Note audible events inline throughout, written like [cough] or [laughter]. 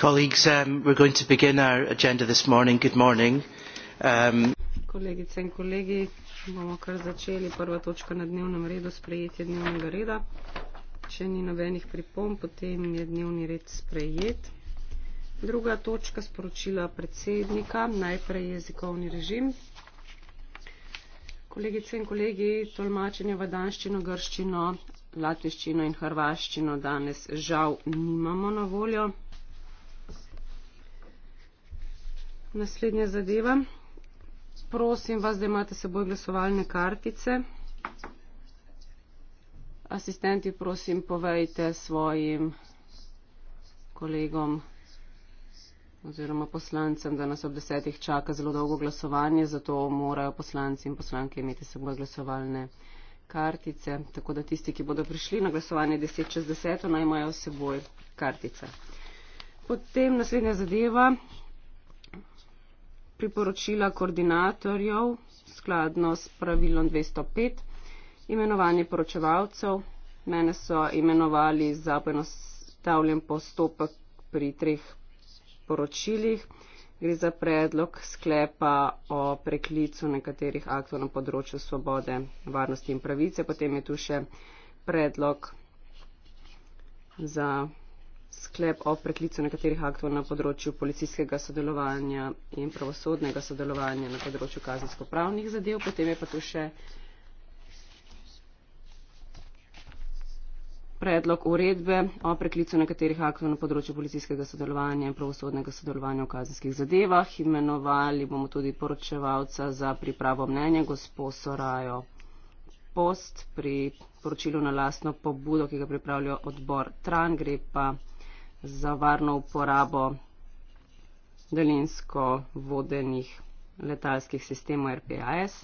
colleagues um, we're going to begin our agenda this morning good morning um, kolegice in kolegi bomo kar začeli prva točka na dnevnem redu sprejetje dnevnega reda če ni nobenih pripomb potem je dnevni red sprejet druga točka sporočila predsednika najprej jezikovni režim kolegice in kolegi tolmačenje v danščino grščino latviščino in hrvaščino danes žal nimamo na voljo Naslednja zadeva. Prosim vas, da imate seboj glasovalne kartice. Asistenti, prosim, povejte svojim kolegom oziroma poslancem, da nas ob desetih čaka zelo dolgo glasovanje, zato morajo poslanci in poslanke imeti seboj glasovalne kartice. Tako da tisti, ki bodo prišli na glasovanje 10 čez 10, naj imajo seboj kartice. Potem naslednja zadeva priporočila koordinatorjev skladno s pravilom 205, imenovanje poročevalcev. Mene so imenovali za poenostavljen postopek pri treh poročilih. Gre za predlog sklepa o preklicu nekaterih aktov na področju svobode, varnosti in pravice. Potem je tu še predlog za sklep o preklicu nekaterih aktov na področju policijskega sodelovanja in pravosodnega sodelovanja na področju kazensko-pravnih zadev. Potem je pa tu še predlog uredbe o preklicu nekaterih aktov na področju policijskega sodelovanja in pravosodnega sodelovanja v kazenskih zadevah. Imenovali bomo tudi poročevalca za pripravo mnenja, gospo Sorajo Post pri poročilu na lastno pobudo, ki ga pripravlja odbor Tran, gre pa za varno uporabo delinsko vodenih letalskih sistemov RPAS.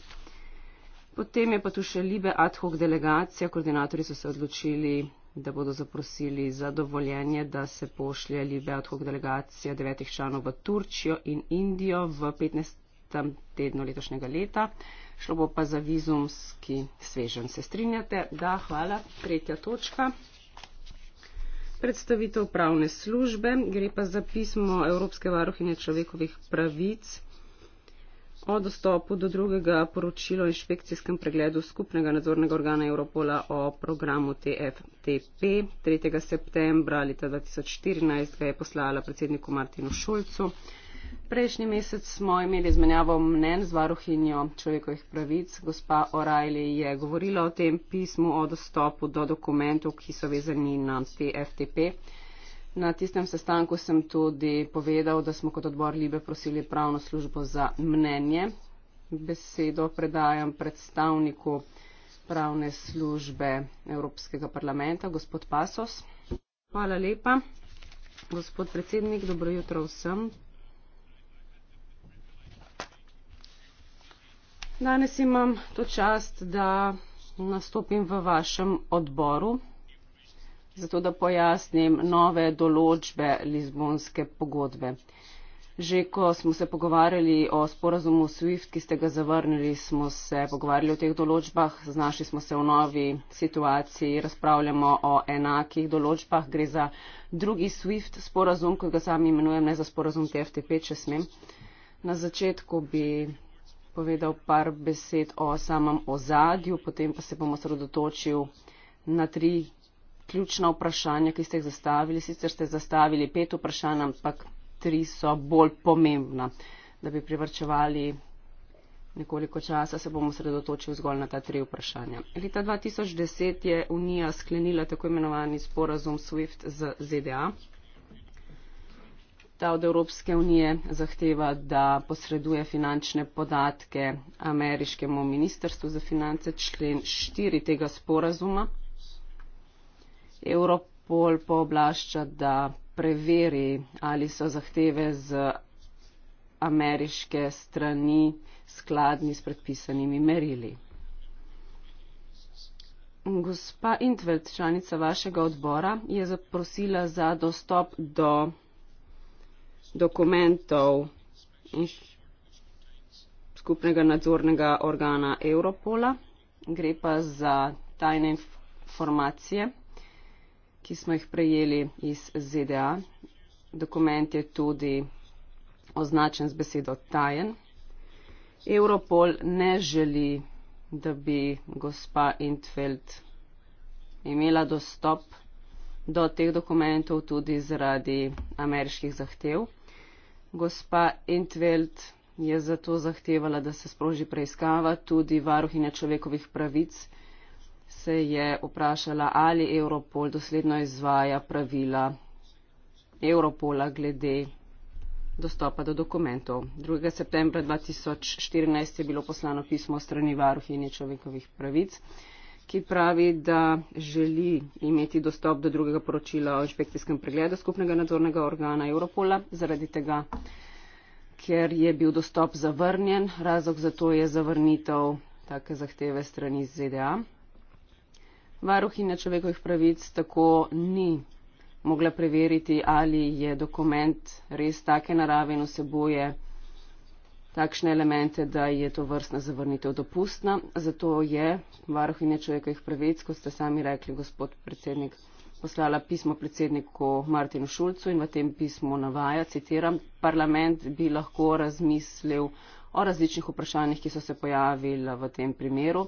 Potem je pa tu še Libe ad hoc delegacija, koordinatori so se odločili, da bodo zaprosili za dovoljenje, da se pošlje Libe ad hoc delegacija devetih članov v Turčijo in Indijo v 15. tednu letošnjega leta. Šlo bo pa za vizumski svežen. Se strinjate? Da, hvala. Tretja točka predstavitev pravne službe, gre pa za pismo Evropske varuhinje človekovih pravic o dostopu do drugega poročila o inšpekcijskem pregledu skupnega nadzornega organa Europola o programu TFTP. 3. septembra leta 2014 ga je poslala predsedniku Martinu Šulcu prejšnji mesec smo imeli izmenjavo mnen z varuhinjo človekovih pravic. Gospa O'Reilly je govorila o tem pismu o dostopu do dokumentov, ki so vezani na PFTP. Na tistem sestanku sem tudi povedal, da smo kot odbor Libe prosili pravno službo za mnenje. Besedo predajam predstavniku pravne službe Evropskega parlamenta, gospod Pasos. Hvala lepa. Gospod predsednik, dobro jutro vsem Danes imam to čast, da nastopim v vašem odboru, zato da pojasnim nove določbe Lizbonske pogodbe. Že ko smo se pogovarjali o sporazumu SWIFT, ki ste ga zavrnili, smo se pogovarjali o teh določbah, znašli smo se v novi situaciji, razpravljamo o enakih določbah, gre za drugi SWIFT sporazum, ki ga sam imenujem, ne za sporazum TFTP, če smem. Na začetku bi povedal par besed o samem ozadju, potem pa se bom osredotočil na tri ključna vprašanja, ki ste jih zastavili. Sicer ste zastavili pet vprašanj, ampak tri so bolj pomembna. Da bi privrčevali nekoliko časa, se bom osredotočil zgolj na ta tri vprašanja. Leta 2010 je Unija sklenila tako imenovani sporazum SWIFT z ZDA. Ta od Evropske unije zahteva, da posreduje finančne podatke ameriškemu ministrstvu za finance člen 4 tega sporazuma. Europol pooblašča, da preveri, ali so zahteve z ameriške strani skladni s predpisanimi merili. Gospa Intveld, članica vašega odbora, je zaprosila za dostop do dokumentov skupnega nadzornega organa Europola. Gre pa za tajne informacije, ki smo jih prejeli iz ZDA. Dokument je tudi označen z besedo tajen. Europol ne želi, da bi gospa Intfeld imela dostop do teh dokumentov tudi zaradi ameriških zahtev. Gospa Entveld je zato zahtevala, da se sproži preiskava, tudi varuhinja človekovih pravic se je vprašala, ali Europol dosledno izvaja pravila Europola glede dostopa do dokumentov. 2. septembra 2014 je bilo poslano pismo strani varuhinje človekovih pravic ki pravi, da želi imeti dostop do drugega poročila o inšpekcijskem pregledu skupnega nadzornega organa Europola, zaradi tega, ker je bil dostop zavrnjen. Razlog za to je zavrnitev take zahteve strani ZDA. Varuhinja človekovih pravic tako ni mogla preveriti, ali je dokument res take narave in vsebuje takšne elemente, da je to vrstna zavrnitev dopustna. Zato je varuhinja človekovih pravic, kot ste sami rekli, gospod predsednik, poslala pismo predsedniku Martinu Šulcu in v tem pismu navaja, citiram, parlament bi lahko razmislil o različnih vprašanjih, ki so se pojavila v tem primeru.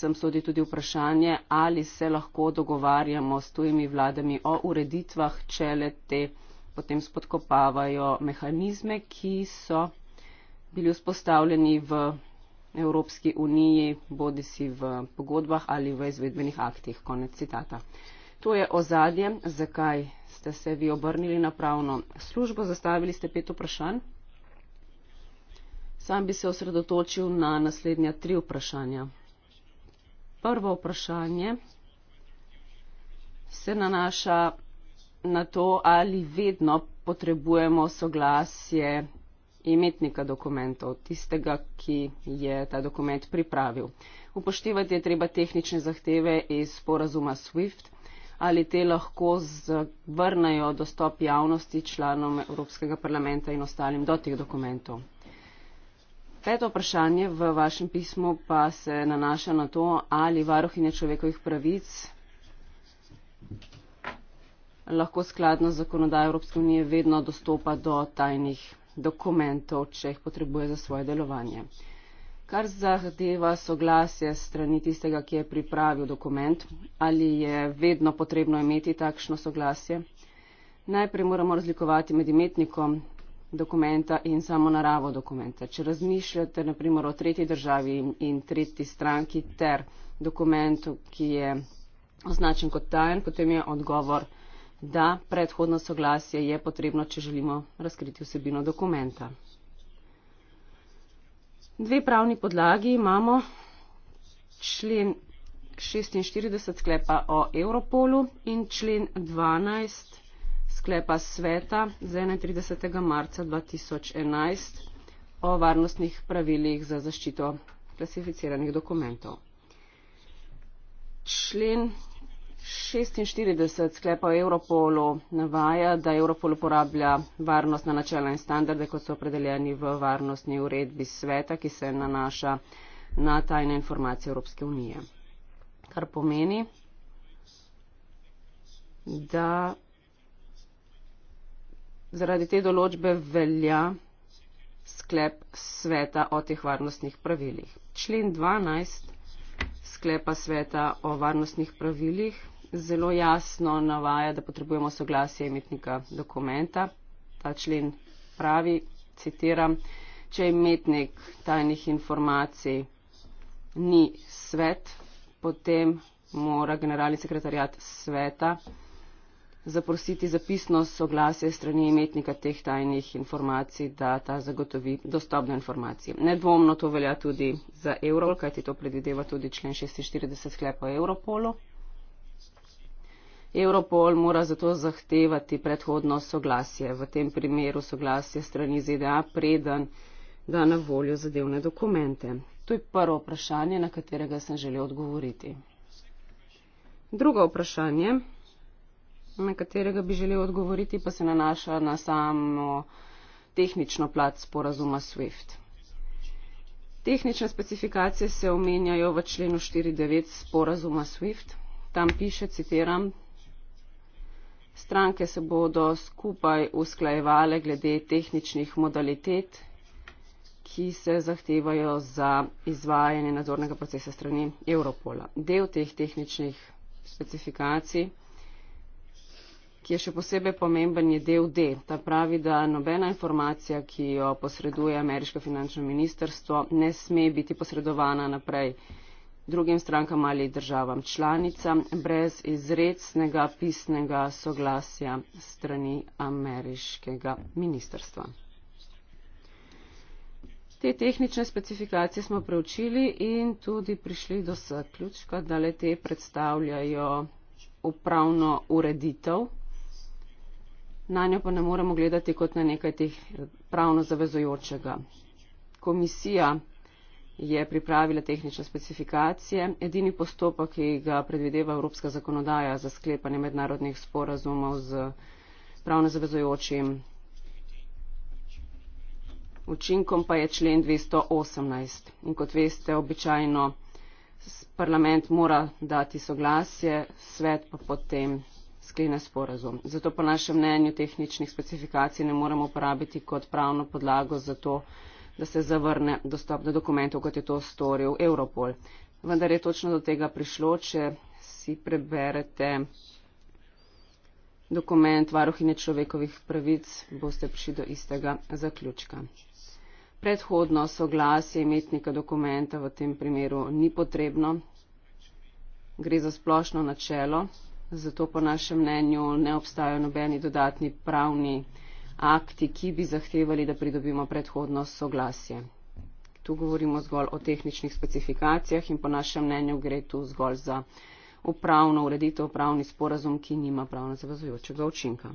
Sem sodi tudi vprašanje, ali se lahko dogovarjamo s tujimi vladami o ureditvah, če le te potem spodkopavajo mehanizme, ki so bili vzpostavljeni v Evropski uniji, bodi si v pogodbah ali v izvedbenih aktih. Konec citata. To je ozadje, zakaj ste se vi obrnili na pravno službo. Zastavili ste pet vprašanj. Sam bi se osredotočil na naslednja tri vprašanja. Prvo vprašanje se nanaša na to, ali vedno potrebujemo soglasje imetnika dokumentov, tistega, ki je ta dokument pripravil. Upoštevati je treba tehnične zahteve iz sporazuma SWIFT, ali te lahko vrnajo dostop javnosti članom Evropskega parlamenta in ostalim do teh dokumentov. Peto vprašanje v vašem pismu pa se nanaša na to, ali varohinja človekovih pravic lahko skladno z zakonodajo Evropske unije vedno dostopa do tajnih dokumentov, če jih potrebuje za svoje delovanje. Kar zahteva soglasje strani tistega, ki je pripravil dokument, ali je vedno potrebno imeti takšno soglasje. Najprej moramo razlikovati med imetnikom dokumenta in samo naravo dokumenta. Če razmišljate naprimer o tretji državi in tretji stranki ter dokumentu, ki je označen kot tajen, potem je odgovor da predhodno soglasje je potrebno, če želimo razkriti vsebino dokumenta. Dve pravni podlagi imamo. Člen 46 sklepa o Europolu in člen 12 sklepa sveta z 31. marca 2011 o varnostnih pravilih za zaščito klasificiranih dokumentov. Člen 46 sklepa Europolu navaja, da Europol uporablja varnostna načela in standarde, kot so opredeljeni v varnostni uredbi sveta, ki se nanaša na tajne informacije Evropske unije. Kar pomeni, da zaradi te določbe velja sklep sveta o teh varnostnih pravilih. Člen 12 sklepa sveta o varnostnih pravilih zelo jasno navaja, da potrebujemo soglasje imetnika dokumenta. Ta člen pravi, citiram, če imetnik tajnih informacij ni svet, potem mora generalni sekretarjat sveta zaprositi zapisno soglasje strani imetnika teh tajnih informacij, da ta zagotovi dostop do informacij. Nedvomno to velja tudi za Europol, kajti to predvideva tudi člen 46 sklepa Europolu. Europol mora zato zahtevati predhodno soglasje, v tem primeru soglasje strani ZDA, preden da na voljo zadevne dokumente. To je prvo vprašanje, na katerega sem želel odgovoriti. Drugo vprašanje, na katerega bi želel odgovoriti, pa se nanaša na samo tehnično plat sporazuma SWIFT. Tehnične specifikacije se omenjajo v členu 4.9 sporazuma SWIFT. Tam piše, citiram, Stranke se bodo skupaj usklajevale glede tehničnih modalitet, ki se zahtevajo za izvajanje nadzornega procesa strani Europola. Del teh tehničnih specifikacij, ki je še posebej pomemben, je del D. Ta pravi, da nobena informacija, ki jo posreduje ameriško finančno ministerstvo, ne sme biti posredovana naprej drugim strankam ali državam članicam brez izrecnega pisnega soglasja strani ameriškega ministrstva. Te tehnične specifikacije smo preučili in tudi prišli do zaključka, da le te predstavljajo upravno ureditev. Na njo pa ne moremo gledati kot na nekaj teh pravno zavezojočega. Komisija je pripravila tehnične specifikacije. Edini postopek, ki ga predvideva evropska zakonodaja za sklepanje mednarodnih sporazumov z pravno zavezojočim učinkom, pa je člen 218. In kot veste, običajno parlament mora dati soglasje, svet pa potem sklene sporazum. Zato po našem mnenju tehničnih specifikacij ne moremo uporabiti kot pravno podlago za to, da se zavrne dostop do dokumentov, kot je to storil Europol. Vendar je točno do tega prišlo, če si preberete dokument varuhine človekovih pravic, boste prišli do istega zaključka. Predhodno soglasje imetnika dokumenta v tem primeru ni potrebno. Gre za splošno načelo, zato po našem mnenju ne obstajajo nobeni dodatni pravni akti, ki bi zahtevali, da pridobimo predhodno soglasje. Tu govorimo zgolj o tehničnih specifikacijah in po našem mnenju gre tu zgolj za upravno ureditev, upravni sporazum, ki nima pravno zavezujočega učinka.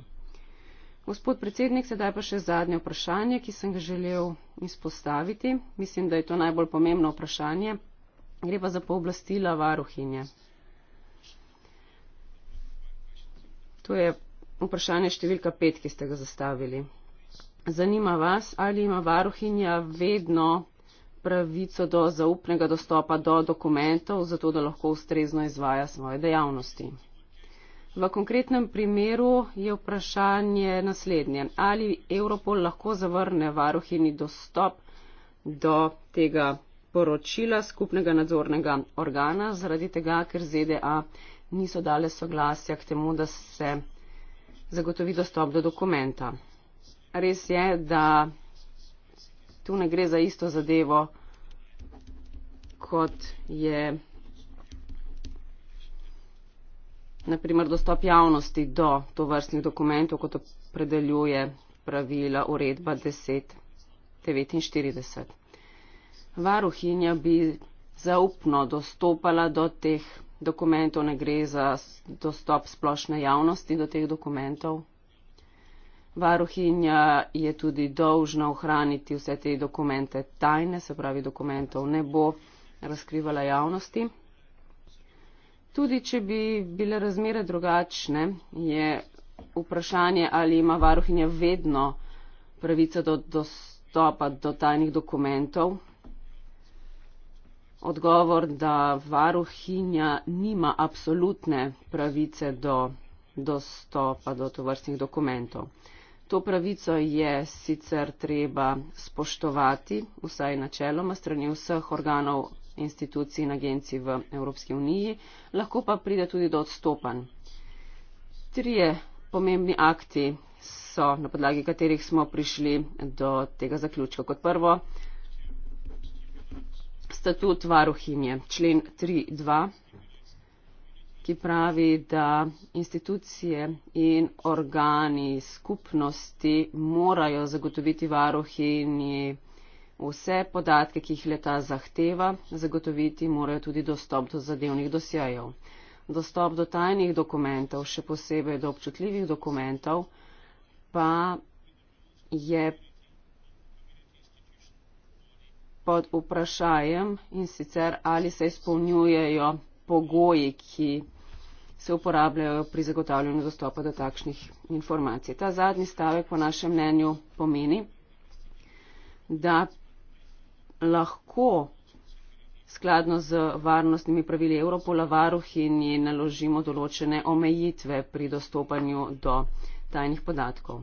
Gospod predsednik, sedaj pa še zadnje vprašanje, ki sem ga želel izpostaviti. Mislim, da je to najbolj pomembno vprašanje. Gre pa za pooblastila varuhinje. To je vprašanje številka pet, ki ste ga zastavili. Zanima vas, ali ima varuhinja vedno pravico do zaupnega dostopa do dokumentov, zato da lahko ustrezno izvaja svoje dejavnosti. V konkretnem primeru je vprašanje naslednje. Ali Europol lahko zavrne varuhini dostop do tega poročila skupnega nadzornega organa, zaradi tega, ker ZDA niso dale soglasja k temu, da se zagotovi dostop do dokumenta. Res je, da tu ne gre za isto zadevo, kot je naprimer dostop javnosti do tovrstnih dokumentov, kot opredeljuje pravila uredba 1049. Varuhinja bi zaupno dostopala do teh dokumentov, ne gre za dostop splošne javnosti do teh dokumentov. Varuhinja je tudi dolžna ohraniti vse te dokumente tajne, se pravi dokumentov ne bo razkrivala javnosti. Tudi, če bi bile razmere drugačne, je vprašanje, ali ima varuhinja vedno pravico do dostopa do tajnih dokumentov, odgovor, da varuhinja nima absolutne pravice do dostopa do tovrstnih dokumentov. To pravico je sicer treba spoštovati, vsaj načeloma, strani vseh organov, institucij in agencij v Evropski uniji, lahko pa pride tudi do odstopanj. Trije pomembni akti so, na podlagi katerih smo prišli do tega zaključka. Kot prvo, statut varuhinje, člen 3.2, ki pravi, da institucije in organi skupnosti morajo zagotoviti varuhinji vse podatke, ki jih leta zahteva, zagotoviti morajo tudi dostop do zadevnih dosjajev. Dostop do tajnih dokumentov, še posebej do občutljivih dokumentov, pa je pod vprašanjem in sicer ali se izpolnjujejo pogoji, ki se uporabljajo pri zagotavljanju dostopa do takšnih informacij. Ta zadnji stavek po našem mnenju pomeni, da lahko skladno z varnostnimi pravili Evropola varuhinji naložimo določene omejitve pri dostopanju do tajnih podatkov.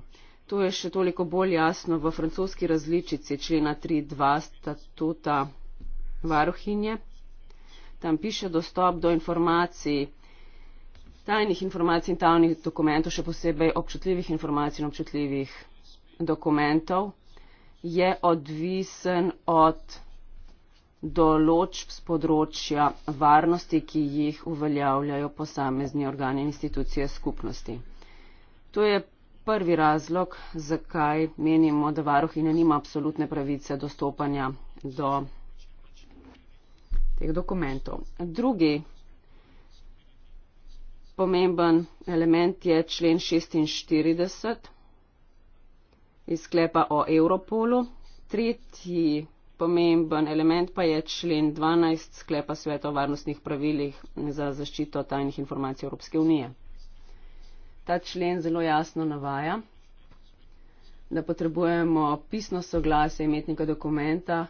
To je še toliko bolj jasno v francoski različici člena 3.2 statuta varuhinje. Tam piše dostop do informacij, tajnih informacij in tajnih dokumentov, še posebej občutljivih informacij in občutljivih dokumentov, je odvisen od določb z področja varnosti, ki jih uveljavljajo posamezni organi in institucije skupnosti. To je prvi razlog, zakaj menimo, da varuhinja nima absolutne pravice dostopanja do teh dokumentov. Drugi pomemben element je člen 46 iz sklepa o Europolu. Tretji pomemben element pa je člen 12 sklepa sveta o varnostnih pravilih za zaščito tajnih informacij Evropske unije ta člen zelo jasno navaja, da potrebujemo pisno soglasje imetnika dokumenta,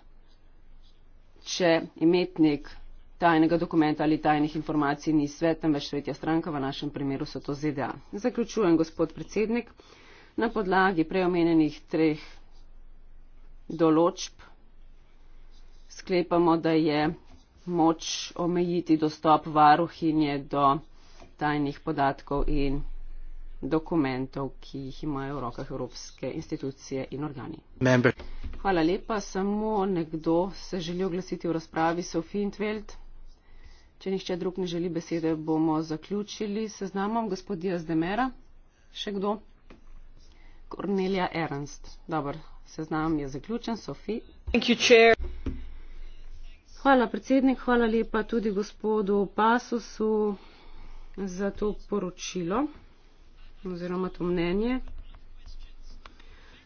če imetnik tajnega dokumenta ali tajnih informacij ni svet, temveč svetja stranka, v našem primeru so to ZDA. Zaključujem, gospod predsednik, na podlagi preomenjenih treh določb sklepamo, da je moč omejiti dostop varuhinje do tajnih podatkov in dokumentov, ki jih imajo v rokah evropske institucije in organi. Member. Hvala lepa. Samo nekdo se želi oglasiti v razpravi, Sofie Intveld. Če nihče drug ne želi besede, bomo zaključili seznamom gospodija Zdemera. Še kdo? Kornelija Ernst. Dobar, seznam je zaključen. Sofi. Hvala predsednik, hvala lepa tudi gospodu Pasusu za to poročilo oziroma to mnenje.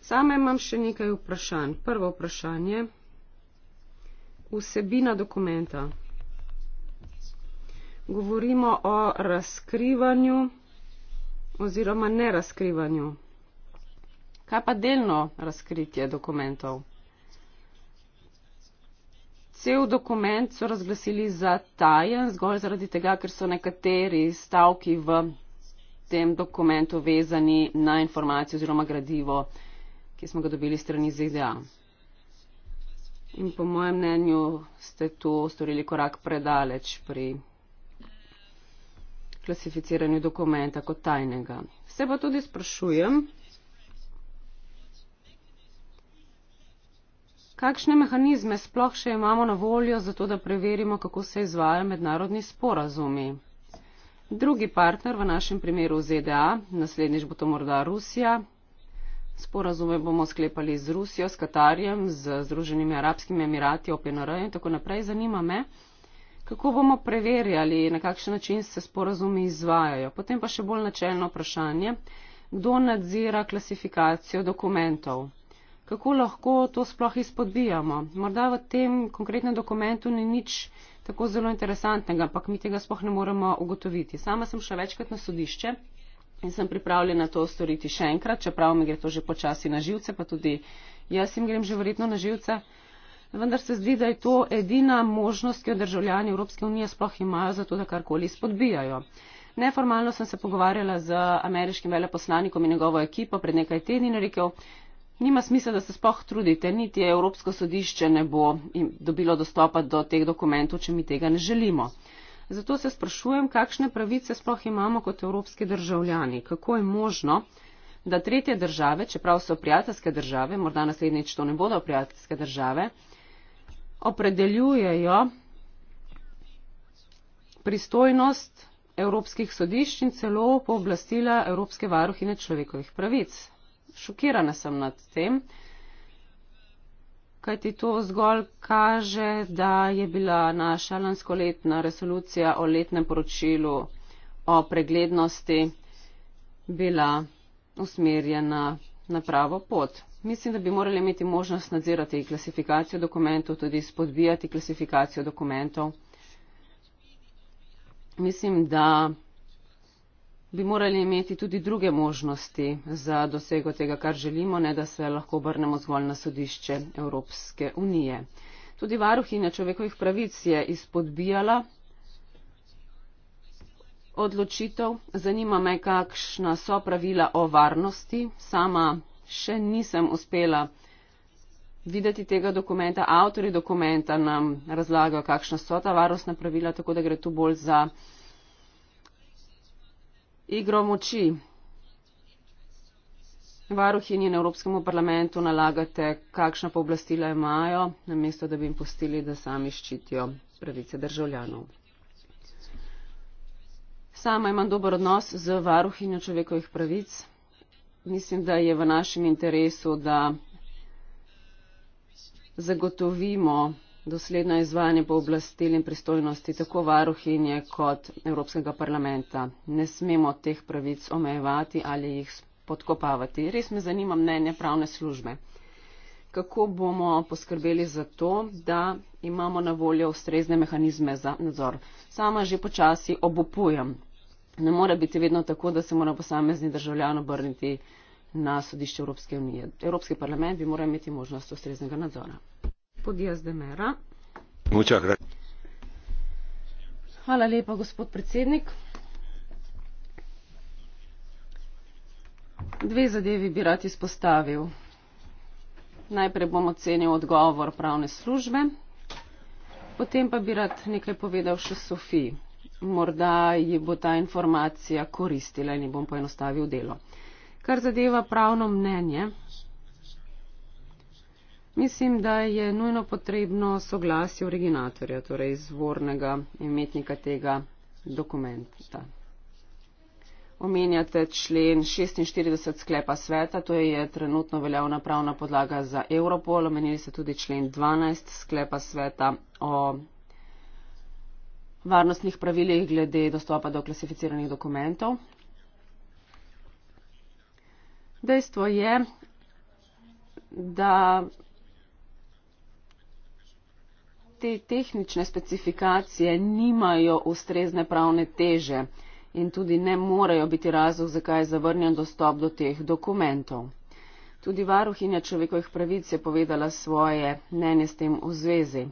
Sama imam še nekaj vprašanj. Prvo vprašanje. Vsebina dokumenta. Govorimo o razkrivanju oziroma nerazkrivanju. Kaj pa delno razkritje dokumentov? Cel dokument so razglasili za tajen zgolj zaradi tega, ker so nekateri stavki v tem dokumentu vezani na informacijo oziroma gradivo, ki smo ga dobili strani ZDA. In po mojem mnenju ste to storili korak predaleč pri klasificiranju dokumenta kot tajnega. Se pa tudi sprašujem, kakšne mehanizme sploh še imamo na voljo za to, da preverimo, kako se izvajajo mednarodni sporazumi. Drugi partner, v našem primeru ZDA, naslednjič bo to morda Rusija. Sporazume bomo sklepali z Rusijo, s Katarjem, z Združenimi arabskimi emirati, OPNR in tako naprej. Zanima me, kako bomo preverjali, na kakšen način se sporazumi izvajajo. Potem pa še bolj načelno vprašanje, kdo nadzira klasifikacijo dokumentov. Kako lahko to sploh izpodbijamo? Morda v tem konkretnem dokumentu ni nič tako zelo interesantnega, ampak mi tega sploh ne moremo ugotoviti. Sama sem še večkrat na sodišče in sem pripravljena to storiti še enkrat, čeprav mi gre to že počasi na živce, pa tudi jaz jim grem že verjetno na živce. Vendar se zdi, da je to edina možnost, ki jo državljani Evropske unije sploh imajo za to, da karkoli spodbijajo. Neformalno sem se pogovarjala z ameriškim veleposlanikom in njegovo ekipo pred nekaj tedni in rekel, Nima smisla, da se spoh trudite, niti Evropsko sodišče ne bo dobilo dostopa do teh dokumentov, če mi tega ne želimo. Zato se sprašujem, kakšne pravice spoh imamo kot evropski državljani. Kako je možno, da tretje države, čeprav so prijateljske države, morda naslednjič to ne bodo prijateljske države, opredeljujejo pristojnost evropskih sodišč in celo pooblastila Evropske varuhine človekovih pravic šokirana sem nad tem, kajti to zgolj kaže, da je bila naša lanskoletna resolucija o letnem poročilu o preglednosti bila usmerjena na pravo pot. Mislim, da bi morali imeti možnost nadzirati klasifikacijo dokumentov, tudi spodbijati klasifikacijo dokumentov. Mislim, da bi morali imeti tudi druge možnosti za dosego tega, kar želimo, ne da se lahko obrnemo zgolj na sodišče Evropske unije. Tudi varuhinja človekovih pravic je izpodbijala odločitev. Zanima me, kakšna so pravila o varnosti. Sama še nisem uspela videti tega dokumenta. Avtori dokumenta nam razlagajo, kakšna so ta varnostna pravila, tako da gre tu bolj za igro moči. Varuhinji na Evropskem parlamentu nalagate, kakšna pooblastila imajo, namesto da bi jim pustili, da sami ščitijo pravice državljanov. Sama imam dober odnos z varuhinjo človekovih pravic. Mislim, da je v našem interesu, da zagotovimo dosledno izvajanje pooblastil in pristojnosti tako varuhinje kot Evropskega parlamenta. Ne smemo teh pravic omejevati ali jih podkopavati. Res me zanima mnenje pravne službe. Kako bomo poskrbeli za to, da imamo na voljo ustrezne mehanizme za nadzor? Sama že počasi obupujem. Ne more biti vedno tako, da se mora posamezni državljan obrniti na sodišče Evropske unije. Evropski parlament bi moral imeti možnost ustreznega nadzora. Hvala lepa, gospod predsednik. Dve zadevi bi rad izpostavil. Najprej bom ocenil odgovor pravne službe, potem pa bi rad nekaj povedal še Sofiji. Morda ji bo ta informacija koristila in ji bom poenostavil delo. Kar zadeva pravno mnenje, Mislim, da je nujno potrebno soglasje originatorja, torej izvornega imetnika tega dokumenta. Omenjate člen 46 sklepa sveta, to je trenutno veljavna pravna podlaga za Europol, omenili ste tudi člen 12 sklepa sveta o varnostnih pravilih glede dostopa do klasificiranih dokumentov. Dejstvo je, da te tehnične specifikacije nimajo ustrezne pravne teže in tudi ne morejo biti razlog, zakaj je zavrnjen dostop do teh dokumentov. Tudi varuhinja človekovih pravic je povedala svoje mnenje s tem v zvezi.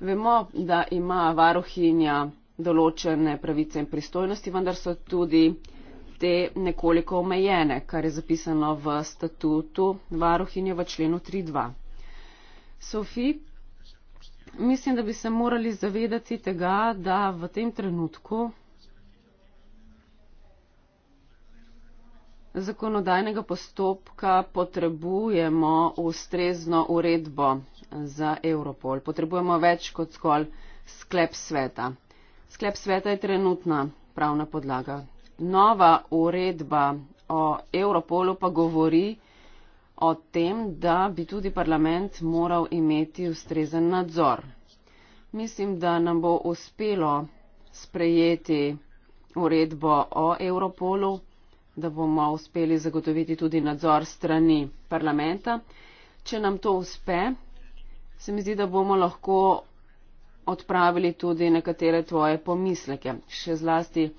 Vemo, da ima varuhinja določene pravice in pristojnosti, vendar so tudi te nekoliko omejene, kar je zapisano v statutu varuhinje v členu 3.2. Sofit mislim, da bi se morali zavedati tega, da v tem trenutku zakonodajnega postopka potrebujemo ustrezno uredbo za Europol. Potrebujemo več kot skolj sklep sveta. Sklep sveta je trenutna pravna podlaga. Nova uredba o Europolu pa govori, o tem, da bi tudi parlament moral imeti ustrezen nadzor. Mislim, da nam bo uspelo sprejeti uredbo o Europolu, da bomo uspeli zagotoviti tudi nadzor strani parlamenta. Če nam to uspe, se mi zdi, da bomo lahko odpravili tudi nekatere tvoje pomisleke. Še zlasti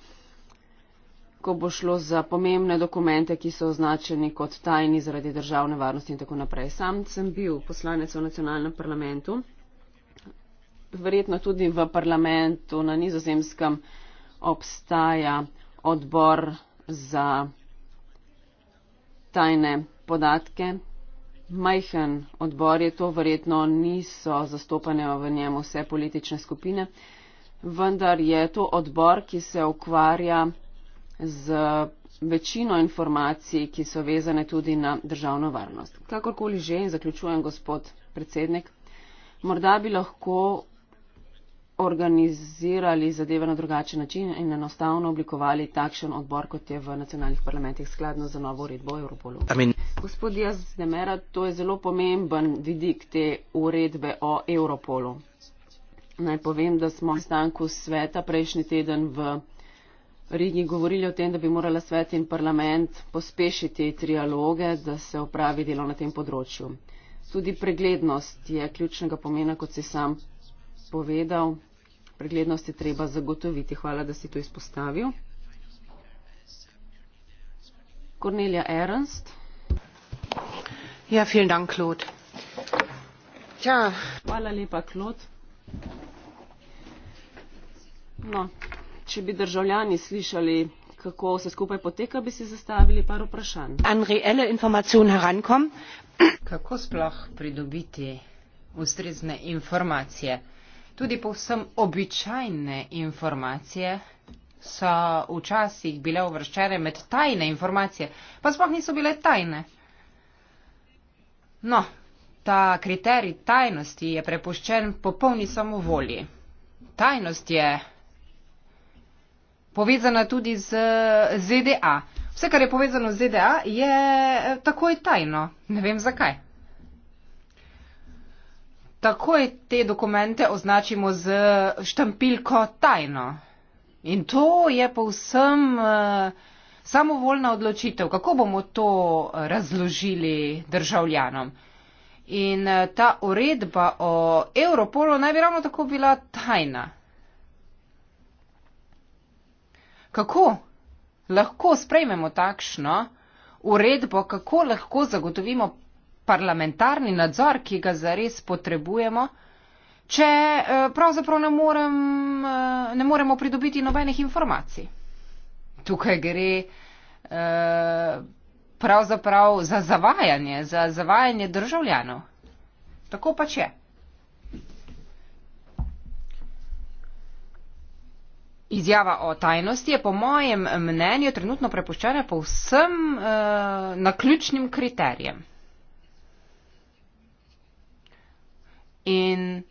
ko bo šlo za pomembne dokumente, ki so označeni kot tajni zaradi državne varnosti in tako naprej. Sam sem bil poslanec v nacionalnem parlamentu, verjetno tudi v parlamentu na nizozemskem obstaja odbor za tajne podatke. Majhen odbor je to, verjetno niso zastopane v njem vse politične skupine, vendar je to odbor, ki se ukvarja z večino informacij, ki so vezane tudi na državno varnost. Kakorkoli že in zaključujem, gospod predsednik, morda bi lahko organizirali zadeve na drugačen način in enostavno oblikovali takšen odbor, kot je v nacionalnih parlamentih, skladno za novo uredbo o Europolu. Gospod Jaz Nemera, to je zelo pomemben vidik te uredbe o Europolu. Naj povem, da smo na stanku sveta prejšnji teden v regiji govorili o tem, da bi morala svet in parlament pospešiti trialoge, da se opravi delo na tem področju. Tudi preglednost je ključnega pomena, kot si sam povedal. Preglednost je treba zagotoviti. Hvala, da si to izpostavil. Cornelia Ernst. Ja, vielen Dank, Claude. Ciao. Hvala lepa, Claude. No, če bi državljani slišali kako vse skupaj poteka bi si zastavili par vprašanj kako sploh pridobiti ustrezne informacije tudi povsem običajne informacije so včasih bile uvrščene med tajne informacije pa sploh niso bile tajne no ta kriterij tajnosti je prepuščen popolni samovolji tajnost je povezana tudi z ZDA. Vse, kar je povezano z ZDA, je eh, takoj tajno. Ne vem zakaj. Takoj te dokumente označimo z štampilko tajno. In to je povsem uh, samovoljna odločitev, kako bomo to eh, razložili državljanom. In uh, ta uredba o Europolu naj bi ravno tako bila tajna. kako lahko sprejmemo takšno uredbo, kako lahko zagotovimo parlamentarni nadzor, ki ga zares potrebujemo, če eh, pravzaprav ne, morem, eh, ne moremo pridobiti nobenih informacij. Tukaj gre eh, pravzaprav za zavajanje, za zavajanje državljanov. Tako pač je. Izjava o tajnosti je po mojem mnenju trenutno prepuščena povsem uh, naključnim kriterijem. In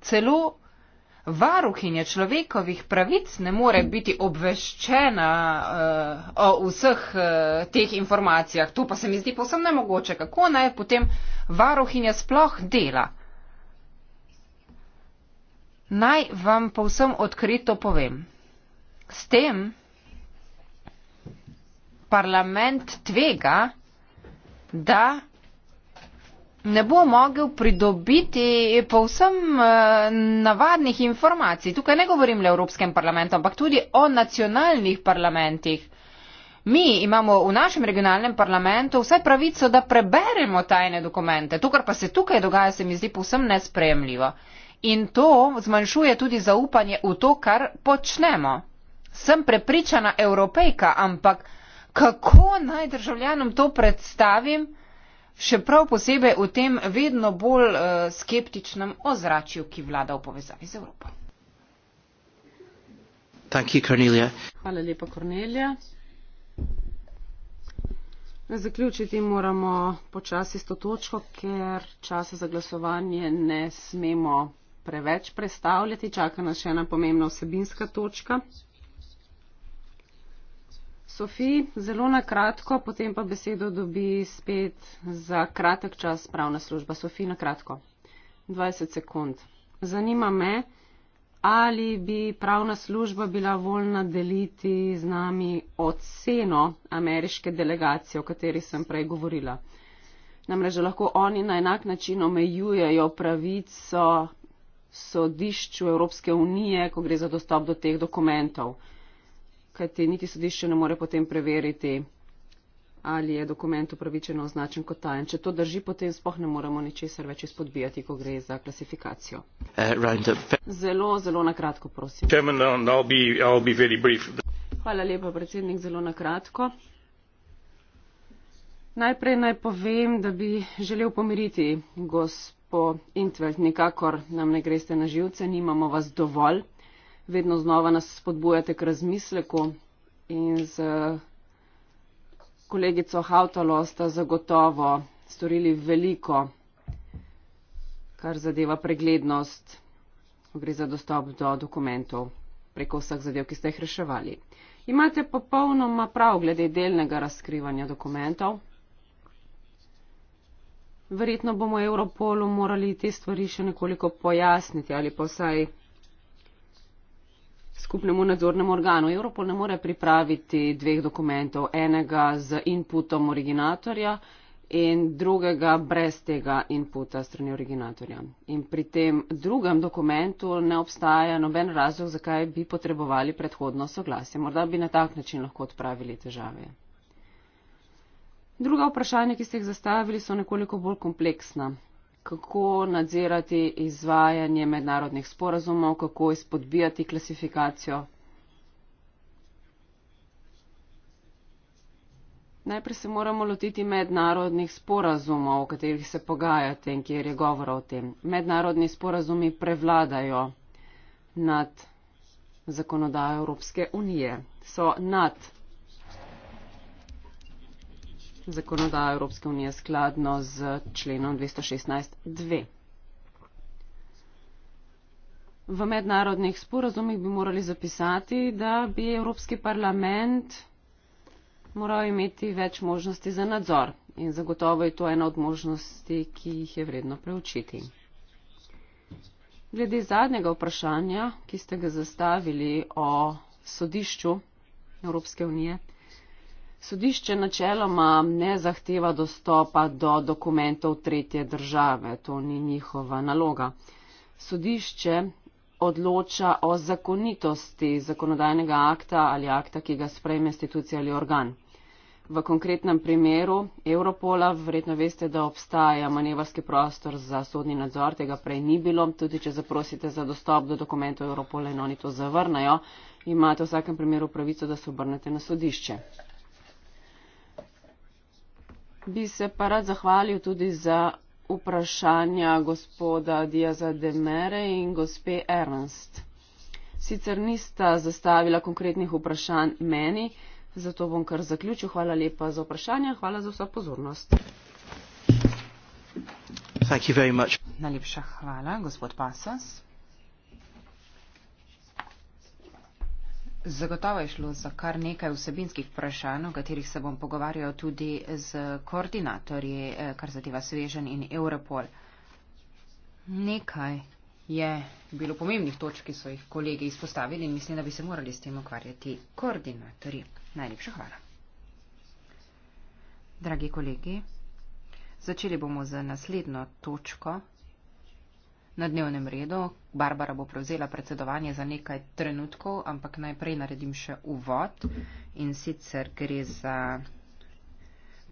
celo varuhinja človekovih pravic ne more biti obveščena uh, o vseh uh, teh informacijah. To pa se mi zdi povsem nemogoče. Kako naj potem varuhinja sploh dela? Naj vam povsem odkrito povem. S tem parlament tvega, da ne bo mogel pridobiti povsem eh, navadnih informacij. Tukaj ne govorim le o Evropskem parlamentu, ampak tudi o nacionalnih parlamentih. Mi imamo v našem regionalnem parlamentu vsaj pravico, da preberemo tajne dokumente. To, kar pa se tukaj dogaja, se mi zdi povsem nespremljivo in to zmanjšuje tudi zaupanje v to, kar počnemo. Sem prepričana evropejka, ampak kako naj državljanom to predstavim, še prav posebej v tem vedno bolj eh, skeptičnem ozračju, ki vlada v povezavi z Evropo. Hvala lepa, Kornelija. Zaključiti moramo počasi s to točko, ker časa za glasovanje ne smemo preveč predstavljati, čaka nas še ena pomembna vsebinska točka. Sofiji, zelo na kratko, potem pa besedo dobi spet za kratek čas pravna služba. Sofiji, na kratko. 20 sekund. Zanima me, ali bi pravna služba bila voljna deliti z nami oceno ameriške delegacije, o kateri sem prej govorila. Namreč lahko oni na enak način omejujejo pravico sodišču Evropske unije, ko gre za dostop do teh dokumentov. Kaj ti niti sodišče ne more potem preveriti, ali je dokument upravičeno označen kot tajen. Če to drži, potem spoh ne moremo ničesar več izpodbijati, ko gre za klasifikacijo. Uh, zelo, zelo nakratko, prosim. Uh, Hvala lepa, predsednik, zelo nakratko. Najprej naj povem, da bi želel pomiriti gospod gospod Intvelt, nikakor nam ne greste na živce, nimamo vas dovolj. Vedno znova nas spodbujate k razmisleku in z kolegico Hautalo sta zagotovo storili veliko, kar zadeva preglednost, gre za dostop do dokumentov preko vseh zadev, ki ste jih reševali. Imate popolnoma prav glede delnega razkrivanja dokumentov. Verjetno bomo Europolu morali te stvari še nekoliko pojasniti ali pa vsaj skupnemu nadzornemu organu. Europol ne more pripraviti dveh dokumentov, enega z inputom originatorja in drugega brez tega inputa strani originatorja. In pri tem drugem dokumentu ne obstaja noben razlog, zakaj bi potrebovali predhodno soglasje. Morda bi na tak način lahko odpravili težave. Druga vprašanja, ki ste jih zastavili, so nekoliko bolj kompleksna. Kako nadzirati izvajanje mednarodnih sporazumov, kako izpodbijati klasifikacijo? Najprej se moramo lotiti mednarodnih sporazumov, o katerih se pogajate in kjer je govora o tem. Mednarodni sporazumi prevladajo nad zakonodajo Evropske unije, so nad zakonodajo Evropske unije skladno z členom 216.2. V mednarodnih sporazumih bi morali zapisati, da bi Evropski parlament moral imeti več možnosti za nadzor in zagotovo je to ena od možnosti, ki jih je vredno preučiti. Glede zadnjega vprašanja, ki ste ga zastavili o sodišču Evropske unije, Sodišče načeloma ne zahteva dostopa do dokumentov tretje države, to ni njihova naloga. Sodišče odloča o zakonitosti zakonodajnega akta ali akta, ki ga sprejme institucija ali organ. V konkretnem primeru Europola verjetno veste, da obstaja manevrski prostor za sodni nadzor, tega prej ni bilo, tudi če zaprosite za dostop do dokumentov Europola in oni to zavrnajo, imate v vsakem primeru pravico, da se obrnete na sodišče. Bi se pa rad zahvalil tudi za vprašanja gospoda Diaza Demere in gospe Ernst. Sicer nista zastavila konkretnih vprašanj meni, zato bom kar zaključil. Hvala lepa za vprašanje, hvala za vso pozornost. Najlepša hvala, gospod Pasas. Zagotovo je šlo za kar nekaj vsebinskih vprašanj, o katerih se bom pogovarjal tudi z koordinatorji, eh, kar zadeva Svežen in Europol. Nekaj je bilo pomembnih točk, ki so jih kolegi izpostavili in mislim, da bi se morali s tem ukvarjati koordinatorji. Najlepša hvala. Dragi kolegi, začeli bomo z naslednjo točko, na dnevnem redu. Barbara bo prevzela predsedovanje za nekaj trenutkov, ampak najprej naredim še uvod in sicer gre za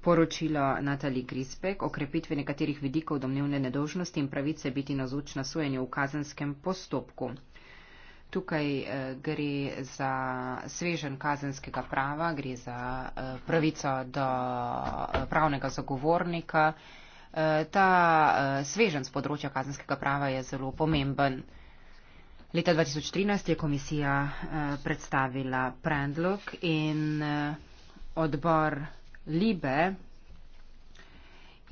poročilo Natalie Grisbeck o krepitvi nekaterih vidikov domnevne nedožnosti in pravice biti nazoč na sojenju v kazenskem postopku. Tukaj eh, gre za svežen kazenskega prava, gre za eh, pravico do eh, pravnega zagovornika ta eh, svežen z področja kazenskega prava je zelo pomemben. Leta 2013 je komisija eh, predstavila predlog in eh, odbor Libe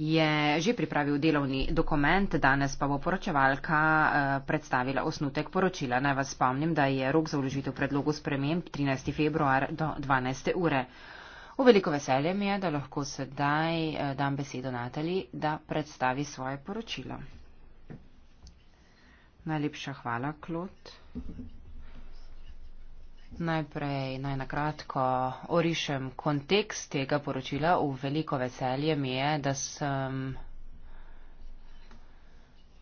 je že pripravil delovni dokument, danes pa bo poročevalka predstavila osnutek poročila. Naj vas spomnim, da je rok za vložitev predlogu sprememb 13. februar do 12. ure. V veliko veselje mi je, da lahko sedaj eh, dam besedo Natali, da predstavi svoje poročilo. Najlepša hvala, Klot. Najprej naj nakratko orišem kontekst tega poročila. V veliko veselje mi je, da sem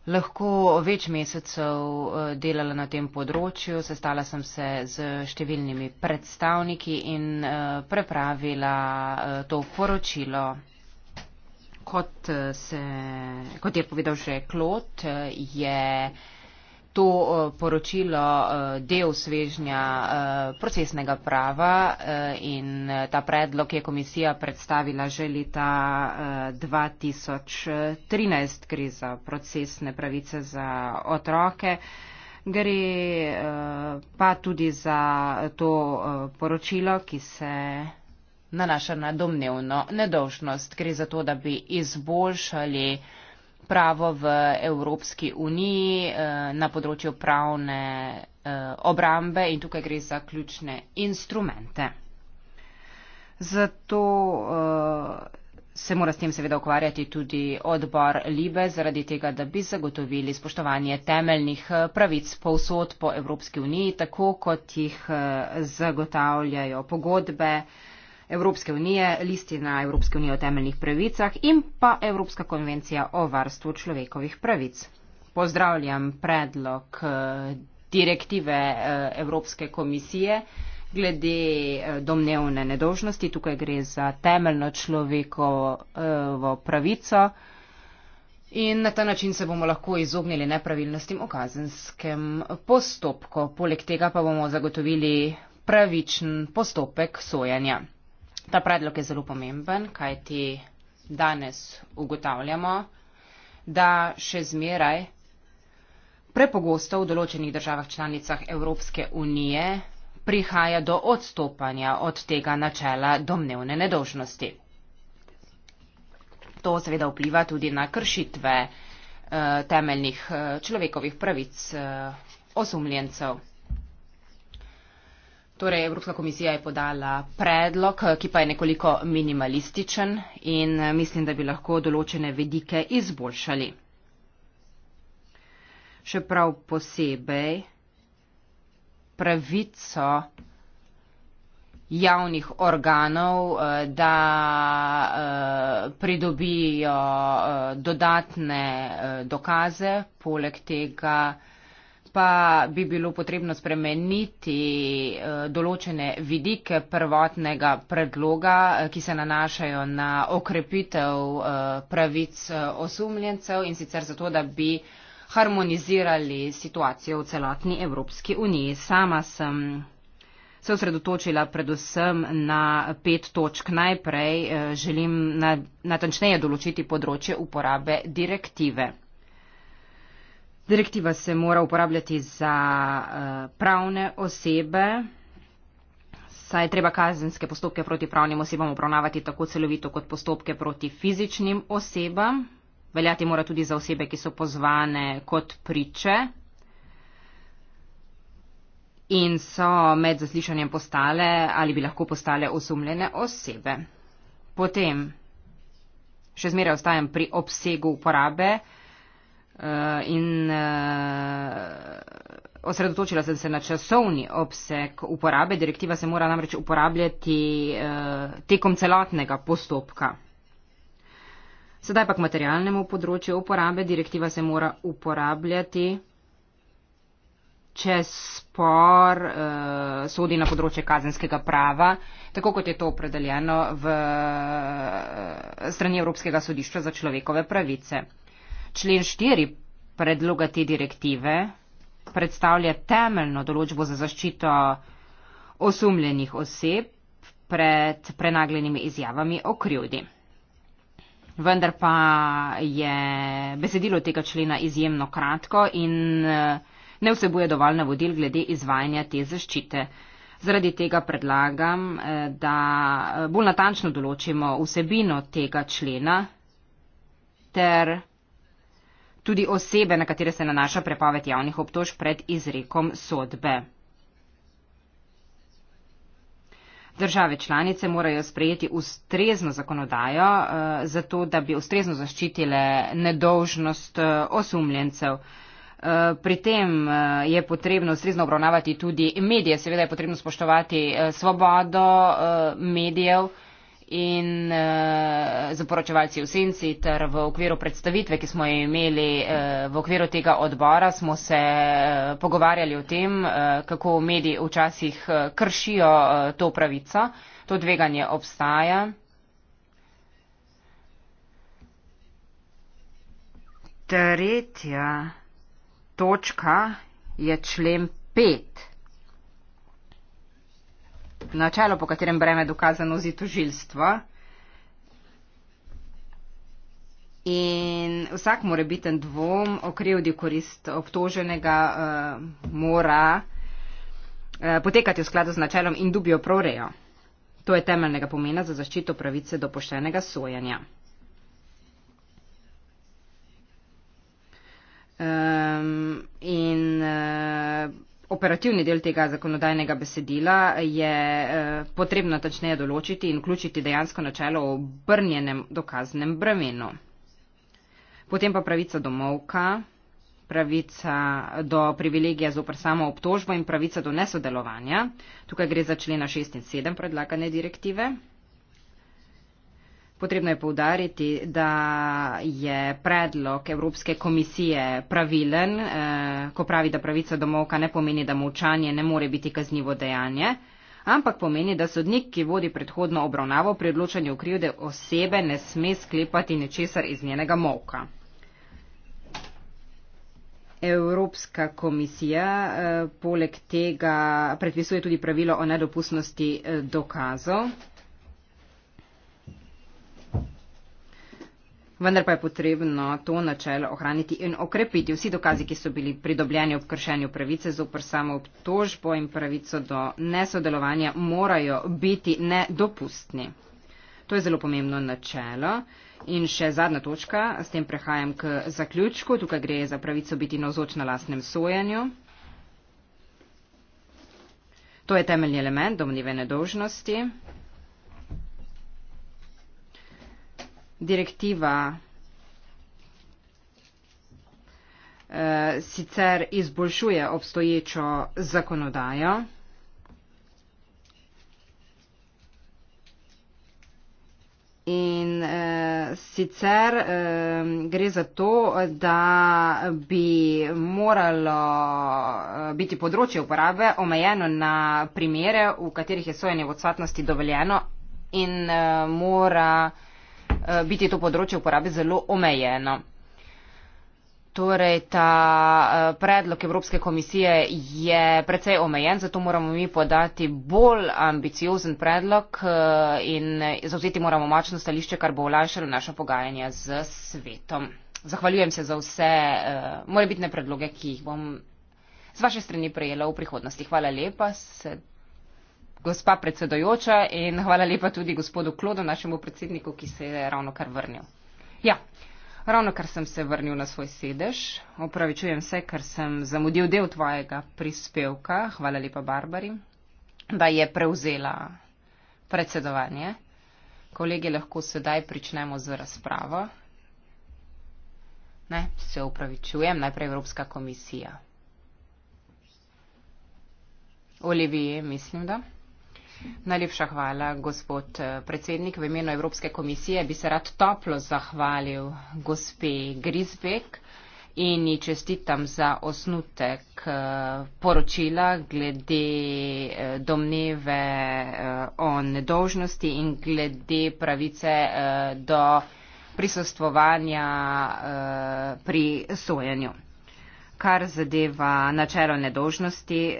lahko več mesecev eh, delala na tem področju. Sestala sem se z številnimi predstavniki in eh, prepravila eh, to poročilo. Kot, se, kot je povedal že Klot, je to eh, poročilo eh, del svežnja eh, procesnega prava in ta predlog je komisija predstavila že leta 2013, gre za procesne pravice za otroke. Gre pa tudi za to poročilo, ki se nanaša na domnevno nedolžnost. Gre za to, da bi izboljšali pravo v Evropski uniji eh, na področju pravne eh, obrambe in tukaj gre za ključne instrumente. Zato eh, se mora s tem seveda ukvarjati tudi odbor Libe, zaradi tega, da bi zagotovili spoštovanje temeljnih pravic povsod po Evropski uniji, tako kot jih zagotavljajo pogodbe, Evropske unije, listina Evropske unije o temeljnih pravicah in pa Evropska konvencija o varstvu človekovih pravic. Pozdravljam predlog eh, direktive eh, Evropske komisije glede eh, domnevne nedožnosti. Tukaj gre za temeljno človekovo pravico in na ta način se bomo lahko izognili nepravilnostim v kazenskem postopku. Poleg tega pa bomo zagotovili pravičen postopek sojanja. Ta predlog je zelo pomemben, kaj ti danes ugotavljamo, da še zmeraj prepogosto v določenih državah članicah Evropske unije prihaja do odstopanja od tega načela domnevne nedožnosti. To seveda vpliva tudi na kršitve eh, temeljnih eh, človekovih pravic eh, osumljencev. Torej, Evropska komisija je podala predlog, ki pa je nekoliko minimalističen in eh, mislim, da bi lahko določene vedike izboljšali. Še prav posebej pravico javnih organov, eh, da eh, pridobijo dodatne dokaze, poleg tega, pa bi bilo potrebno spremeniti eh, določene vidike prvotnega predloga, eh, ki se nanašajo na okrepitev eh, pravic osumljencev in sicer zato, da bi harmonizirali situacijo v celotni Evropski uniji. Sama sem se osredotočila predvsem na pet točk. Najprej želim natančneje določiti področje uporabe direktive. Direktiva se mora uporabljati za eh, pravne osebe, saj je treba kazenske postopke proti pravnim osebam obravnavati tako celovito kot postopke proti fizičnim osebam. Veljati mora tudi za osebe, ki so pozvane kot priče in so med zaslišanjem postale ali bi lahko postale osumljene osebe. Potem še zmeraj ostajam pri obsegu uporabe. Eh, in uh, osredotočila sem se na časovni obseg uporabe. Direktiva se mora namreč uporabljati uh, tekom celotnega postopka. Sedaj pa k materialnemu področju uporabe. Direktiva se mora uporabljati, če spor uh, sodi na področje kazenskega prava, tako kot je to opredeljeno v uh, strani Evropskega sodišča za človekove pravice člen 4 predloga te direktive predstavlja temeljno določbo za zaščito osumljenih oseb pred prenagljenimi izjavami o krivdi. Vendar pa je besedilo tega člena izjemno kratko in eh, ne vsebuje dovolj navodil glede izvajanja te zaščite. Zaradi tega predlagam, eh, da eh, bolj natančno določimo vsebino tega člena ter tudi osebe, na katere se nanaša prepoved javnih obtož pred izrekom sodbe. Države članice morajo sprejeti ustrezno zakonodajo, eh, zato da bi ustrezno zaščitile nedolžnost eh, osumljencev. Eh, pri tem je potrebno ustrezno obravnavati tudi medije, seveda je potrebno spoštovati svobodo medijev in uh, eh, zaporočevalci v senci ter v okviru predstavitve, ki smo jo imeli uh, v okviru tega odbora, smo se uh, pogovarjali o tem, uh, kako mediji včasih uh, kršijo uh, to pravico. To dveganje obstaja. Tretja točka je člen 5 načelo, po katerem breme dokazano zi tožilstvo. In vsak more biti dvom o krivdi korist obtoženega uh, mora uh, potekati v skladu z načelom in dubijo prorejo. To je temeljnega pomena za zaščito pravice do poštenega sojanja. Um, ehm, in, uh, operativni del tega zakonodajnega besedila je eh, potrebno točneje določiti in vključiti dejansko načelo o obrnjenem dokaznem bremenu. Potem pa pravica do molka, pravica do privilegija zopr samo obtožbo in pravica do nesodelovanja. Tukaj gre za člena 6 in 7 predlagane direktive. Potrebno je povdariti, da je predlog Evropske komisije pravilen, eh, ko pravi, da pravica do molka ne pomeni, da molčanje ne more biti kaznivo dejanje, ampak pomeni, da sodnik, ki vodi predhodno obravnavo pri odločanju krivde osebe, ne sme sklepati ničesar iz njenega molka. Evropska komisija eh, poleg tega predpisuje tudi pravilo o nedopustnosti eh, dokazov. vendar pa je potrebno to načelo ohraniti in okrepiti. Vsi dokazi, ki so bili pridobljeni ob kršenju pravice zopr samo obtožbo in pravico do nesodelovanja, morajo biti nedopustni. To je zelo pomembno načelo. In še zadnja točka, s tem prehajam k zaključku. Tukaj gre za pravico biti navzoč na lastnem sojenju. To je temeljni element domnive nedožnosti. direktiva eh, sicer izboljšuje obstoječo zakonodajo, In eh, sicer eh, gre za to, da bi moralo eh, biti področje uporabe omejeno na primere, v katerih je sojenje v odsotnosti dovoljeno in eh, mora eh, Eh, biti to področje uporabe zelo omejeno. Torej, ta eh, predlog Evropske komisije je precej omejen, zato moramo mi podati bolj ambiciozen predlog eh, in zauzeti moramo mačno stališče, kar bo olajšalo naša pogajanja z svetom. Zahvaljujem se za vse morebitne predloge, ki jih bom z vaše strani prejela v prihodnosti. Hvala lepa gospa predsedojoča in hvala lepa tudi gospodu Klodu, našemu predsedniku, ki se je ravno kar vrnil. Ja, ravno kar sem se vrnil na svoj sedež, opravičujem se, ker sem zamudil del tvojega prispevka, hvala lepa Barbari, da je prevzela predsedovanje. Kolegi, lahko sedaj pričnemo z razpravo. Ne, se upravičujem, najprej Evropska komisija. Olivier, mislim da. Najlepša hvala, gospod eh, predsednik. V imenu Evropske komisije bi se rad toplo zahvalil gospe Grisbek in ji čestitam za osnutek eh, poročila glede eh, domneve o nedožnosti in glede pravice do prisostvovanja pri sojanju. Kar zadeva načelo nedožnosti,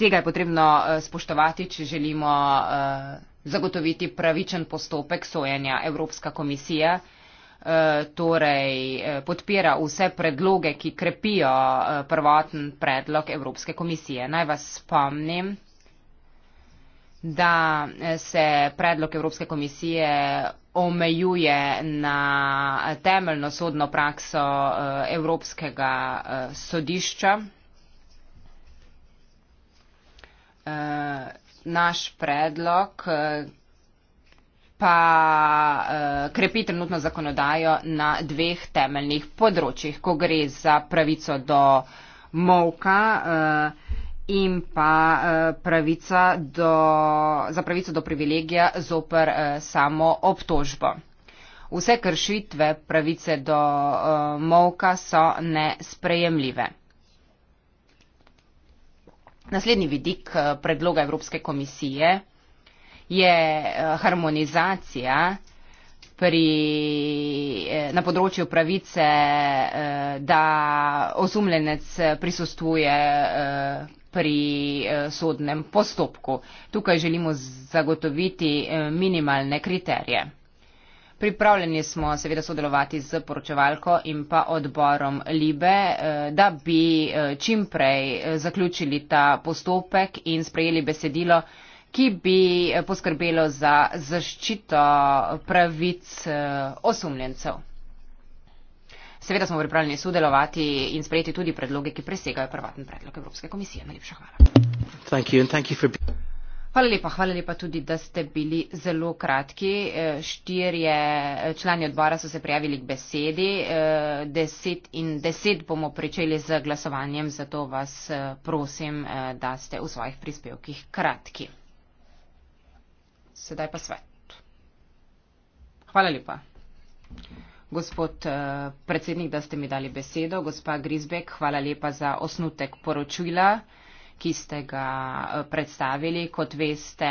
tega je potrebno eh, spoštovati, če želimo eh, zagotoviti pravičen postopek sojenja Evropska komisija. Eh, torej podpira vse predloge, ki krepijo prvoten predlog Evropske komisije. Naj vas spomnim, da se predlog Evropske komisije omejuje na temeljno sodno prakso Evropskega sodišča, uh, naš predlog, uh, pa uh, krepi trenutno zakonodajo na dveh temeljnih področjih, ko gre za pravico do molka. Uh, in pa pravica do, za pravico do privilegija zoper samo obtožbo. Vse kršitve pravice do molka so nesprejemljive. Naslednji vidik eh, predloga Evropske komisije je eh, harmonizacija pri, eh, na področju pravice, da osumljenec prisustuje pri sodnem postopku. Tukaj želimo zagotoviti minimalne kriterije. Pripravljeni smo seveda sodelovati z poročevalko in pa odborom Libe, eh, da bi eh, čimprej eh, zaključili ta postopek in sprejeli besedilo, ki bi poskrbelo za zaščito pravic osumljencev. Seveda smo pripravljeni sodelovati in sprejeti tudi predloge, ki presegajo prvotni predlog Evropske komisije. Najlepša hvala. Thank you and thank you for... Hvala lepa, hvala lepa tudi, da ste bili zelo kratki. E, štirje e, člani odbora so se prijavili k besedi. E, deset in deset bomo pričeli z glasovanjem, zato vas prosim, da ste v svojih prispevkih kratki. Sedaj pa svet. Hvala lepa. Gospod predsednik, da ste mi dali besedo. Gospa Grizbek, hvala lepa za osnutek poročila ki ste ga eh, predstavili. Kot veste,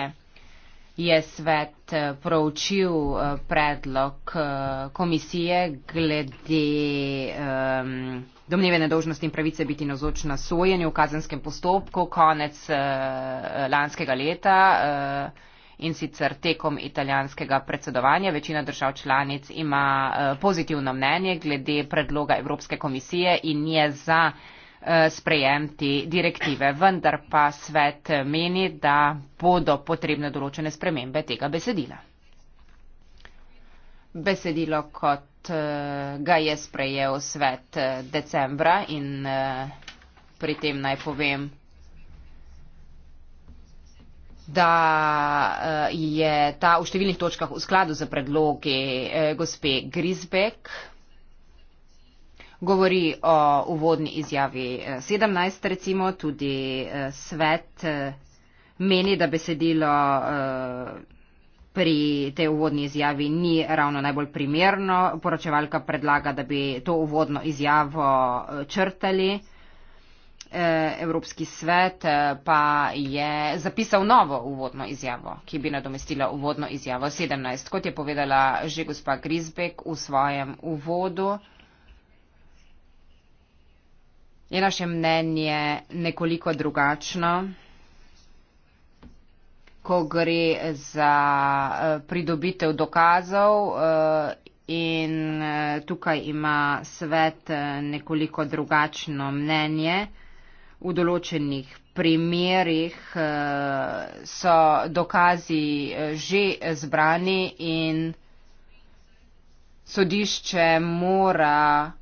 je svet eh, proučil eh, predlog komisije glede um, domneve nedožnosti in pravice biti nazoč na sojenju v kazenskem postopku konec uh, lanskega leta. Uh, In sicer tekom italijanskega predsedovanja večina držav članic ima pozitivno mnenje glede predloga Evropske komisije in je za uh, Eh, sprejem te direktive. Vendar pa svet meni, da bodo potrebne določene spremembe tega besedila. Besedilo, kot eh, ga je sprejel svet eh, decembra in pri tem naj povem, da je ta v številnih točkah v skladu z predlogi gospe Grisbek govori o uvodni izjavi 17, eh, recimo tudi eh, svet eh, meni, da besedilo pri tej uvodni izjavi ni ravno najbolj primerno. Poročevalka predlaga, da bi to uvodno izjavo črtali. Evropski svet pa je zapisal novo uvodno izjavo, ki bi nadomestila uvodno izjavo 17. Kot je povedala že gospa Grisbek v svojem uvodu, je naše mnenje nekoliko drugačno, ko gre za eh, pridobitev dokazov eh, in eh, tukaj ima svet nekoliko drugačno mnenje. V določenih primerjih so dokazi že zbrani in sodišče mora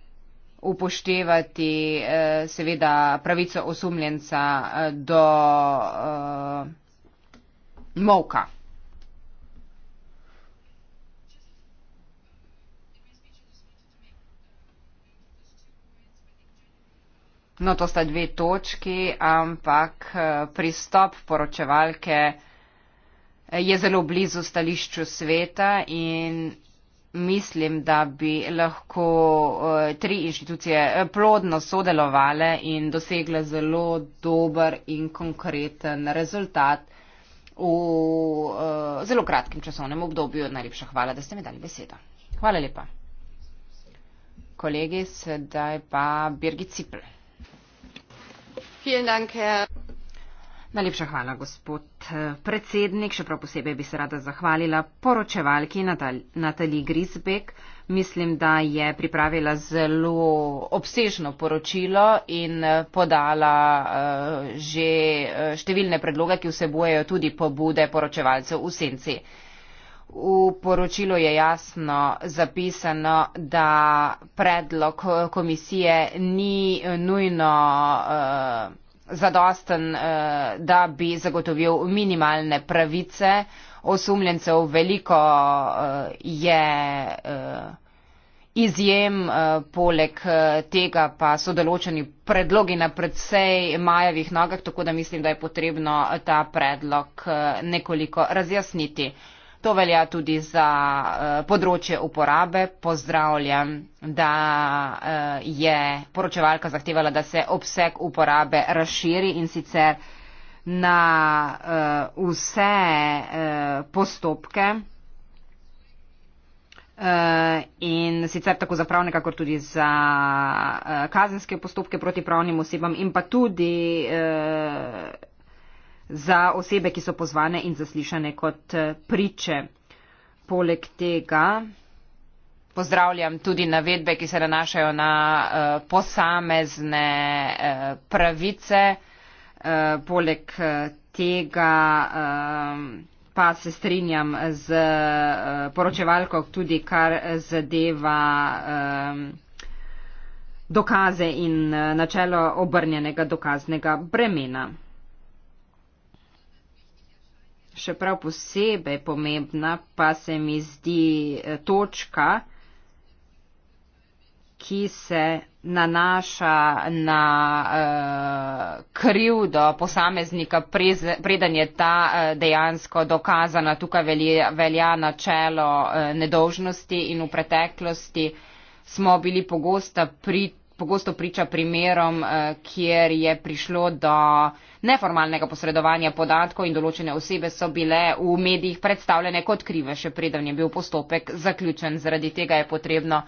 upoštevati eh, seveda pravico osumljenca eh, do uh, molka. No, to sta dve točki, ampak pristop poročevalke je zelo blizu stališču sveta in mislim, da bi lahko eh, tri inštitucije eh, plodno sodelovale in dosegle zelo dober in konkreten rezultat v eh, zelo kratkem časovnem obdobju. Najlepša hvala, da ste mi dali besedo. Hvala lepa. Kolegi, sedaj pa Birgit Cipl. Vielen Dank, Herr Najlepša hvala, gospod eh, predsednik. Še prav posebej bi se rada zahvalila poročevalki Natal Natali Grisbek. Mislim, da je pripravila zelo obsežno poročilo in eh, podala eh, že številne predloge, ki vsebujejo tudi pobude poročevalcev v senci. V poročilu je jasno zapisano, da predlog komisije ni nujno. Uh, zadosten, eh, da bi zagotovil minimalne pravice osumljencev. Veliko eh, je eh, izjem, poleg tega pa so določeni predlogi na predvsej majavih nogah, tako da mislim, da je potrebno ta predlog nekoliko razjasniti. To velja tudi za eh, področje uporabe. Pozdravljam, da eh, je poročevalka zahtevala, da se obseg uporabe razširi in sicer na eh, vse postopke in sicer tako za pravne, kakor tudi za kazenske postopke proti pravnim osebam in pa tudi za osebe, ki so pozvane in zaslišane kot eh, priče. Poleg tega pozdravljam tudi navedbe, ki se nanašajo na eh, posamezne eh, pravice. Poleg tega pa se strinjam z poročevalko tudi, kar zadeva dokaze in načelo obrnjenega dokaznega bremena še prav posebej pomembna pa se mi zdi eh, točka, ki se nanaša na uh, krivdo posameznika, preden je ta uh, dejansko dokazana. Tukaj velja, velja načelo uh, nedožnosti in v preteklosti smo bili pogosta priča pogosto priča primerom, eh, kjer je prišlo do neformalnega posredovanja podatkov in določene osebe so bile v medijih predstavljene kot krive, še preden je bil postopek zaključen. Zaradi tega je potrebno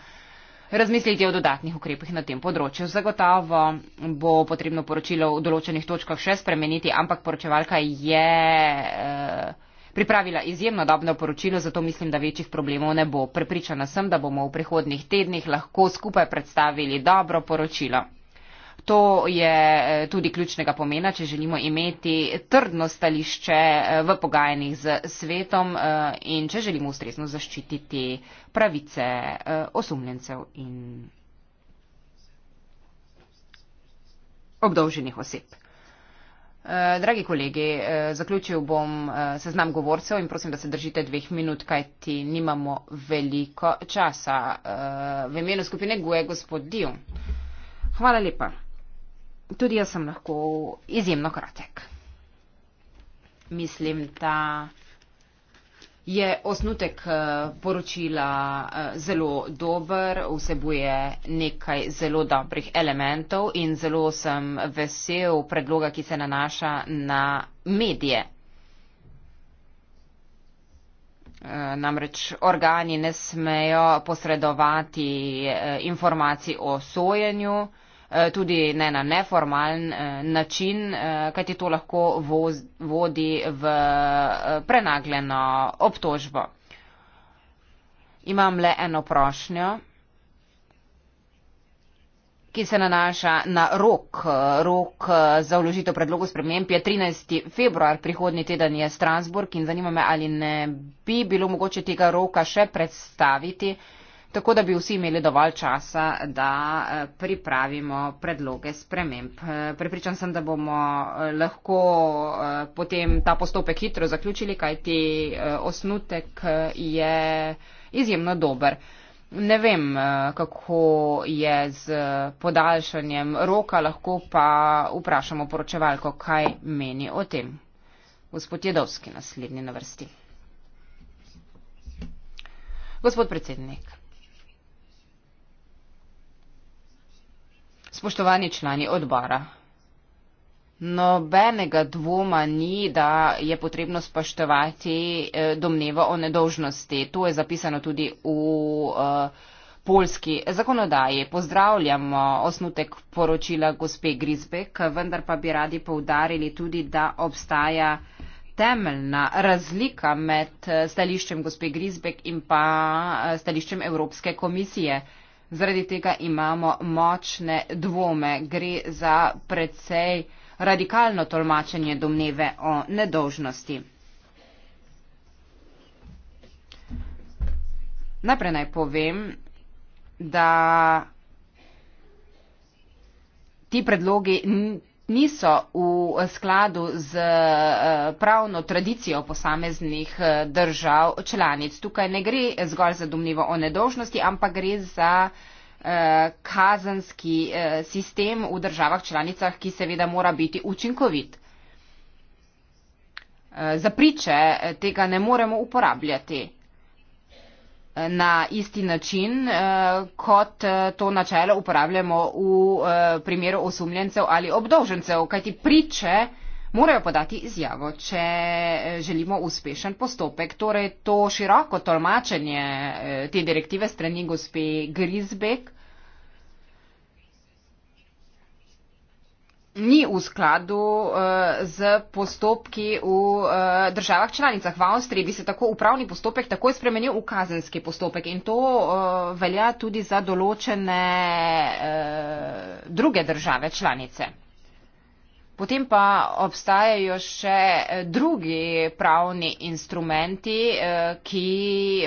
razmisliti o dodatnih ukrepih na tem področju. Zagotovo bo potrebno poročilo v določenih točkah še spremeniti, ampak poročevalka je. Eh, pripravila izjemno dobno poročilo, zato mislim, da večjih problemov ne bo. Prepričana sem, da bomo v prihodnih tednih lahko skupaj predstavili dobro poročilo. To je eh, tudi ključnega pomena, če želimo imeti trdno stališče eh, v pogajanjih z svetom eh, in če želimo ustrezno zaščititi pravice osumljencev in obdolženih oseb. Eh, dragi kolegi, eh, zaključil bom eh, seznam govorcev in prosim, da se držite dveh minut, kajti nimamo veliko časa. V imenu skupine Guje, gospod Dio. Hvala lepa. Tudi jaz sem lahko izjemno kratek. Mislim, da. Ta je osnutek eh, poročila eh, zelo dober, vsebuje nekaj zelo dobrih elementov in zelo sem vesel predloga, ki se nanaša na medije. Eh, namreč organi ne smejo posredovati informacij o sojenju, Eh, tudi ne na neformalen eh, način, eh, kajti to lahko vodi v prenagljeno obtožbo. Imam le eno prošnjo, ki se nanaša na rok. Rok za vložitev predlogu sprememb je 13. februar, prihodnji teden je Strasburg in zanima me, ali ne bi bilo mogoče tega roka še predstaviti tako da bi vsi imeli dovolj časa, da eh, pripravimo predloge sprememb. Eh, prepričan sem, da bomo eh, lahko potem ta postopek hitro zaključili, kajti osnutek je izjemno dober. Ne vem, kako je z podaljšanjem roka, lahko pa vprašamo poročevalko, kaj meni o tem. Gospod Jedovski, naslednji na vrsti. Gospod predsednik. Spoštovani člani odbora. Nobenega dvoma ni, da je potrebno spoštovati eh, domnevo o nedolžnosti. To je zapisano tudi v eh, polski zakonodaji. Pozdravljamo osnutek poročila gospe Grizbek, vendar pa bi radi poudarili tudi, da obstaja temeljna razlika med eh, stališčem gospe Grizbek in pa stališčem Evropske komisije zaradi tega imamo močne dvome. Gre za precej radikalno tolmačenje domneve o nedolžnosti. Najprej naj povem, da ti predlogi niso v skladu z eh, pravno tradicijo posameznih eh, držav članic. Tukaj ne gre zgolj za domnivo o nedožnosti, ampak gre za eh, kazanski sistem v državah članicah, ki seveda mora biti učinkovit. Za priče tega ne moremo uporabljati na isti način, eh, kot eh, to načelo uporabljamo v eh, primeru osumljencev ali obdolžencev, kajti priče morajo podati izjavo, če želimo uspešen postopek. Torej, to široko tolmačenje te direktive strani gospe Grisbek ni v skladu uh, z postopki v uh, državah članicah. V Avstriji bi se tako upravni postopek takoj spremenil v kazenski postopek in to uh, velja tudi za določene uh, druge države članice. Potem pa obstajajo še drugi pravni instrumenti, uh, ki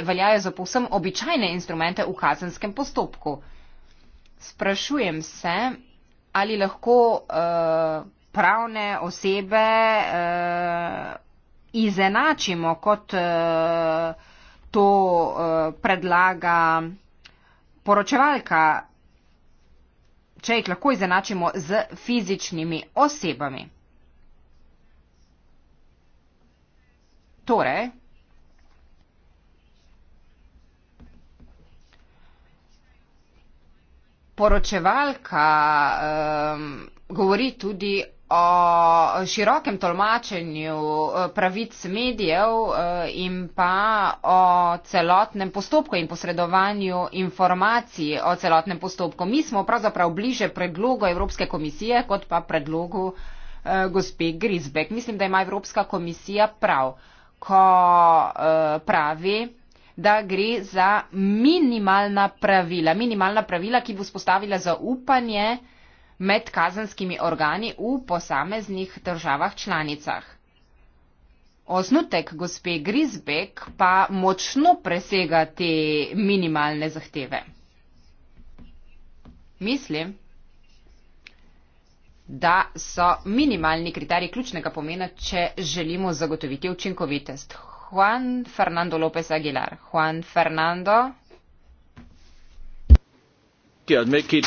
veljajo za povsem običajne instrumente v kazenskem postopku. Sprašujem se, ali lahko uh, pravne osebe uh, izenačimo, kot uh, to uh, predlaga poročevalka, če jih lahko izenačimo z fizičnimi osebami. Torej, poročevalka um, govori tudi o širokem tolmačenju eh, pravic medijev uh, in pa o celotnem postopku in posredovanju informacij o celotnem postopku. Mi smo pravzaprav bliže predlogu Evropske komisije kot pa predlogu uh, gospe Grisbek. Mislim, da ima Evropska komisija prav, ko uh, pravi, da gre za minimalna pravila. Minimalna pravila, ki bo spostavila zaupanje med kazanskimi organi v posameznih državah članicah. Osnutek gospe Grisbek pa močno presega te minimalne zahteve. Mislim, da so minimalni kriteriji ključnega pomena, če želimo zagotoviti učinkovitost. Juan Fernando López Aguilar. Juan Fernando. Yeah, make it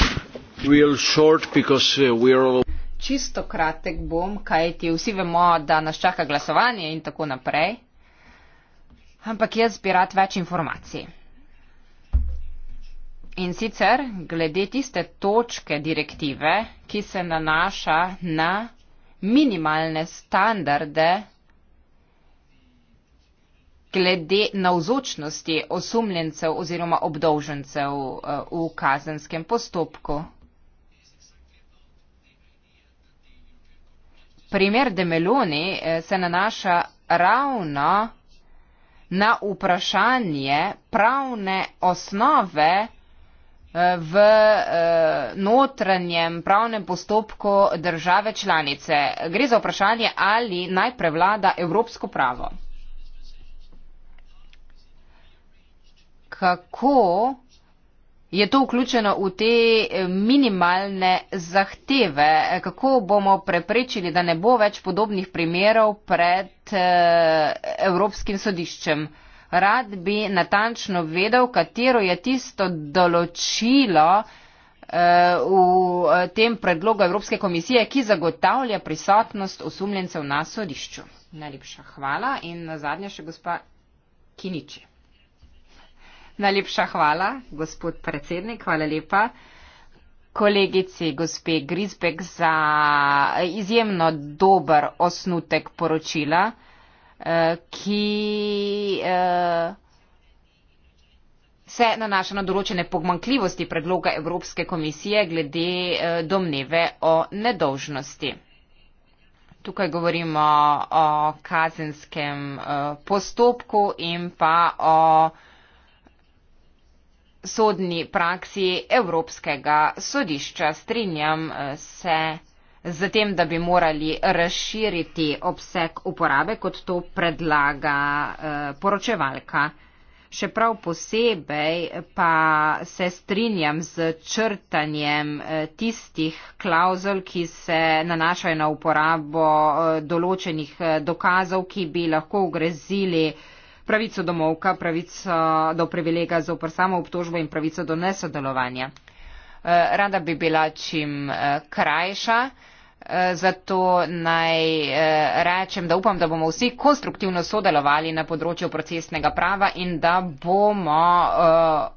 real short because uh, we are all... Čisto kratek bom, kaj ti vsi vemo, da nas čaka glasovanje in tako naprej. Ampak jaz bi rad več informacij. In sicer glede tiste točke direktive, ki se nanaša na minimalne standarde glede navzočnosti osumljencev oziroma obdolžencev eh, v kazenskem postopku. Primer de Meloni eh, se nanaša ravno na vprašanje pravne osnove eh, v notranjem pravnem postopku države članice. Gre za vprašanje, ali najprevlada evropsko pravo. kako je to vključeno v te minimalne zahteve, kako bomo preprečili, da ne bo več podobnih primerov pred eh, Evropskim sodiščem. Rad bi natančno vedel, katero je tisto določilo eh, v eh, tem predlogu Evropske komisije, ki zagotavlja prisotnost osumljencev na sodišču. Najlepša hvala in na zadnje še gospa Kiniči. Najlepša hvala, gospod predsednik, hvala lepa kolegici gospe Grisbek za eh, izjemno dober osnutek poročila, eh, ki eh, se nanaša na določene pomankljivosti predloga Evropske komisije glede domneve o nedolžnosti. Tukaj govorimo o kazenskem postopku in pa o sodni praksi Evropskega sodišča. Strinjam eh, se z tem, da bi morali razširiti obseg uporabe, kot to predlaga eh, poročevalka. Še prav posebej pa se strinjam z črtanjem eh, tistih klauzul, ki se nanašajo na uporabo določenih dokazov, ki bi lahko ogrezili pravico do molka, pravico do privilega za opr samo obtožbo in pravico do nesodelovanja. Eh, rada bi bila čim eh, krajša, eh, zato naj rečem, da upam, da bomo vsi konstruktivno sodelovali na področju procesnega prava in da bomo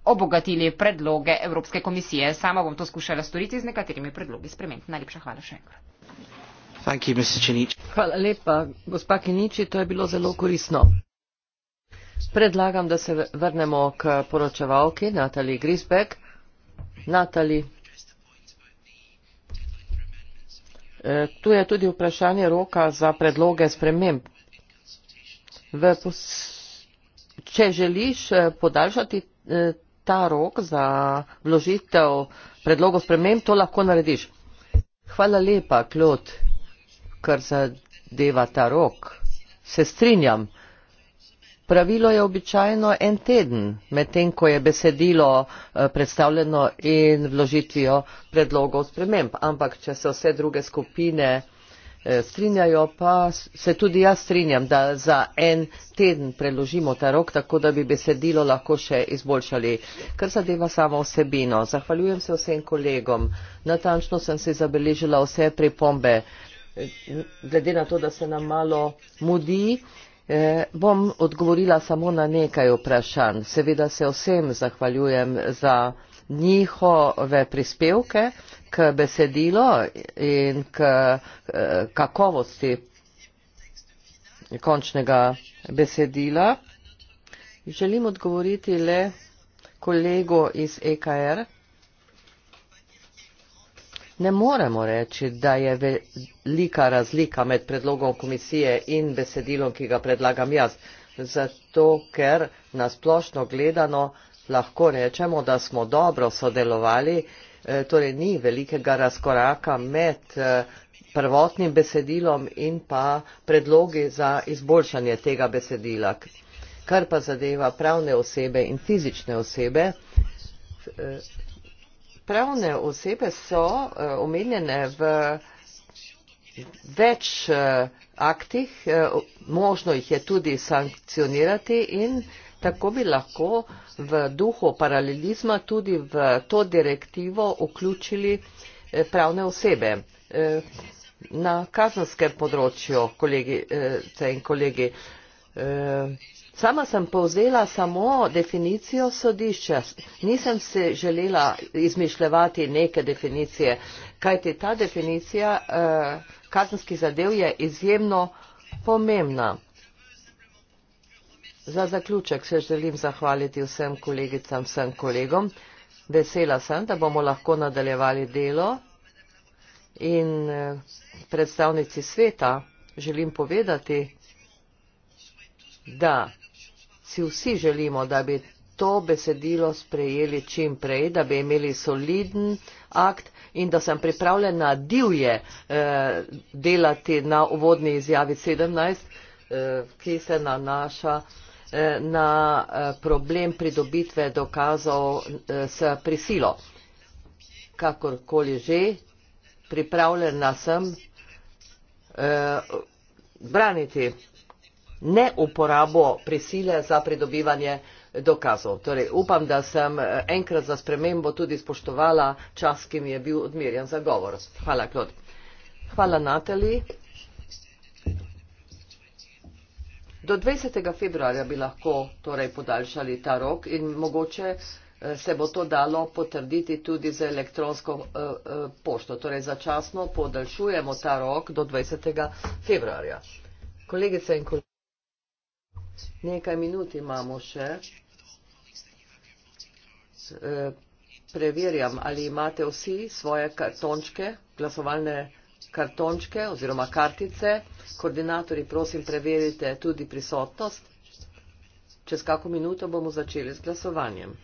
obogatili predloge Evropske komisije. Sama bom to skušala storiti z nekaterimi predlogi sprememb. Najlepša hvala še enkrat. Hvala lepa, gospa Kiniči, to je bilo zelo koristno. Predlagam, da se vrnemo k poročevalki Natali Grisbeck. Natali. E, tu je tudi vprašanje roka za predloge sprememb. V, če želiš e, podaljšati e, ta rok za vložitev predlogov sprememb, to lahko narediš. Hvala lepa, Klod, kar zadeva ta rok. Se strinjam. Pravilo je običajno en teden, medtem ko je besedilo eh, predstavljeno in vložitvijo predlogov sprememb. Ampak, če se vse druge skupine eh, strinjajo, pa se tudi jaz strinjam, da za en teden preložimo ta rok, tako da bi besedilo lahko še izboljšali. Kar zadeva samo osebino, zahvaljujem se vsem kolegom. Natančno sem si zabeležila vse pripombe, eh, glede na to, da se nam malo mudi. Eh, bom odgovorila samo na nekaj vprašanj. Seveda se vsem zahvaljujem za njihove prispevke k besedilo in k eh, kakovosti končnega besedila. Želim odgovoriti le kolego iz EKR. Ne moremo reči, da je velika razlika med predlogom komisije in besedilom, ki ga predlagam jaz. Zato, ker nasplošno gledano lahko rečemo, da smo dobro sodelovali, e, torej ni velikega razkoraka med e, prvotnim besedilom in pa predlogi za izboljšanje tega besedila. Kar pa zadeva pravne osebe in fizične osebe, e, pravne osebe so eh, omenjene v več eh, aktih, eh, možno jih je tudi sankcionirati in tako bi lahko v duhu paralelizma tudi v to direktivo vključili pravne osebe. Na kazanskem področju, kolegice in kolegi, Sama sem povzela samo definicijo sodišča. Nisem se želela izmišljati neke definicije, kajti ta definicija eh, kazenskih zadev je izjemno pomembna. Za zaključek se želim zahvaliti vsem kolegicam, vsem kolegom. Vesela sem, da bomo lahko nadaljevali delo in eh, predstavnici sveta želim povedati, da si vsi želimo, da bi to besedilo sprejeli čim prej, da bi imeli soliden akt in da sem pripravljena divje eh, delati na uvodni izjavi 17, eh, ki se nanaša eh, na eh, problem pridobitve dokazov eh, s prisilo. Kakorkoli že, pripravljena sem eh, braniti ne uporabo prisile za pridobivanje dokazov. Torej, upam, da sem eh, enkrat za spremembo tudi spoštovala čas, ki mi je bil odmerjen za govor. Hvala, Klod. Hvala, Natali. Do 20. februarja bi lahko torej, podaljšali ta rok in mogoče eh, se bo to dalo potrditi tudi z elektronsko uh, uh, pošto. Torej, začasno podaljšujemo ta rok do 20. februarja. Kolegice in kolegi. Nekaj minut imamo še. E, preverjam, ali imate vsi svoje kartončke, glasovalne kartončke oziroma kartice. Koordinatori, prosim, preverite tudi prisotnost. Čez kako minuto bomo začeli z glasovanjem.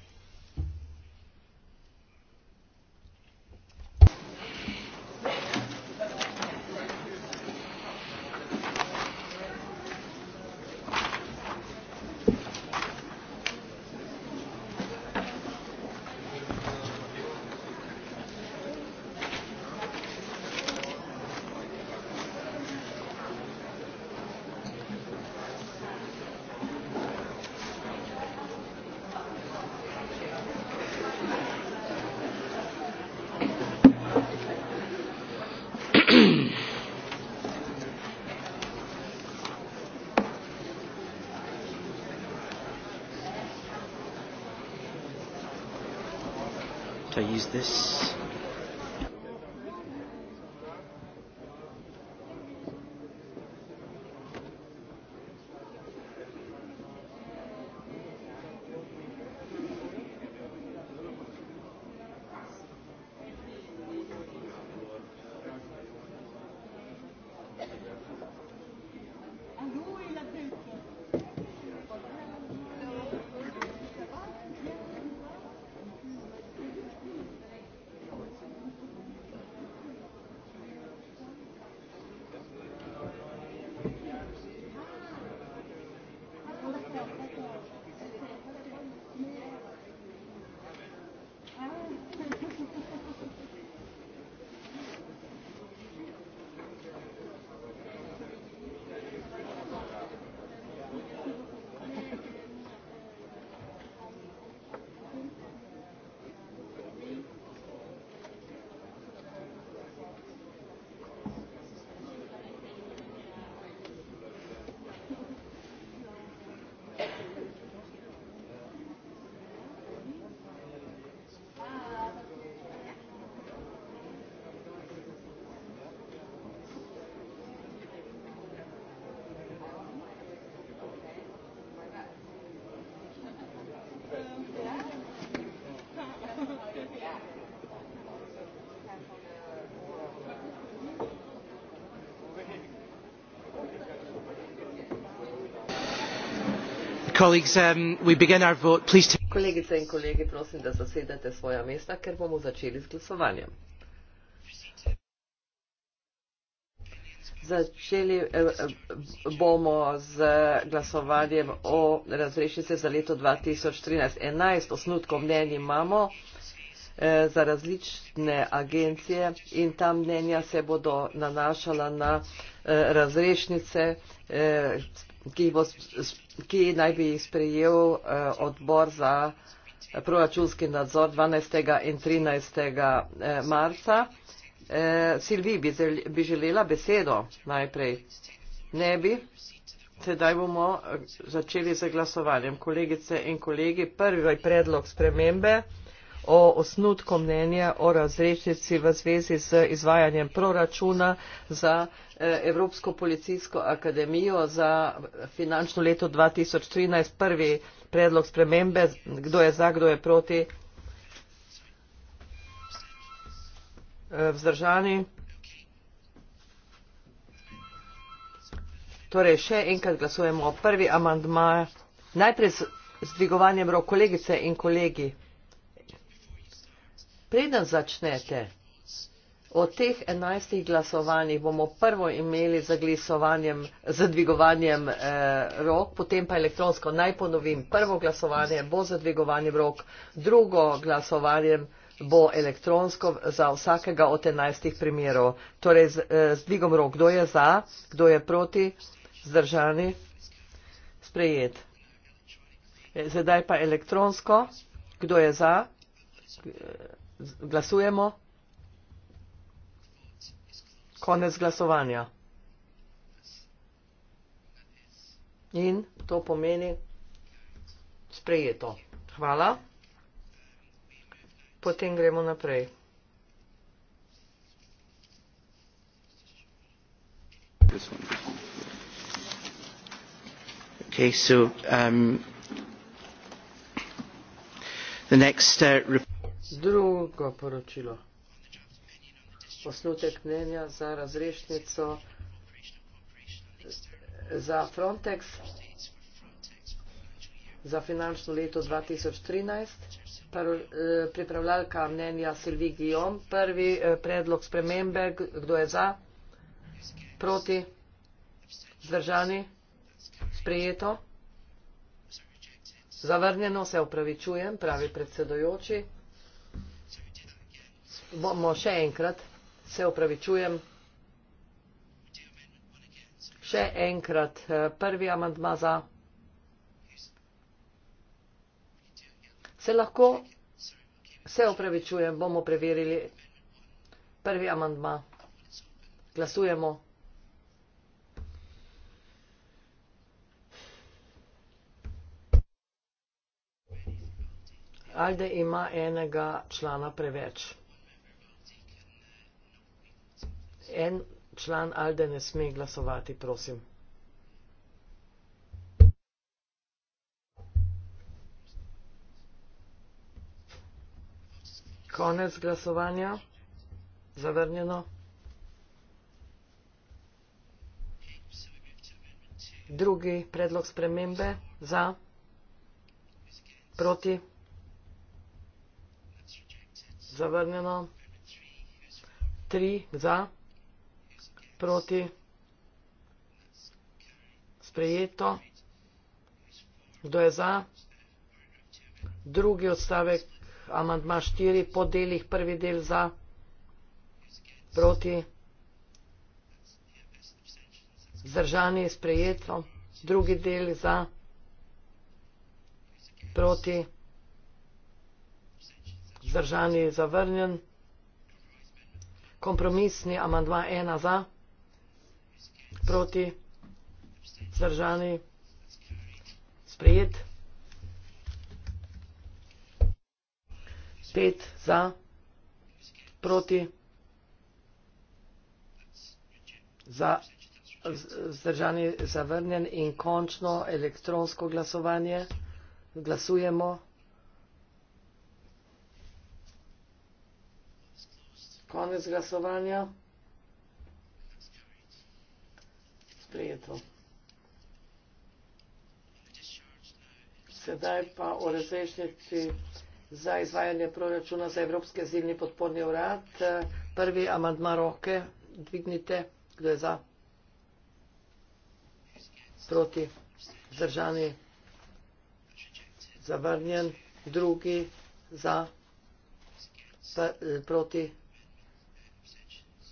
is this? Um, kolegice in kolegi prosim da zasedete svoja mesta ker bomo začeli z glasovanjem začeli eh, eh, bomo z glasovanjem o razrešnici za leto 2013 11 osnutkov mnenj imamo eh, za različne agencije in ta mnenja se bodo nanašala na razrešnice ki, bo, ki naj bi jih sprejel eh, odbor za proračunski nadzor 12. in 13. Eh, marca. Eh, Silvi, bi želela besedo najprej? Ne bi. Sedaj bomo začeli z glasovanjem. Kolegice in kolegi, prvi predlog spremembe o osnutku mnenja o razrešnici v zvezi z izvajanjem proračuna za eh, Evropsko policijsko akademijo za finančno leto 2013. Prvi predlog spremembe, kdo je za, kdo je proti. Eh, vzdržani. Torej, še enkrat glasujemo o prvi amandma. Najprej z dvigovanjem rok kolegice in kolegi. Preden začnete, od teh enajstih glasovanjih bomo prvo imeli z glasovanjem, z dvigovanjem eh, rok, potem pa elektronsko. Naj ponovim, prvo glasovanje bo z dvigovanjem rok, drugo glasovanje bo elektronsko za vsakega od enajstih primerov. Torej z, eh, z dvigom rok, kdo je za, kdo je proti, zdržani, sprejet. Eh, zdaj pa elektronsko, kdo je za. Eh, glasujemo konec glasovanja in to pomeni sprejeto hvala potem gremo naprej Okay, so um, the next uh, report drugo poročilo. Osnutek mnenja za razrešnico za Frontex za finančno leto 2013. Par, eh, pripravljalka mnenja Silvi Guillaume. Prvi eh, predlog spremembe. Kdo je za? Proti? Zdržani? Sprijeto? Zavrnjeno se upravičujem, pravi predsedojoči bomo še enkrat, se opravičujem, še enkrat eh, prvi amandma za. Se lahko, se opravičujem, bomo preverili prvi amandma. Glasujemo. Alde ima enega člana preveč. en član Alde ne sme glasovati, prosim. Konec glasovanja. Zavrnjeno. Drugi predlog spremembe. Za. Proti. Zavrnjeno. Tri. Za. Zavrnjeno proti sprejeto. Kdo je za? Drugi odstavek, amantma štiri, po delih prvi del za, proti, zdržani je sprejeto, drugi del za, proti, zdržani je zavrnjen, kompromisni amantma ena za, proti, proti, zdržani, sprejet. Pet za, proti, za, zdržani, zavrnjen in končno elektronsko glasovanje. Glasujemo. Konec glasovanja. prijeto. Sedaj pa o razrešnici za izvajanje proračuna za Evropski azilni podporni urad. Prvi amandma roke dvignite, kdo je za? Proti, zdržani, zavrnjen, drugi za, eh, proti,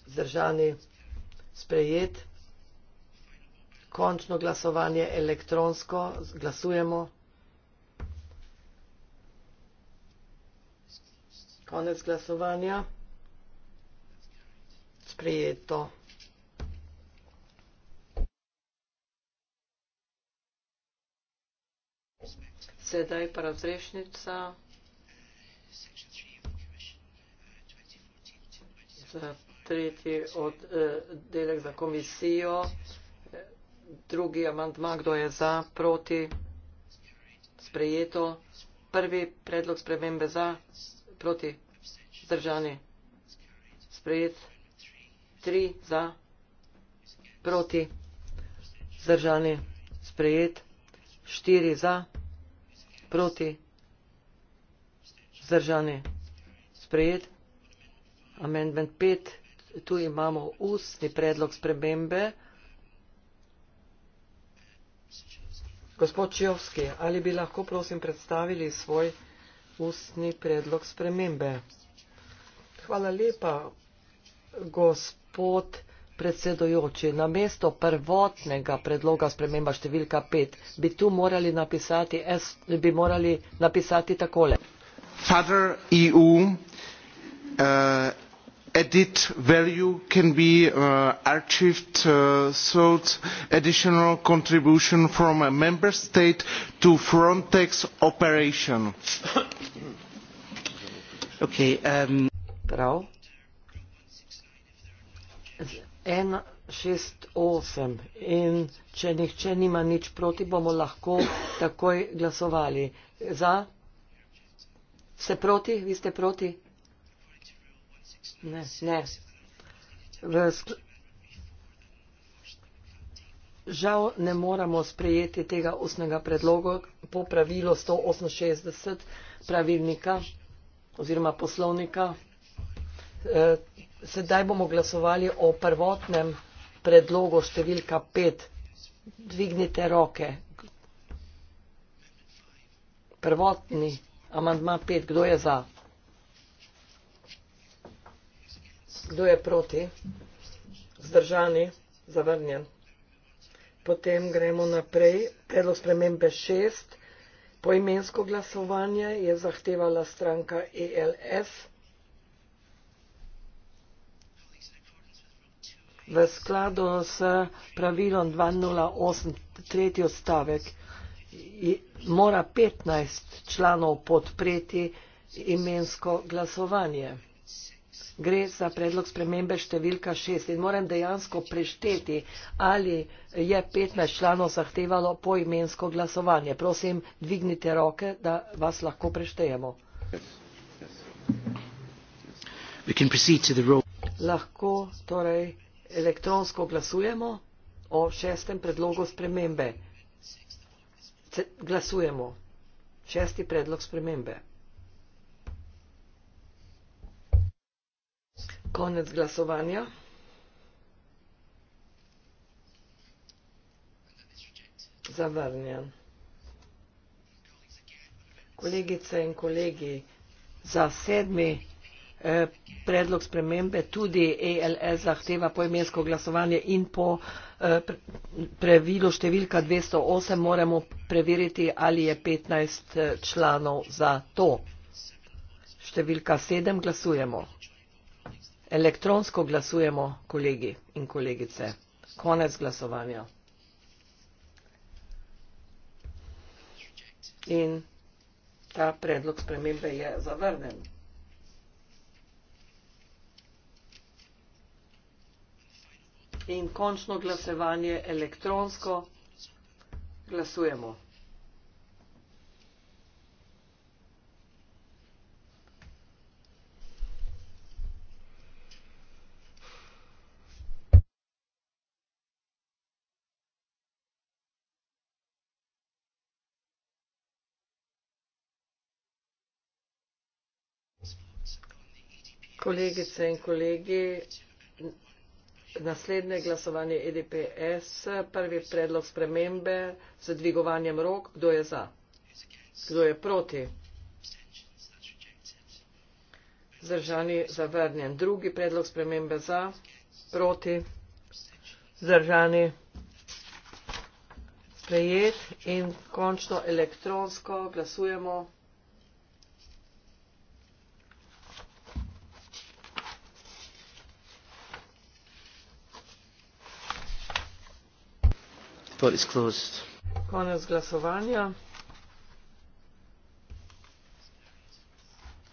zdržani, sprejet končno glasovanje elektronsko. Glasujemo. Konec glasovanja. Sprijeto. Sedaj pravzrešnica za tretji oddelek eh, za komisijo drugi amandma, kdo je za, proti, sprejeto, prvi predlog spremembe za, proti, zdržani, sprejet, tri za, proti, zdržani, sprejet, štiri za, proti, zdržani, sprejet, amendment pet, tu imamo ustni predlog spremembe. Gospod Čijovski, ali bi lahko prosim predstavili svoj ustni predlog spremembe? Hvala lepa, gospod predsedojoči. Na mesto prvotnega predloga sprememba številka 5 bi tu morali napisati, bi morali napisati takole. Father EU, uh, eh, added value can be uh, achieved through additional contributions from a member state to frontex operations. [coughs] Um, Ne, ne. V skl... Žal ne moramo sprejeti tega ustnega predloga po pravilu 168 pravilnika oziroma poslovnika. E, sedaj bomo glasovali o prvotnem predlogu številka 5. Dvignite roke. Prvotni amandma 5. Kdo je za? kdo je proti, zdržani, zavrnjen. Potem gremo naprej, predlog spremembe šest, poimensko glasovanje je zahtevala stranka ELS. V skladu s pravilom 208, tretji odstavek, mora 15 članov podpreti imensko glasovanje gre za predlog spremembe številka šest in moram dejansko prešteti ali je petnajst članov zahtevalo poimensko glasovanje prosim dvignite roke da vas lahko preštejemo lahko torej elektronsko glasujemo o šestem predlogu spremembe glasujemo šesti predlog spremembe konec glasovanja. Zavrnjen. Kolegice in kolegi, za sedmi eh, predlog spremembe tudi ALS zahteva poimensko glasovanje in po eh, pravilu številka 208 moramo preveriti, ali je 15 eh, članov za to. Številka 7 glasujemo elektronsko glasujemo kolegi in kolegice. Konec glasovanja. In ta predlog spremembe je zavrnen. In končno glasovanje elektronsko glasujemo. Kolegice in kolegi, naslednje glasovanje EDPS, prvi predlog spremembe z dvigovanjem rok, kdo je za, kdo je proti. Zdržani zavrnjen. Drugi predlog spremembe za, proti, zdržani sprejet in končno elektronsko glasujemo. report is closed. Konec glasovanja.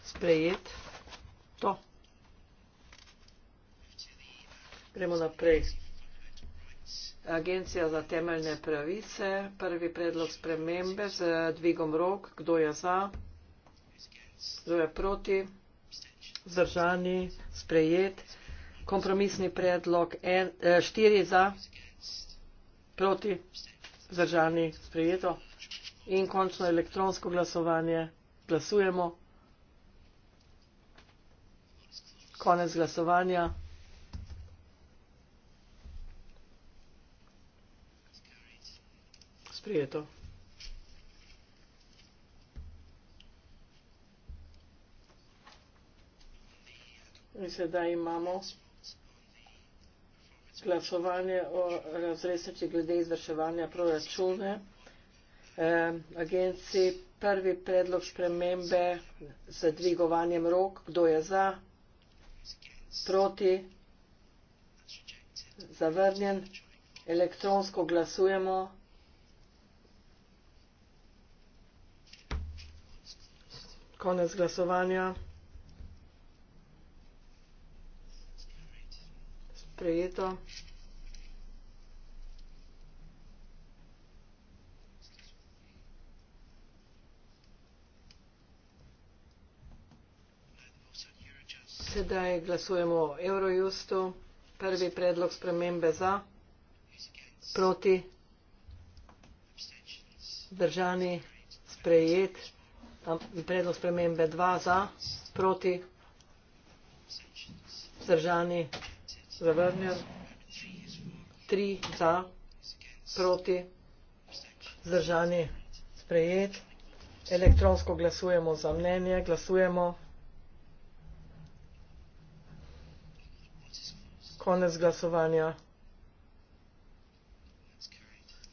Sprejet. To. Gremo naprej. Agencija za temeljne pravice. Prvi predlog spremembe z dvigom rok. Kdo je za? Kdo je proti? Zdržani. Sprejet. Kompromisni predlog 4 eh, za proti, zdržani, sprejeto in končno elektronsko glasovanje. Glasujemo. Konec glasovanja. Sprejeto. In sedaj imamo glasovanje o razresnici glede izvrševanja proračune. Agenciji prvi predlog spremembe z dvigovanjem rok, kdo je za, proti, zavrnjen, elektronsko glasujemo. Konec glasovanja. sprejeto. Sedaj glasujemo o Eurojustu. Prvi predlog spremembe za, proti, držani, sprejet. Predlog spremembe 2 za, proti, držani, zavrnjen, tri za, proti, zdržani, sprejet. Elektronsko glasujemo za mnenje, glasujemo. Konec glasovanja.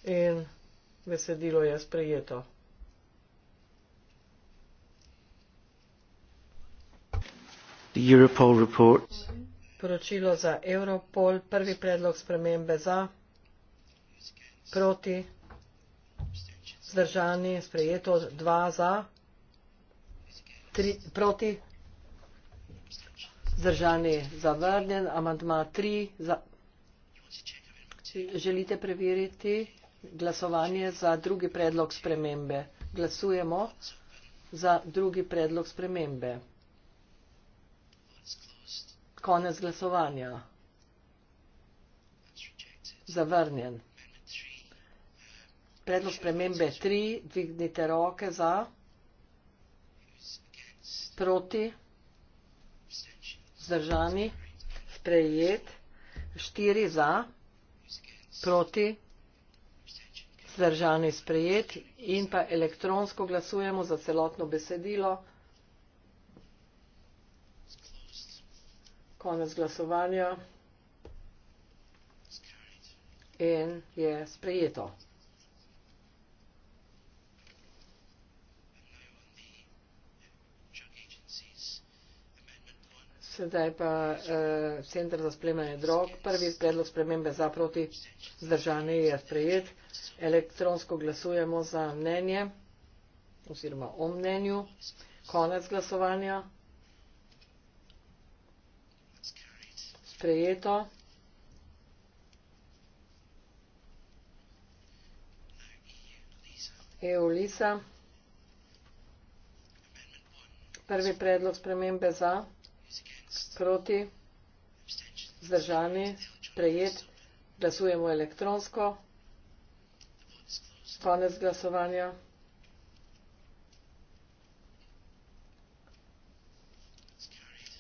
In besedilo je sprejeto. The Europol report. Mm -hmm poročilo za Europol, prvi predlog spremembe za, proti, zdržani, sprejeto, dva za, tri, proti, zdržani, zavrnjen, amantma tri, za, želite preveriti glasovanje za drugi predlog spremembe. Glasujemo za drugi predlog spremembe konec glasovanja. Zavrnjen. Predlog spremembe 3. Dvignite roke za. Proti. Zdržani. Sprejet. 4 za. Proti. Zdržani. Sprejet. In pa elektronsko glasujemo za celotno besedilo. konec glasovanja in je sprejeto. Sedaj pa eh, Centr za spremljanje drog. Prvi predlog spremembe za proti zdržanje je sprejet. Elektronsko glasujemo za mnenje oziroma o mnenju. Konec glasovanja. sprejeto. EU Lisa. Prvi predlog spremembe za, proti, zdržani, prejet, glasujemo elektronsko, konec glasovanja.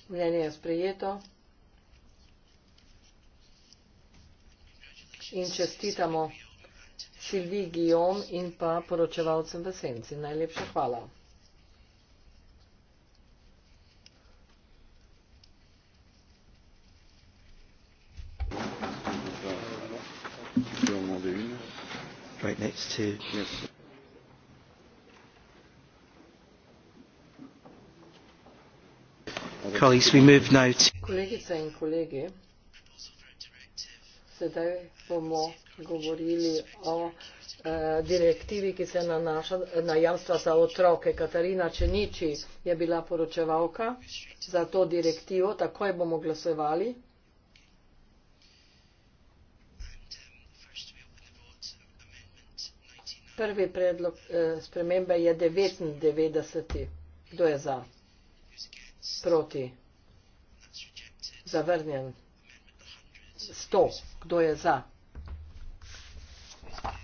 Mnenje je sprejeto. in čestitamo Silvi Guillaume in pa poročevalcem v Senci. Najlepša hvala. Right next to yes. Colleagues, we move now to. Sedaj bomo govorili o eh, direktivi, ki se nanaša na jamstva za otroke. Katarina Čeniči je bila poročevalka za to direktivo, tako je bomo glasovali. Prvi predlog eh, spremembe je 99. Kdo je za? Proti? Zavrnjen sto kdo je za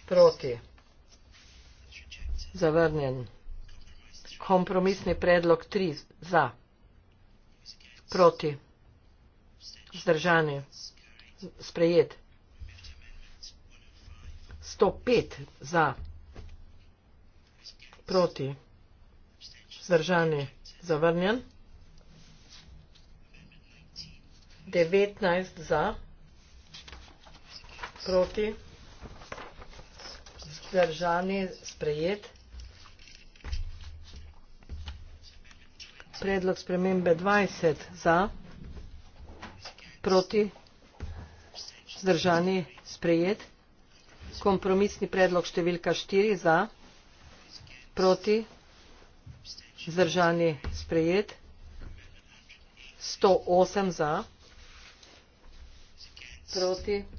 proti zavrnjen kompromisni predlog tri za proti zdržani sprejet sto pet za proti zdržani zavrnjen devetnajst za proti, zdržani, sprejet. Predlog spremembe 20 za, proti, zdržani, sprejet. Kompromisni predlog številka 4 za, proti, zdržani, sprejet. 108 za, proti, zdržani, sprejet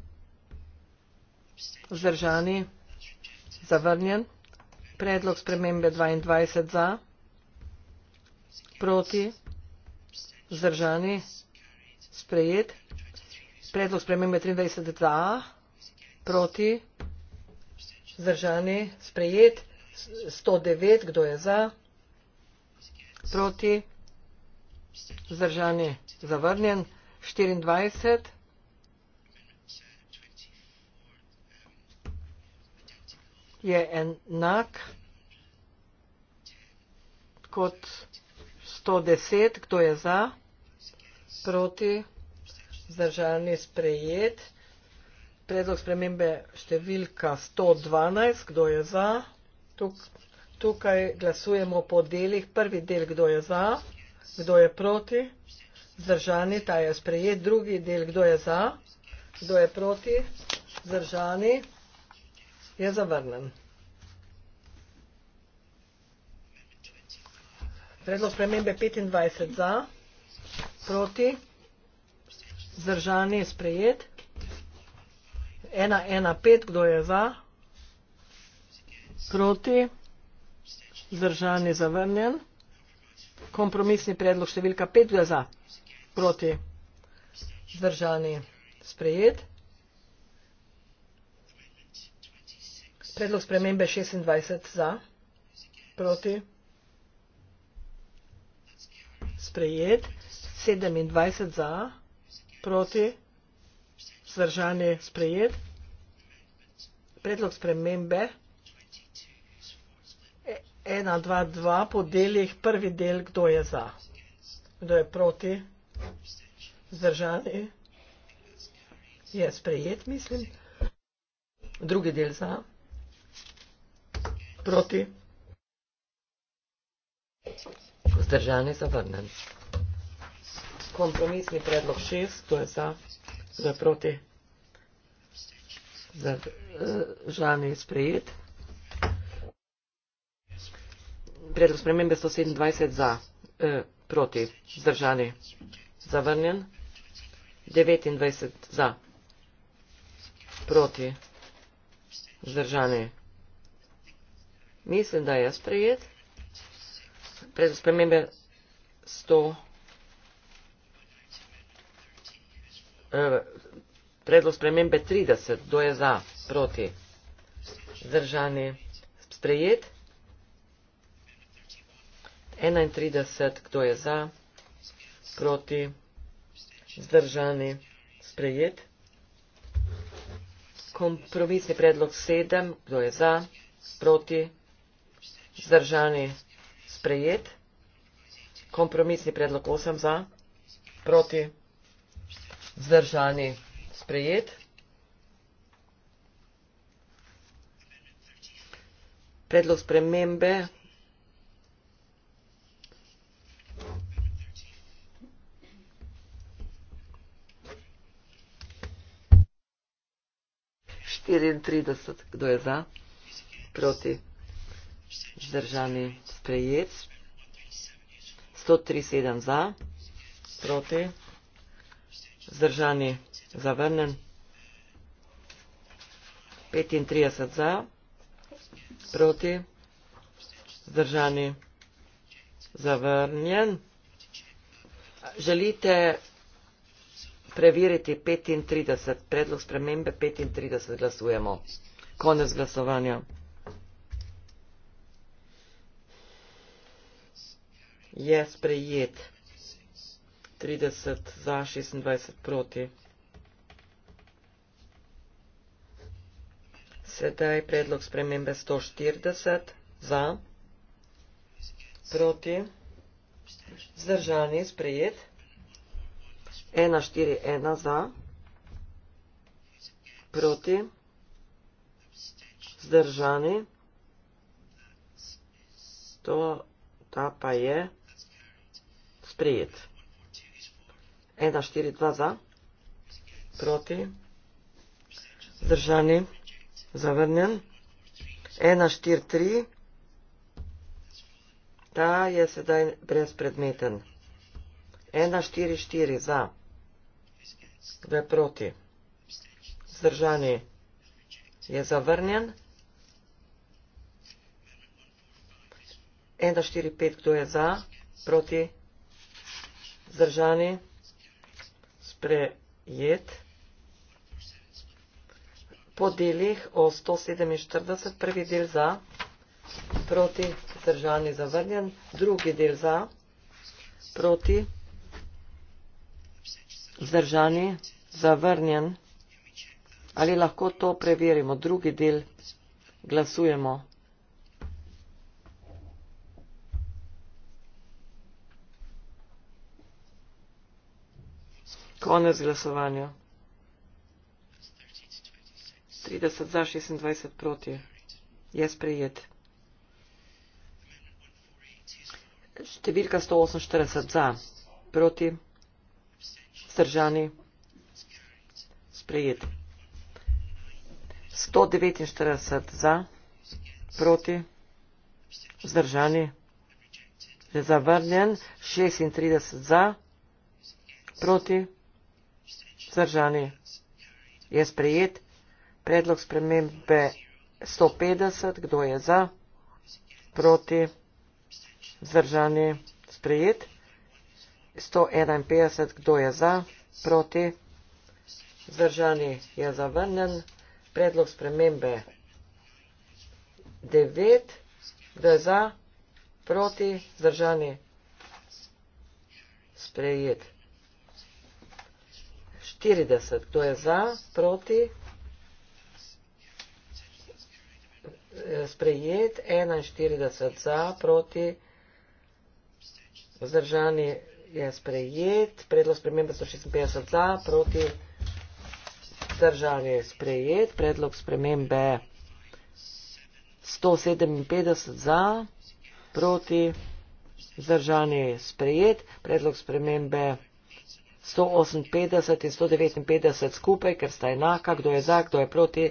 vzdržani zavrnjen predlog spremembe 22 za proti vzdržani sprejet predlog spremembe 23 za proti vzdržani sprejet 109 kdo je za proti vzdržani zavrnjen 24 je enak kot 110, kdo je za, proti, zdržalni sprejet. Predlog spremembe številka 112, kdo je za. Tuk, tukaj glasujemo po delih. Prvi del, kdo je za, kdo je proti, zdržani, ta je sprejet. Drugi del, kdo je za, kdo je proti, zdržani. Jaz zavrnem. Predlog spremembe 25 za, proti, zdržani, sprejet. 1-1-5, kdo je za, proti, zdržani, zavrnjen. Kompromisni predlog številka 5, kdo je za, proti, zdržani, sprejet. 1-1-6. predlog spremembe 26 za, proti, sprejet, 27 za, proti, zdržanje sprejet, predlog spremembe 1, 2, 2, po delih prvi del, kdo je za, kdo je proti, zdržanje, je sprejet, mislim, drugi del za. Proti. Vzdržan je zavrnen. Kompromisni predlog šest, to je za, to je proti. Žan je sprejet. Predlog spremembe 127 eh, za, proti, vzdržani, zavrnjen, 29 za, proti, vzdržani, Mislim, da je sprejet. Pred spremembe 100. Eh, predlog spremembe 30. Kdo je za? Proti. Zdržani. Sprejet. 31. Kdo je za? Proti. Zdržani. Sprejet. Kompromisni predlog 7. Kdo je za? Proti. Zdržani zdržani sprejet. Kompromisni predlog 8 za, proti zdržani sprejet. Predlog spremembe Štiriintrideset, kdo je za? Proti vzdržani, sprejet, 137 za, proti, vzdržani, zavrnen, 35 za, proti, vzdržani, zavrnjen. Želite preveriti 35, predlog spremembe 35, glasujemo. Konec glasovanja. je sprejet 30 za 26 proti. Sedaj predlog spremembe 140 za proti zdržani sprejet 141 za proti zdržani to ta pa je sprejet. 1, 4, 2 za, proti, zdržani, zavrnjen. 1, 4, 3, ta je sedaj brezpredmeten. 1, 4, 4 za, 2 proti, zdržani, je zavrnjen. 1, 4, 5, kdo je za, proti, zdržani vzdržani, sprejet. Po delih o 147, prvi del za, proti, vzdržani, zavrnjen, drugi del za, proti, vzdržani, zavrnjen. Ali lahko to preverimo? Drugi del glasujemo. Konec glasovanja. 30 za, 26 proti. Je sprejet. Številka 148 za, proti, stržani, sprejet. 149 za, proti, zdržani, zavrnjen, 36 za, proti, zdržani vzdržani. Je sprejet predlog spremembe 150, kdo je za, proti, vzdržani, sprejet 151, kdo je za, proti, vzdržani, je zavrnen predlog spremembe 9, kdo je za, proti, vzdržani, sprejet štirideset kdo je za proti sprejet enainštirideset za proti vzdržani je sprejet predlog spremembe sto šestinpetdeset za proti vzdržani je sprejet predlog spremembe sto sedeminpetdeset za proti vzdržani je sprejet predlog spremembe 158 in 159 skupaj, ker sta enaka. Kdo je za, kdo je proti?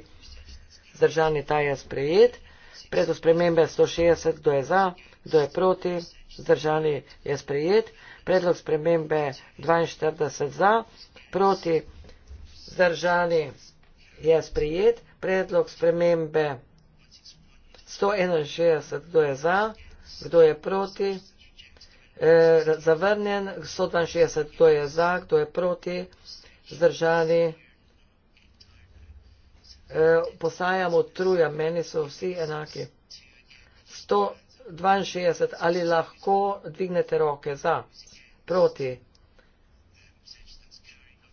Vzdržani, ta je sprejet. Predlog spremembe 160, kdo je za, kdo je proti? Vzdržani, je sprejet. Predlog spremembe 42 za, proti, vzdržani, je sprejet. Predlog spremembe 161, kdo je za, kdo je proti? E, zavrnjen, 162, kdo je za, kdo je proti, zdržani, e, posajamo truja, meni so vsi enaki. 162, ali lahko dvignete roke za, proti,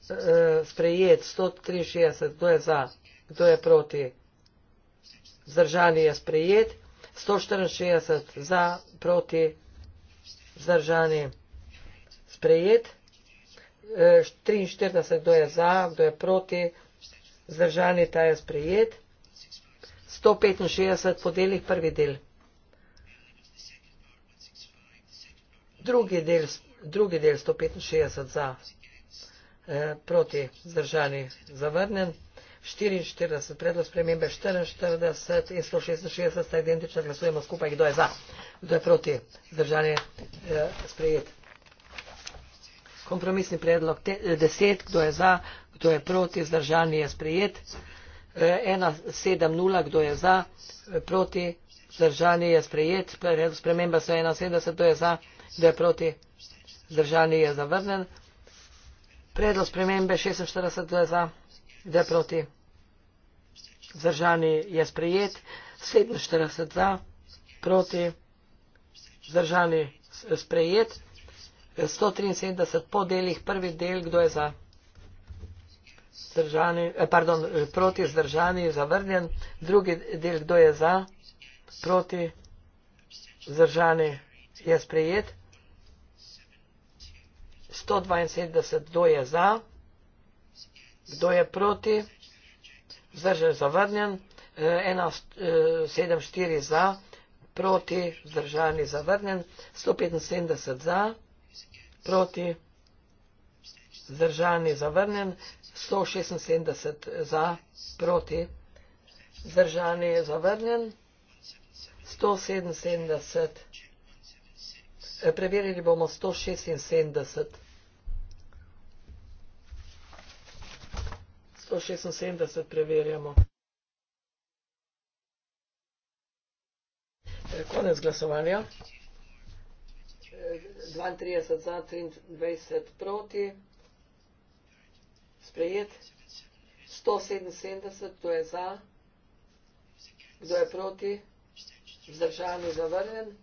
e, sprejet, 163, kdo je za, kdo je proti, zdržani je sprejet, 164 za, proti, vzdržani, sprejet. 43, e, kdo je za, kdo je proti, vzdržani, ta je sprejet. 165 podeljih prvi del. Drugi del, drugi del 165 za, eh, proti, vzdržani, zavrnen štiriinštirideset predlog spremembe štiriinštirideset in sto šestinšestdeset sta identična glasujemo skupaj kdo je za kdo je proti zdržanje eh, sprejet kompromisni predlog te, eh, deset kdo je za kdo je proti zdržanje je sprejet eh, ena sedem nula kdo je za eh, proti zdržanje je sprejet predlog spremembe sto ena sedemdeset kdo je za kdo je proti zdržanje je zavrnjen predlog spremembe šestinštirideset kdo je za 2 proti. Zdržani je sprejet. 47 za proti. Zdržani sprejet. 173 po delih. Prvi del, kdo je za? Zdržani, eh, pardon, proti zdržani je zavrnjen. Drugi del, kdo je za? Proti zdržani je sprejet. 172 do je za kdo je proti, zdržan zavrnjen, eh, ena eh, sedem štiri za, proti, zdržani zavrnjen, sto petinsedemdeset za, proti, zdržani zavrnjen, sto šestinsedemdeset za, proti, zdržani zavrnjen, sto sedeminsedemdeset, eh, preverili bomo sto šestinsedemdeset. sto šestinsedemdeset preverjamo e, konec glasovanja dvaintrideset za triindvajset proti sprejet sto sedeminsedemdeset to je za kdo je proti vzdržan je zavrnjen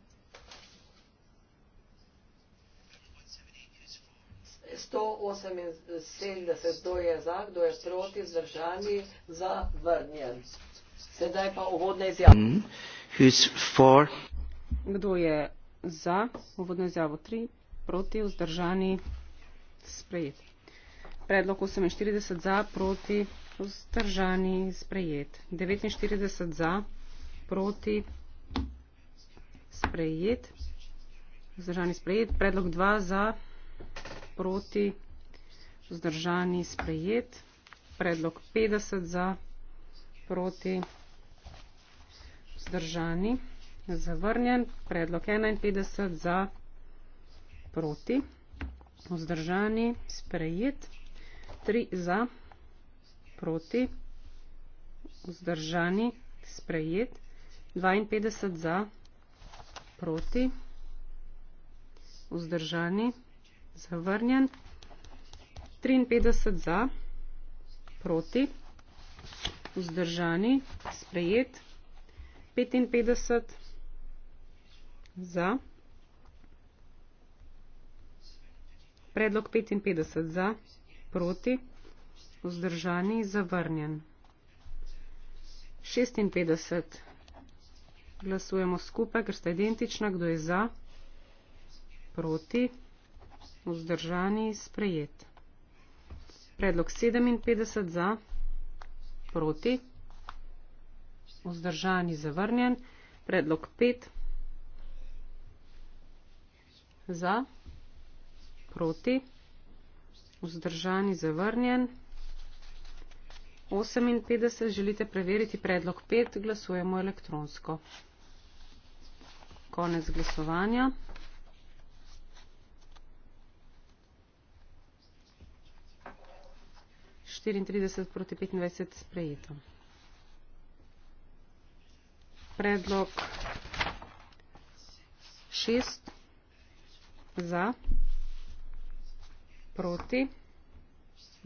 178, kdo je za, kdo je proti, zdržani, zavrnjen. Sedaj pa uvodna izjava. Mm. Kdo je za, uvodna izjava 3, proti, vzdržani, sprejet. Predlog 48 za, proti, vzdržani, sprejet. 49 za, proti, sprejet. Vzdržani, sprejet. Predlog 2 za proti, vzdržani sprejet, predlog 50 za, proti, vzdržani, zavrnjen, predlog 51 za, proti, vzdržani sprejet, 3 za, proti, vzdržani sprejet, 52 za, proti, vzdržani sprejet zavrnjen. 53 za, proti, vzdržani, sprejet. 55 za, predlog 55 za, proti, vzdržani, zavrnjen. 56 glasujemo skupaj, ker sta identična, kdo je za, proti, vzdržani vzdržani, sprejet. Predlog 57 za, proti, vzdržani, zavrnjen. Predlog 5 za, proti, vzdržani, zavrnjen. 58 želite preveriti predlog 5, glasujemo elektronsko. Konec glasovanja. 34 proti 25 sprejeto. Predlog 6 za, proti,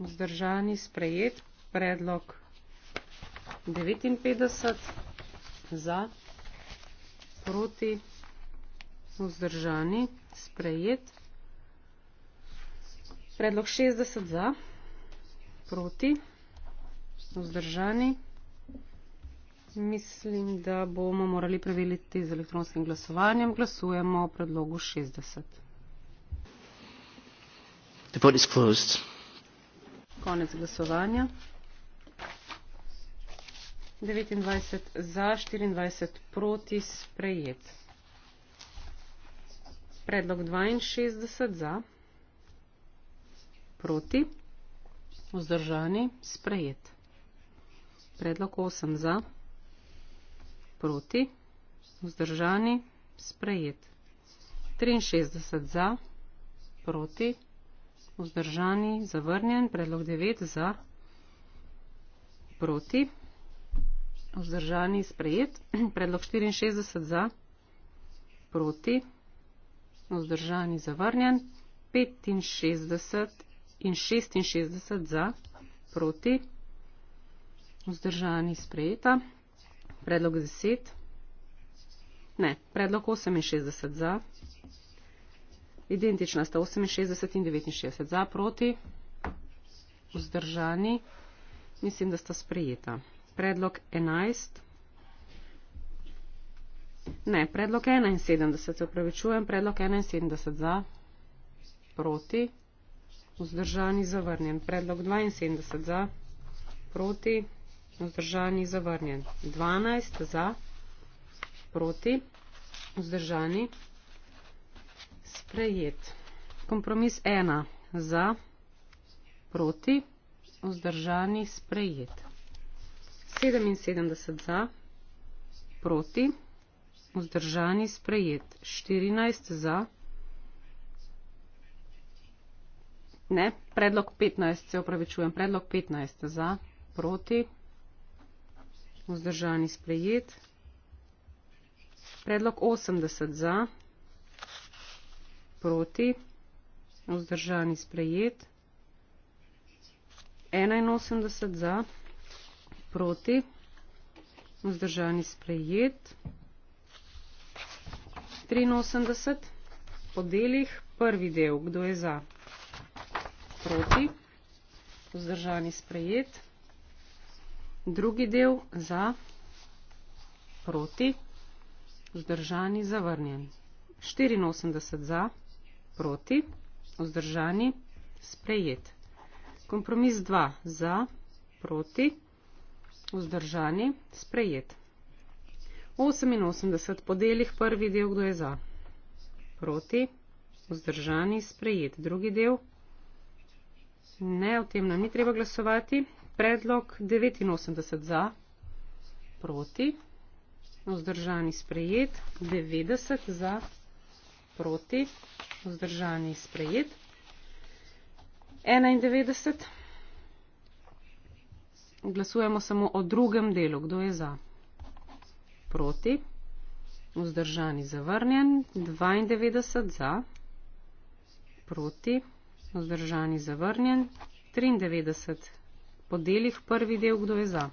vzdržani sprejet. Predlog 59 za, proti, vzdržani sprejet. Predlog 60 za proti, vzdržani. Mislim, da bomo morali preveliti z elektronskim glasovanjem. Glasujemo o predlogu 60. The vote is closed. Konec glasovanja. 29 za, 24 proti, sprejet. Predlog 62 za, proti. Vzdržani, sprejet. Predlog 8 za, proti, vzdržani, sprejet. 63 za, proti, vzdržani, zavrnjen. Predlog 9 za, proti, vzdržani, sprejet. Predlog 64 za, proti, vzdržani, zavrnjen. 65 in 66 za, proti, vzdržani sprejeta, predlog 10, ne, predlog 68 za, identična sta 68 in 69 za, proti, vzdržani, mislim, da sta sprejeta. Predlog 11, ne, predlog 71, se upravičujem, predlog 71 za, proti, vzdržani vzdržani zavrnjen. Predlog 72 za, proti, vzdržani zavrnjen. 12 za, proti, vzdržani sprejet. Kompromis 1 za, proti, vzdržani sprejet. 77 za, proti, vzdržani sprejet. 14 za, proti. Ne, predlog 15, se upravičujem, predlog 15 za, proti, vzdržani sprejet. Predlog 80 za, proti, vzdržani sprejet. 81 za, proti, vzdržani sprejet. 83 po delih, prvi del, kdo je za proti, vzdržani sprejet, drugi del za, proti, vzdržani zavrnjen, 84 za, proti, vzdržani sprejet, kompromis 2 za, proti, vzdržani sprejet, 88 po delih prvi del, kdo je za, proti, vzdržani sprejet, drugi del, proti, Ne, o tem nam ni treba glasovati. Predlog 89 za, proti, vzdržani sprejet, 90 za, proti, vzdržani sprejet, 91. Glasujemo samo o drugem delu, kdo je za, proti, vzdržani zavrnjen, 92 za, proti, vzdržani zavrnjen vzdržani zavrnjen. 93 po delih prvi del, kdo je za.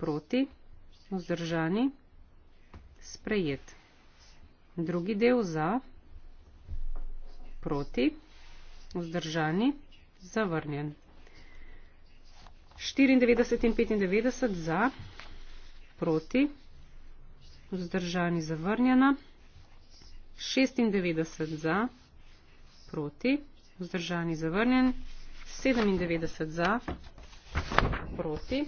Proti, vzdržani, sprejet. Drugi del za, proti, vzdržani, zavrnjen. 94 in 95 za, proti, vzdržani, zavrnjena. 96 za, proti, vzdržani vzdržani zavrnjen, 97 za, proti,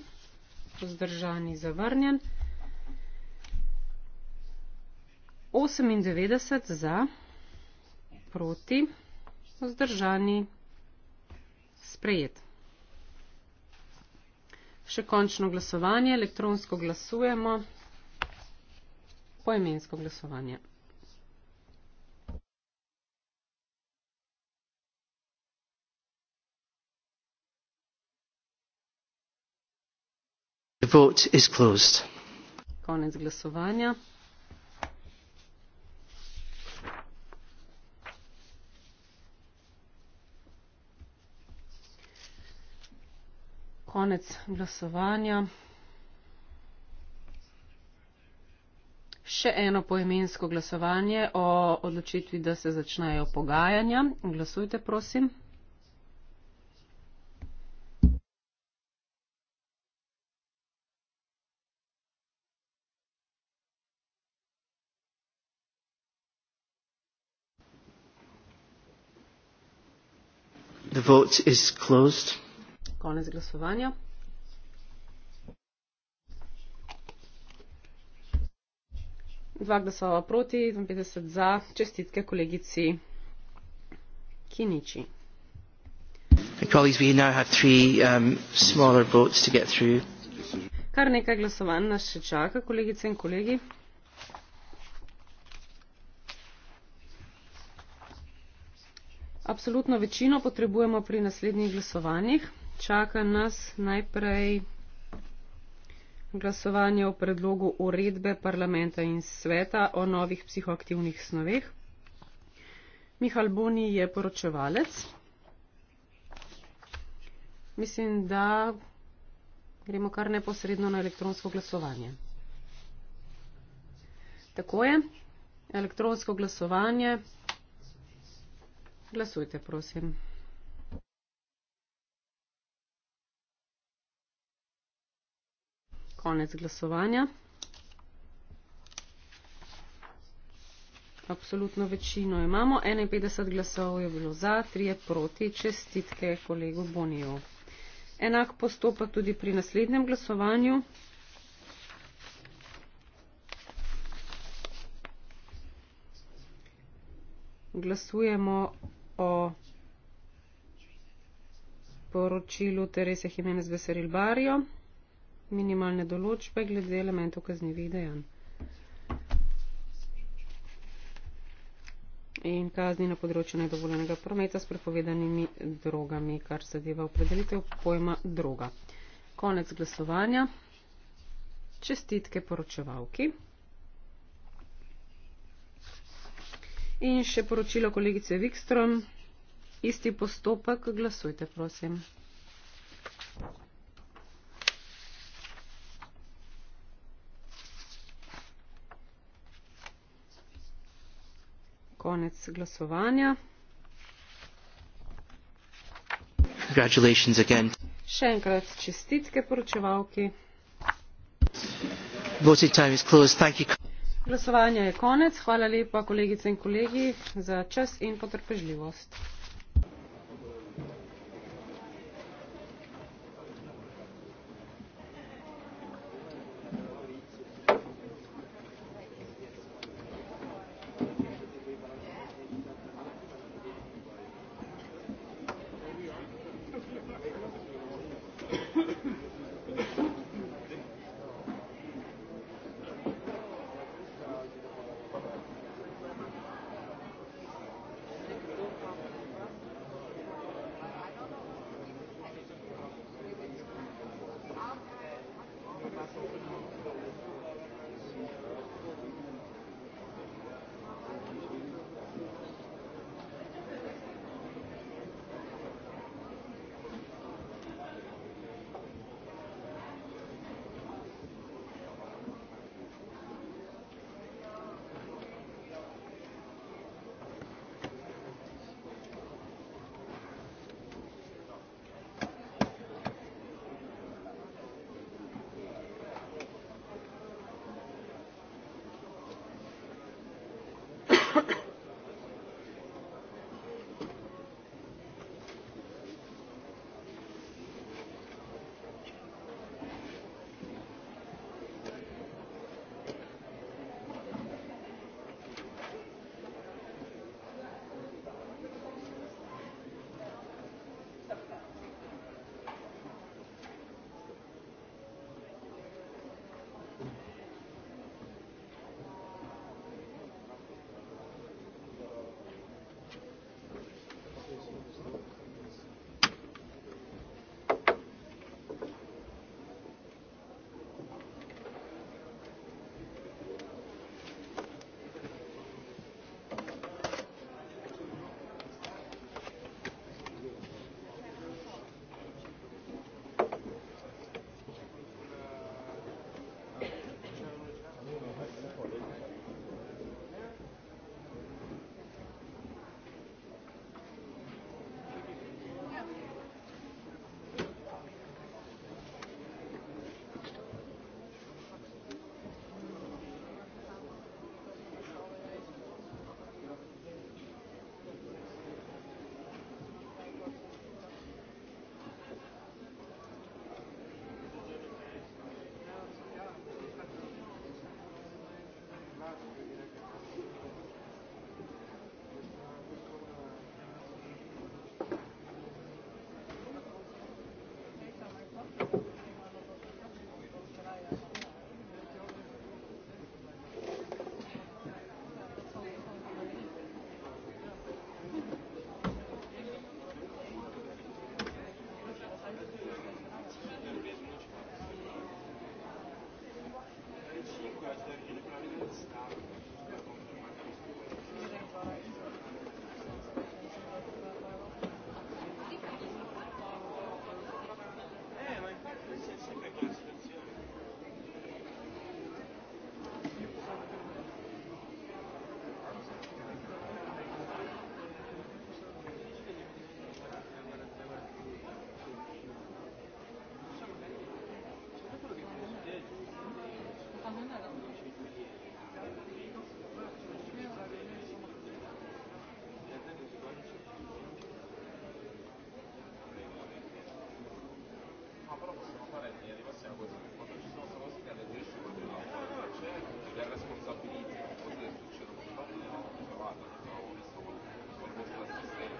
vzdržani zavrnjen, 98 za, proti, vzdržani sprejet. Še končno glasovanje, elektronsko glasujemo, poimensko glasovanje. konec glasovanja konec glasovanja še eno poimensko glasovanje o odločitvi da se začnejo pogajanja glasujte prosim The vote is closed. Konec glasovanja. Dva glasova proti, 52 za. Čestitke kolegici Kiniči. Colleagues, we now have three um, smaller votes to get through. Kar nekaj glasovanj nas še čaka, kolegice in kolegi. absolutno večino potrebujemo pri naslednjih glasovanjih. Čaka nas najprej glasovanje o predlogu uredbe parlamenta in sveta o novih psihoaktivnih snoveh. Mihal Boni je poročevalec. Mislim, da gremo kar neposredno na elektronsko glasovanje. Tako je. Elektronsko glasovanje. Glasujte, prosim. Konec glasovanja. Absolutno večino imamo. 51 glasov je bilo za, 3 proti. Čestitke kolegu Boniju. Enak postopek tudi pri naslednjem glasovanju. Glasujemo o poročilu Terese Jimenez Veseril Barjo, minimalne določbe glede elementov kaznjivih dejanj. In kazni na področju nedovoljenega prometa s prepovedanimi drogami, kar se deva opredelitev pojma droga. Konec glasovanja. Čestitke poročevalki. In še poročilo kolegice Vikstrom. Isti postopek, glasujte, prosim. Konec glasovanja. Congratulations again. Še enkrat čestitke poročevalki. Voting time is closed. Thank you. Glasovanje je konec. Hvala lepa kolegice in kolegi za čas in potrpežljivost. quarantena di massima cosa che quando ci sono cose che hanno riesci con il lavoro, c'è la responsabilità, cose che succedono, ma non è una cosa che ho visto con il vostro assistente.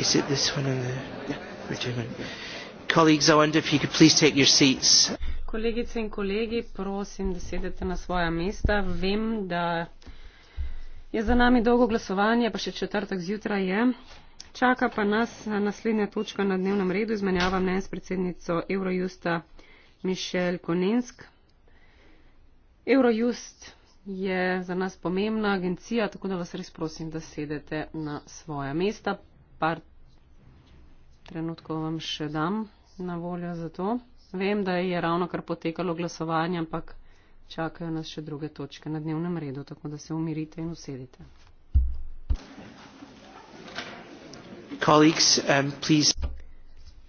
Is it this one? The, yeah, we're doing one. Colleagues, I wonder if you could please take your seats. Kolegice in kolegi, prosim, da sedete na svoja mesta. Vem, da je za nami dolgo glasovanje, pa še četrtek zjutraj je. Čaka pa nas naslednja točka na dnevnem redu, izmenjava mnen s predsednico Eurojusta Mišel Konensk. Eurojust je za nas pomembna agencija, tako da vas res prosim, da sedete na svoja mesta. Part trenutku vam še dam na voljo za to. Vem, da je ravno kar potekalo glasovanje, ampak čakajo nas še druge točke na dnevnem redu, tako da se umirite in usedite. Um,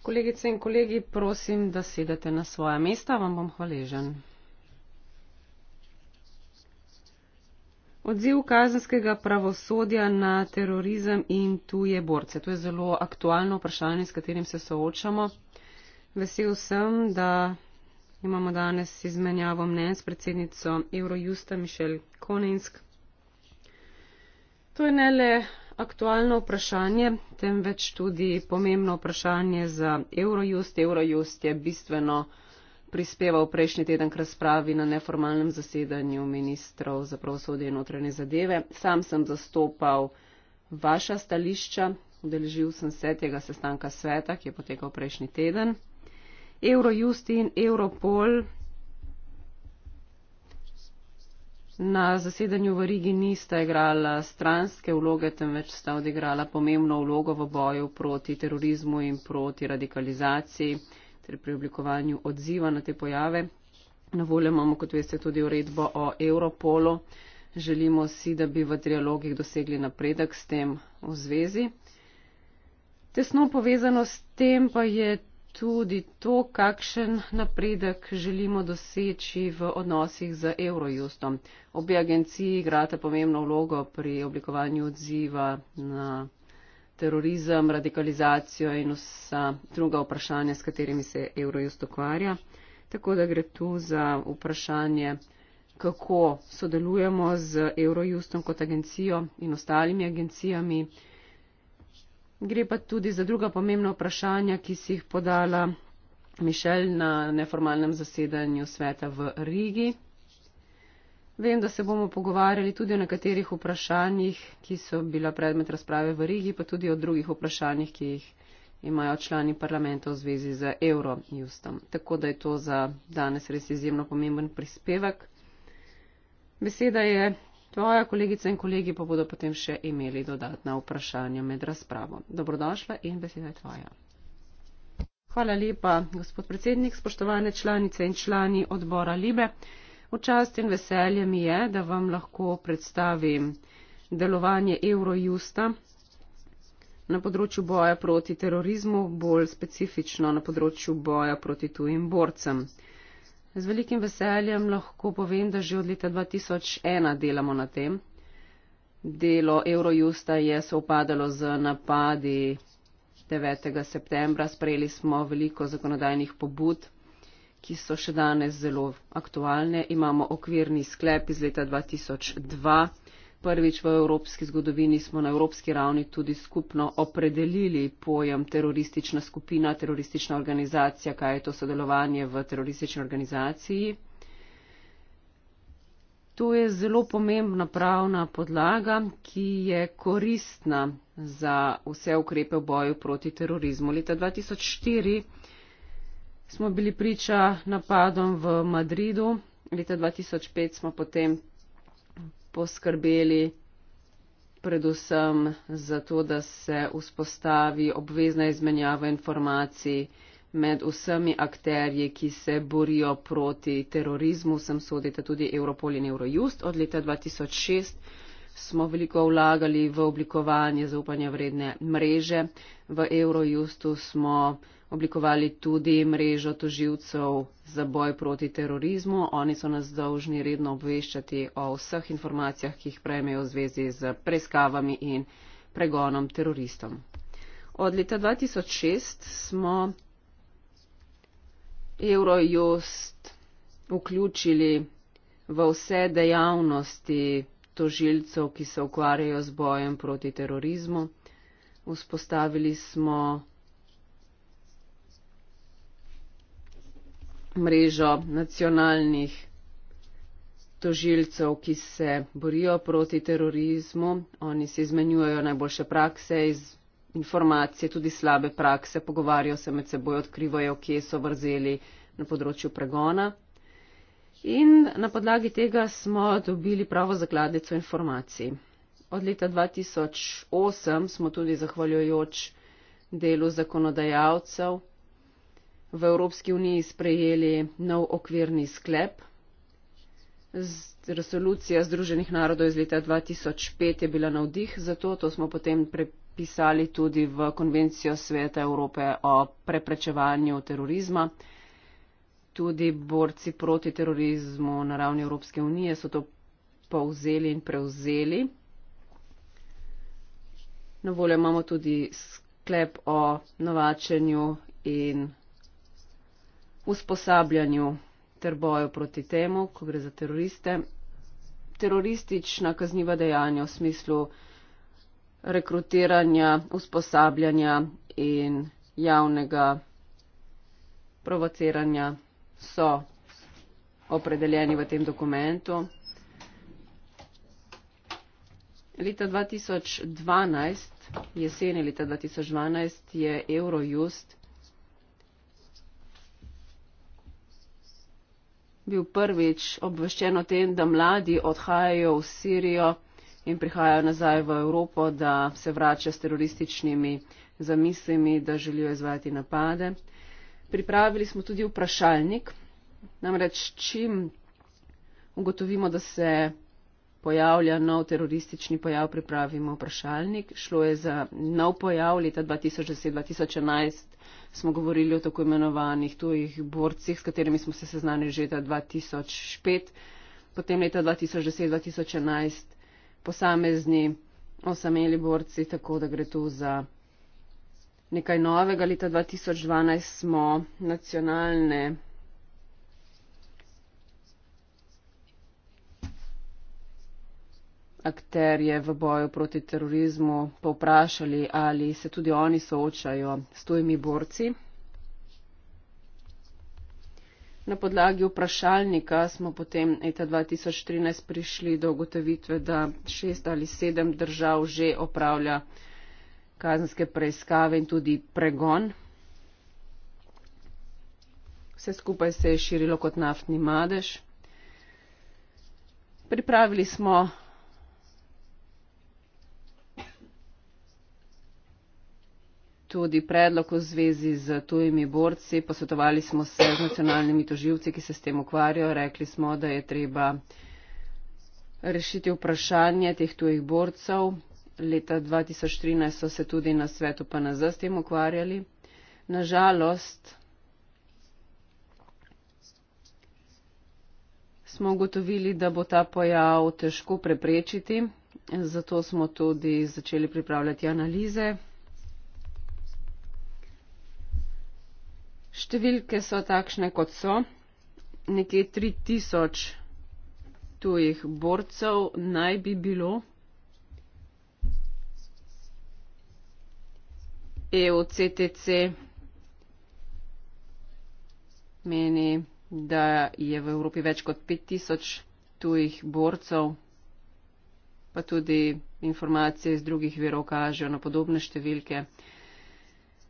Kolegice in kolegi, prosim, da sedete na svoja mesta, vam bom hvaležen. Odziv kazenskega pravosodja na terorizem in tuje borce. To je zelo aktualno vprašanje, s katerim se soočamo. Vesel sem, da imamo danes izmenjavo mnen s predsednico Eurojusta Mišel Koninsk. To je ne le aktualno vprašanje, temveč tudi pomembno vprašanje za Eurojust. Eurojust je bistveno prispeval prejšnji teden k razpravi na neformalnem zasedanju ministrov za pravosodje in notranje zadeve. Sam sem zastopal vaša stališča, udeležil sem se tega sestanka sveta, ki je potekal prejšnji teden. Eurojust in Europol na zasedanju v Rigi nista igrala stranske vloge, temveč sta odigrala pomembno vlogo v boju proti terorizmu in proti radikalizaciji ter pri oblikovanju odziva na te pojave. Na voljo imamo, kot veste, tudi uredbo o Europolu. Želimo si, da bi v trialogih dosegli napredek s tem v zvezi. Tesno povezano s tem pa je tudi to, kakšen napredek želimo doseči v odnosih z Eurojustom. Obje agenciji igrate pomembno vlogo pri oblikovanju odziva na terorizem, radikalizacijo in vsa druga vprašanja, s katerimi se Eurojust ukvarja. Tako da gre tu za vprašanje, kako sodelujemo z Eurojustom kot agencijo in ostalimi agencijami. Gre pa tudi za druga pomembna vprašanja, ki si jih podala Mišel na neformalnem zasedanju sveta v Rigi. Vem, da se bomo pogovarjali tudi o nekaterih vprašanjih, ki so bila predmet razprave v Rigi, pa tudi o drugih vprašanjih, ki jih imajo člani parlamenta v zvezi z Eurojustom. Tako da je to za danes res izjemno pomemben prispevek. Beseda je tvoja, kolegice in kolegi, pa bodo potem še imeli dodatna vprašanja med razpravo. Dobrodošla in beseda je tvoja. Hvala lepa, gospod predsednik, spoštovane članice in člani odbora Libe. V čast in veselje mi je, da vam lahko predstavim delovanje Eurojusta na področju boja proti terorizmu, bolj specifično na področju boja proti tujim borcem. Z velikim veseljem lahko povem, da že od leta 2001 delamo na tem. Delo Eurojusta je soopadalo z napadi 9. septembra, sprejeli smo veliko zakonodajnih pobud ki so še danes zelo aktualne. Imamo okvirni sklep iz leta 2002. Prvič v evropski zgodovini smo na evropski ravni tudi skupno opredelili pojem teroristična skupina, teroristična organizacija, kaj je to sodelovanje v teroristični organizaciji. To je zelo pomembna pravna podlaga, ki je koristna za vse ukrepe v boju proti terorizmu. Leta 2004 smo bili priča napadom v Madridu. Leta 2005 smo potem poskrbeli predvsem za to, da se vzpostavi obvezna izmenjava informacij med vsemi akterji, ki se borijo proti terorizmu. Sem sodite tudi Europol in Eurojust od leta 2006 smo veliko vlagali v oblikovanje zaupanja vredne mreže. V Eurojustu smo oblikovali tudi mrežo toživcev za boj proti terorizmu. Oni so nas dolžni redno obveščati o vseh informacijah, ki jih prejmejo v zvezi z preiskavami in pregonom teroristom. Od leta 2006 smo Eurojust vključili v vse dejavnosti tožilcev, ki se ukvarjajo z bojem proti terorizmu. Vzpostavili smo mrežo nacionalnih tožilcev, ki se borijo proti terorizmu. Oni se izmenjujejo najboljše prakse iz informacije, tudi slabe prakse, pogovarjajo se med seboj, odkrivajo, kje so vrzeli na področju pregona. In na podlagi tega smo dobili pravo zakladnico informacij. Od leta 2008 smo tudi zahvaljujoč delu zakonodajalcev v Evropski uniji sprejeli nov okvirni sklep. Resolucija Združenih narodov iz leta 2005 je bila na vdih, zato to smo potem prepisali tudi v Konvencijo Sveta Evrope o preprečevanju terorizma tudi borci proti terorizmu na ravni Evropske unije so to povzeli in prevzeli. Na voljo imamo tudi sklep o novačenju in usposabljanju ter boju proti temu, ko gre za teroriste. Teroristična kazniva dejanja v smislu rekrutiranja, usposabljanja in javnega provociranja so opredeljeni v tem dokumentu. Leta 2012, jeseni leta 2012, je Eurojust bil prvič obveščen o tem, da mladi odhajajo v Sirijo in prihajajo nazaj v Evropo, da se vračajo s terorističnimi zamislimi, da želijo izvajati napade pripravili smo tudi vprašalnik. Namreč, čim ugotovimo, da se pojavlja nov teroristični pojav, pripravimo vprašalnik. Šlo je za nov pojav leta 2010-2011. Smo govorili o tako imenovanih tujih borcih, s katerimi smo se seznanili že leta 2005. Potem leta 2010-2011 posamezni osameli borci, tako da gre tu za nekaj novega. Leta 2012 smo nacionalne akterje v boju proti terorizmu povprašali, ali se tudi oni soočajo s tujimi borci. Na podlagi vprašalnika smo potem leta 2013 prišli do ugotovitve, da šest ali sedem držav že opravlja kazenske preiskave in tudi pregon. Vse skupaj se je širilo kot naftni madež. Pripravili smo tudi predlog v zvezi z tujimi borci, posvetovali smo se z nacionalnimi toživci, ki se s tem ukvarjajo, rekli smo, da je treba rešiti vprašanje teh tujih borcev, leta 2013 so se tudi na svetu PNZ s tem ukvarjali. Nažalost smo ugotovili, da bo ta pojav težko preprečiti, zato smo tudi začeli pripravljati analize. Številke so takšne, kot so. Nekje 3000 tujih borcev naj bi bilo. EOCTC meni, da je v Evropi več kot 5000 tujih borcev, pa tudi informacije iz drugih verov kažejo na podobne številke.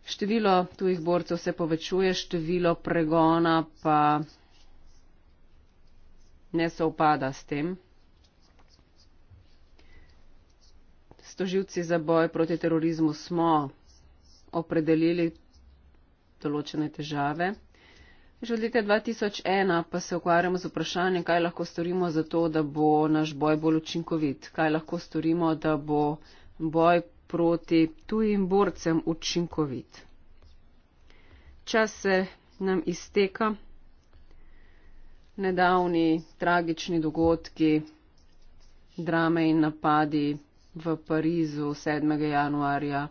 Število tujih borcev se povečuje, število pregona pa ne se upada s tem. Stoživci za boj proti terorizmu smo opredelili določene težave. Že od leta 2001 pa se ukvarjamo z vprašanjem, kaj lahko storimo za to, da bo naš boj bolj učinkovit. Kaj lahko storimo, da bo boj proti tujim borcem učinkovit. Čas se nam izteka. Nedavni tragični dogodki, drame in napadi v Parizu 7. januarja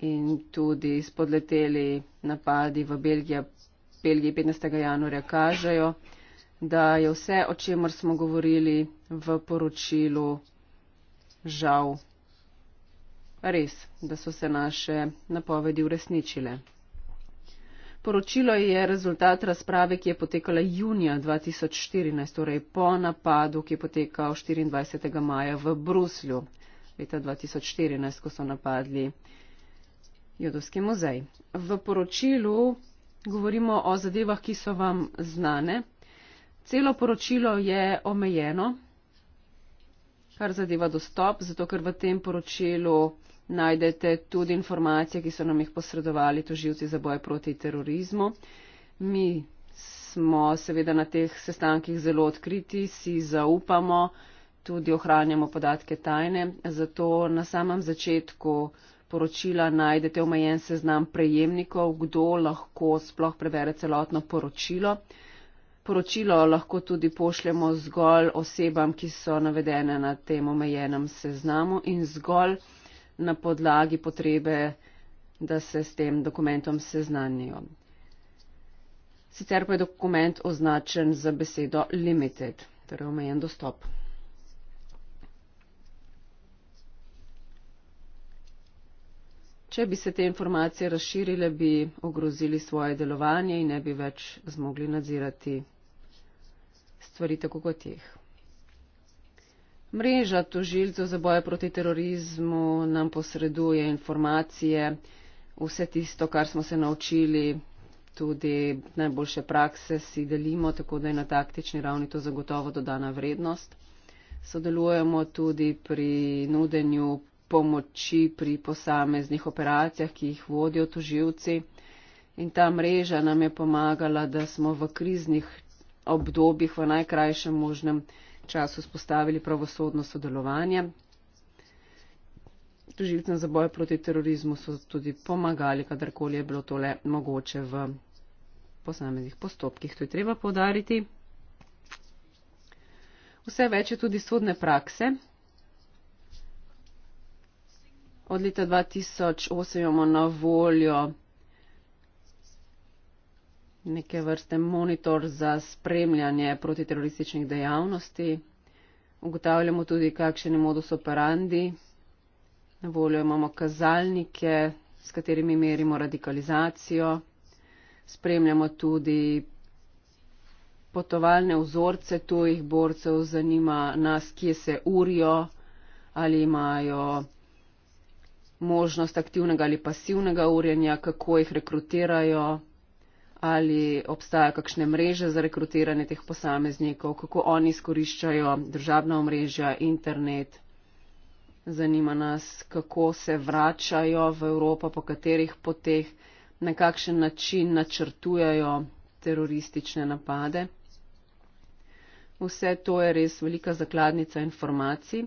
in tudi spodleteli napadi v Belgija, Belgiji 15. januarja kažejo, da je vse, o čemer smo govorili v poročilu, žal res, da so se naše napovedi uresničile. Poročilo je rezultat razprave, ki je potekala junija 2014, torej po napadu, ki je potekal 24. maja v Bruslju leta 2014, ko so napadli Judovski muzej. V poročilu govorimo o zadevah, ki so vam znane. Celo poročilo je omejeno, kar zadeva dostop, zato ker v tem poročilu najdete tudi informacije, ki so nam jih posredovali toživci za boj proti terorizmu. Mi smo seveda na teh sestankih zelo odkriti, si zaupamo, tudi ohranjamo podatke tajne, zato na samem začetku poročila najdete omejen seznam prejemnikov, kdo lahko sploh prebere celotno poročilo. Poročilo lahko tudi pošljemo zgolj osebam, ki so navedene na tem omejenem seznamu in zgolj na podlagi potrebe, da se s tem dokumentom seznanijo. Sicer pa je dokument označen za besedo limited, torej omejen dostop. Če bi se te informacije razširile, bi ogrozili svoje delovanje in ne bi več zmogli nadzirati stvari tako kot jih. Mreža tožilcev za boje proti terorizmu nam posreduje informacije, vse tisto, kar smo se naučili, tudi najboljše prakse si delimo, tako da je na taktični ravni to zagotovo dodana vrednost. Sodelujemo tudi pri nudenju pomoči pri posameznih operacijah, ki jih vodijo tuživci. In ta mreža nam je pomagala, da smo v kriznih obdobjih v najkrajšem možnem času spostavili pravosodno sodelovanje. Tuživcem za boj proti terorizmu so tudi pomagali, kadarkoli je bilo tole mogoče v posameznih postopkih. To je treba povdariti. Vse več je tudi sodne prakse, Od leta 2008 imamo na voljo neke vrste monitor za spremljanje protiterorističnih dejavnosti. Ugotavljamo tudi, kakšen je modus operandi. Na voljo imamo kazalnike, s katerimi merimo radikalizacijo. Spremljamo tudi potovalne vzorce tujih borcev, zanima nas, kje se urijo, ali imajo možnost aktivnega ali pasivnega urjenja, kako jih rekrutirajo, ali obstajajo kakšne mreže za rekrutiranje teh posameznikov, kako oni izkoriščajo državna omrežja, internet. Zanima nas, kako se vračajo v Evropo, po katerih poteh, na kakšen način načrtujajo teroristične napade. Vse to je res velika zakladnica informacij.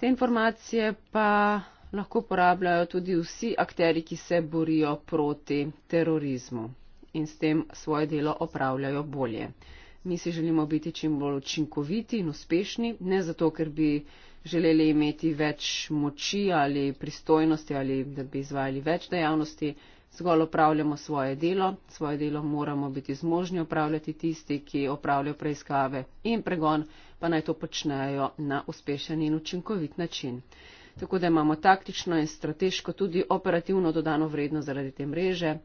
Te informacije pa lahko uporabljajo tudi vsi akteri, ki se borijo proti terorizmu in s tem svoje delo opravljajo bolje. Mi si želimo biti čim bolj učinkoviti in uspešni, ne zato, ker bi želeli imeti več moči ali pristojnosti ali da bi izvajali več dejavnosti, zgolj opravljamo svoje delo. Svoje delo moramo biti zmožni opravljati tisti, ki opravljajo preiskave in pregon, pa naj to počnejo na uspešen in učinkovit način tako da imamo taktično in strateško tudi operativno dodano vrednost zaradi te mreže.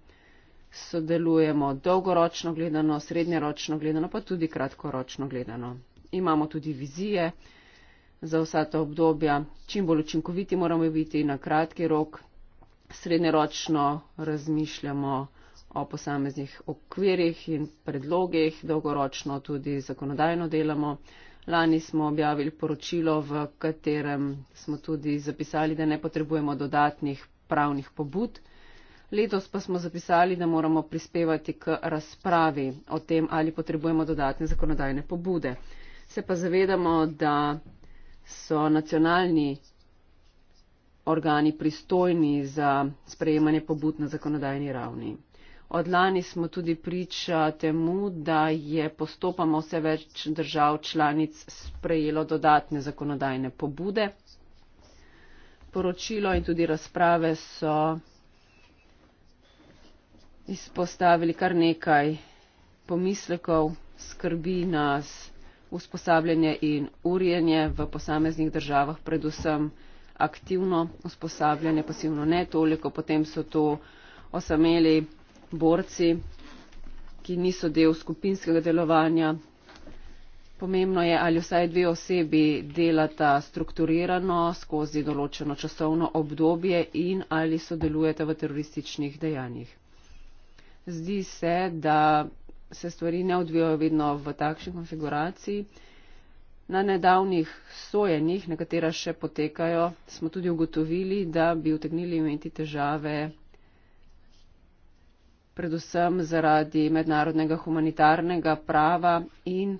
Sodelujemo dolgoročno gledano, srednjeročno gledano, pa tudi kratkoročno gledano. Imamo tudi vizije za vsa ta obdobja. Čim bolj učinkoviti moramo biti na kratki rok. Srednjeročno razmišljamo o posameznih okvirih in predlogih, dolgoročno tudi zakonodajno delamo. Lani smo objavili poročilo, v katerem smo tudi zapisali, da ne potrebujemo dodatnih pravnih pobud. Letos pa smo zapisali, da moramo prispevati k razpravi o tem, ali potrebujemo dodatne zakonodajne pobude. Se pa zavedamo, da so nacionalni organi pristojni za sprejemanje pobud na zakonodajni ravni. Od lani smo tudi priča temu, da je postopoma vse več držav članic sprejelo dodatne zakonodajne pobude. Poročilo in tudi razprave so izpostavili kar nekaj pomislekov, skrbi nas usposabljanje in urjenje v posameznih državah, predvsem aktivno usposabljanje, pasivno ne toliko, potem so to osameli borci, ki niso del skupinskega delovanja. Pomembno je, ali vsaj dve osebi delata strukturirano skozi določeno časovno obdobje in ali sodelujete v terorističnih dejanjih. Zdi se, da se stvari ne odvijajo vedno v takšni konfiguraciji. Na nedavnih sojenjih, nekatera še potekajo, smo tudi ugotovili, da bi utegnili imeti težave predvsem zaradi mednarodnega humanitarnega prava in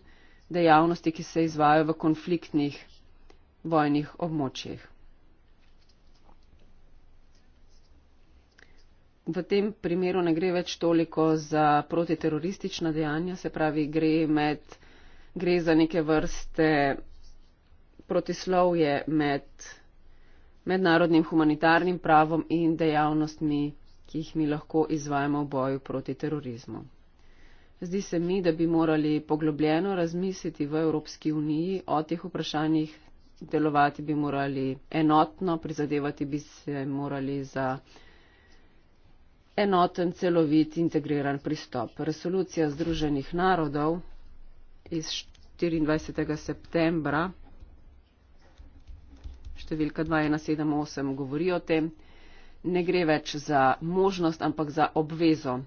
dejavnosti, ki se izvajo v konfliktnih vojnih območjih. V tem primeru ne gre več toliko za protiteroristična dejanja, se pravi, gre, med, gre za neke vrste protislovje med mednarodnim humanitarnim pravom in dejavnostmi ki jih mi lahko izvajamo v boju proti terorizmu. Zdi se mi, da bi morali poglobljeno razmisliti v Evropski uniji o teh vprašanjih, delovati bi morali enotno, prizadevati bi se morali za enoten, celovit, integriran pristop. Resolucija Združenih narodov iz 24. septembra številka 2178 govori o tem, ne gre več za možnost, ampak za obvezo.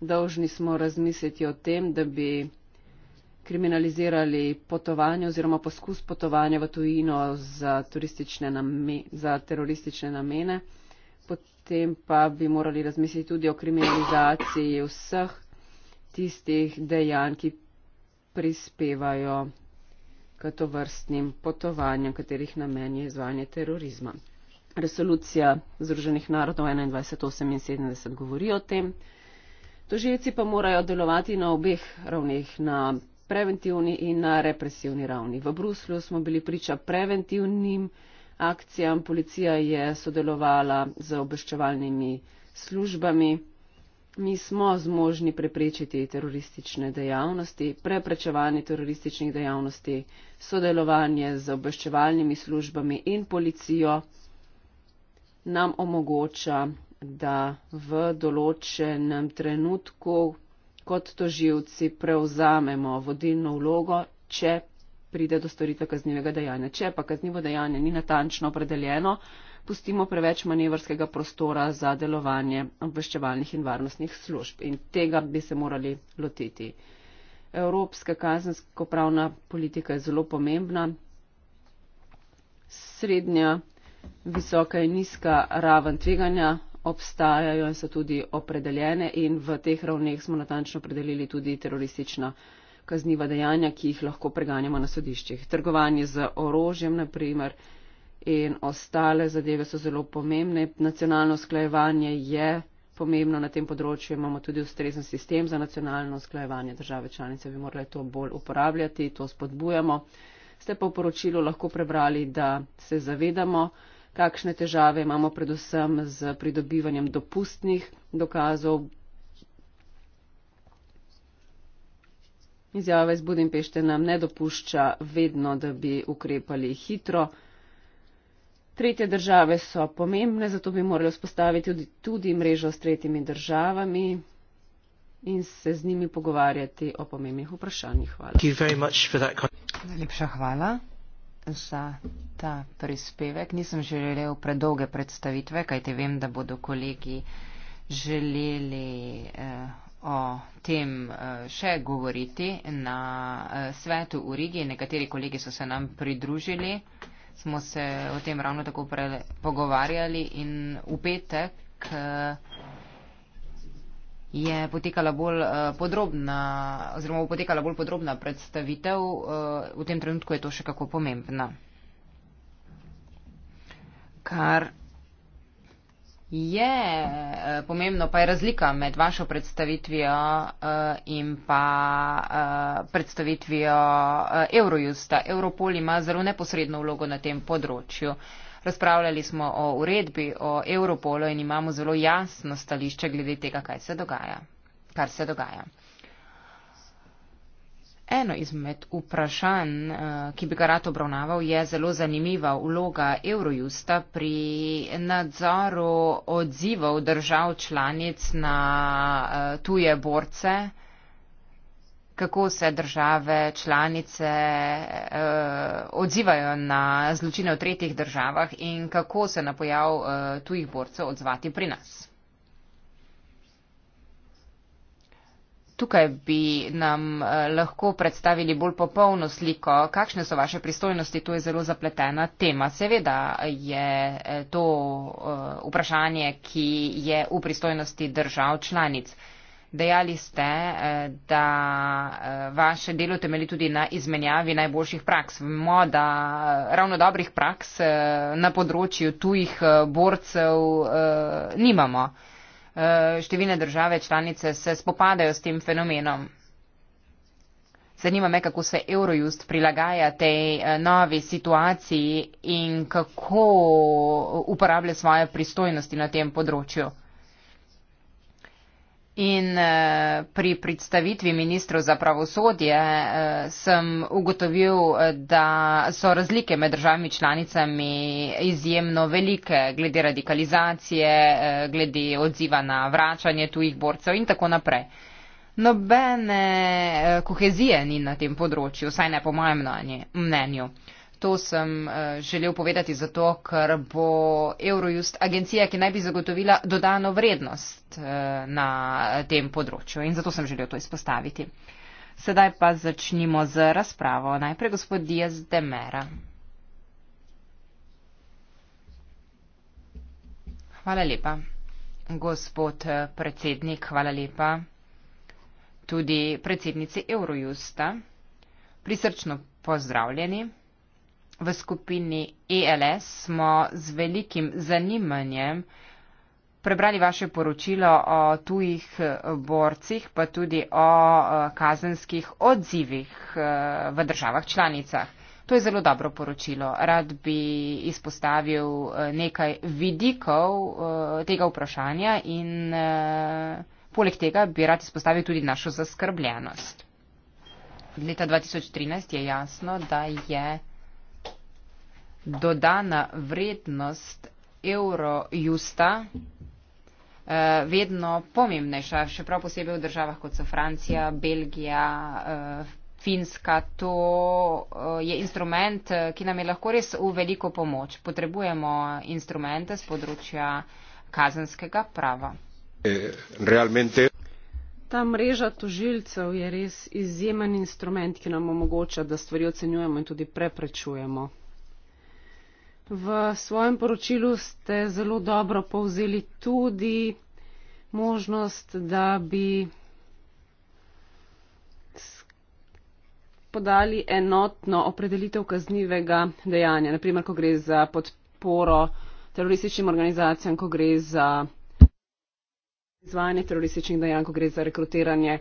Dolžni smo razmisliti o tem, da bi kriminalizirali potovanje oziroma poskus potovanja v tujino za, namen, za teroristične namene. Potem pa bi morali razmisliti tudi o kriminalizaciji vseh tistih dejanj, ki prispevajo k to vrstnim potovanjem, katerih namen je izvajanje terorizma. Resolucija Združenih narodov 21.78 govori o tem. Tožilci pa morajo delovati na obeh ravneh, na preventivni in na represivni ravni. V Bruslju smo bili priča preventivnim akcijam, policija je sodelovala z obveščevalnimi službami. Mi smo zmožni preprečiti teroristične dejavnosti, preprečevanje terorističnih dejavnosti, sodelovanje z obveščevalnimi službami in policijo nam omogoča, da v določenem trenutku kot toživci prevzamemo vodilno vlogo, če pride do storitve kaznjivega dejanja. Če pa kaznjivo dejanje ni natančno opredeljeno, pustimo preveč manevrskega prostora za delovanje obveščevalnih in varnostnih služb in tega bi se morali lotiti. Evropska kazensko pravna politika je zelo pomembna. Srednja visoka in nizka raven tveganja obstajajo in so tudi opredeljene in v teh ravneh smo natančno opredelili tudi teroristična kazniva dejanja, ki jih lahko preganjamo na sodiščih. Trgovanje z orožjem, na primer, in ostale zadeve so zelo pomembne. Nacionalno sklajevanje je pomembno na tem področju. Imamo tudi ustrezen sistem za nacionalno sklajevanje države članice. Bi morali to bolj uporabljati, to spodbujamo. Ste pa v poročilu lahko prebrali, da se zavedamo, kakšne težave imamo predvsem z pridobivanjem dopustnih dokazov. Izjava iz Budimpešte nam ne dopušča vedno, da bi ukrepali hitro. Tretje države so pomembne, zato bi morali vzpostaviti tudi, tudi mrežo s tretjimi državami in se z njimi pogovarjati o pomembnih vprašanjih. Hvala. Najlepša hvala za ta prispevek. Nisem želel predolge predstavitve, kajte vem, da bodo kolegi želeli eh, o tem eh, še govoriti na eh, svetu v Rigi. Nekateri kolegi so se nam pridružili, smo se o tem ravno tako pogovarjali in v petek. Eh, je potekala bolj uh, podrobna, oziroma bo potekala bolj podrobna predstavitev, uh, v tem trenutku je to še kako pomembno. Kar je uh, pomembno, pa je razlika med vašo predstavitvijo uh, in pa. Uh, predstavitvijo eh, Eurojusta. Europol ima zelo neposredno vlogo na tem področju. Razpravljali smo o uredbi, o Europolu in imamo zelo jasno stališče glede tega, kaj se dogaja. Kar se dogaja. Eno izmed vprašanj, eh, ki bi ga rad obravnaval, je zelo zanimiva vloga Eurojusta pri nadzoru odzivov držav članic na eh, tuje borce, kako se države članice uh, odzivajo na zločine v tretjih državah in kako se na pojav uh, tujih borcev odzvati pri nas. Tukaj bi nam eh, lahko predstavili bolj popolno sliko, kakšne so vaše pristojnosti. To je zelo zapletena tema. Seveda je to vprašanje, ki je v pristojnosti držav članic. Dejali ste, eh, da eh, vaše delo temelji tudi na izmenjavi najboljših praks, moda, eh, ravno dobrih praks na področju tujih borcev nimamo. Številne države članice se spopadajo s tem fenomenom. Zanima me, kako se Eurojust prilagaja tej novi situaciji in kako uporablja svoje pristojnosti na tem področju. In eh, pri predstavitvi ministru za pravosodje eh, sem ugotovil, eh, da so razlike med državami članicami izjemno velike glede radikalizacije, glede odziva na vračanje tujih borcev in tako naprej. Nobene kohezije ni na tem področju, vsaj ne po mojem mnenju. To sem eh, želel povedati zato, ker bo Eurojust agencija, ki naj bi zagotovila dodano vrednost eh, na tem področju. In zato sem želel to izpostaviti. Sedaj pa začnimo z razpravo. Najprej gospod Diaz Demera. Hvala lepa. Gospod eh, predsednik, hvala lepa tudi predsednici Eurojusta. Prisrčno pozdravljeni. V skupini ELS smo z velikim zanimanjem prebrali vaše poročilo o tujih eh, borcih, pa tudi o eh, kazenskih odzivih eh, v državah članicah. To je zelo dobro poročilo. Rad bi izpostavil nekaj vidikov tega vprašanja in poleg tega bi rad izpostavil tudi našo zaskrbljenost. Leta 2013 je jasno, da je dodana vrednost Eurojusta eh, vedno pomembnejša, še prav posebej v državah kot so Francija, Belgija, eh, Finska. To eh, je instrument, ki nam je lahko res v veliko pomoč. Potrebujemo instrumente z področja kazenskega prava. Realmente. Ta mreža tožilcev je res izjemen instrument, ki nam omogoča, da stvari ocenjujemo in tudi preprečujemo. V svojem poročilu ste zelo dobro povzeli tudi možnost, da bi podali enotno opredelitev kaznivega dejanja, naprimer, ko gre za podporo terorističnim organizacijam, ko gre za izvajanje terorističnih dejanj, ko gre za rekrutiranje,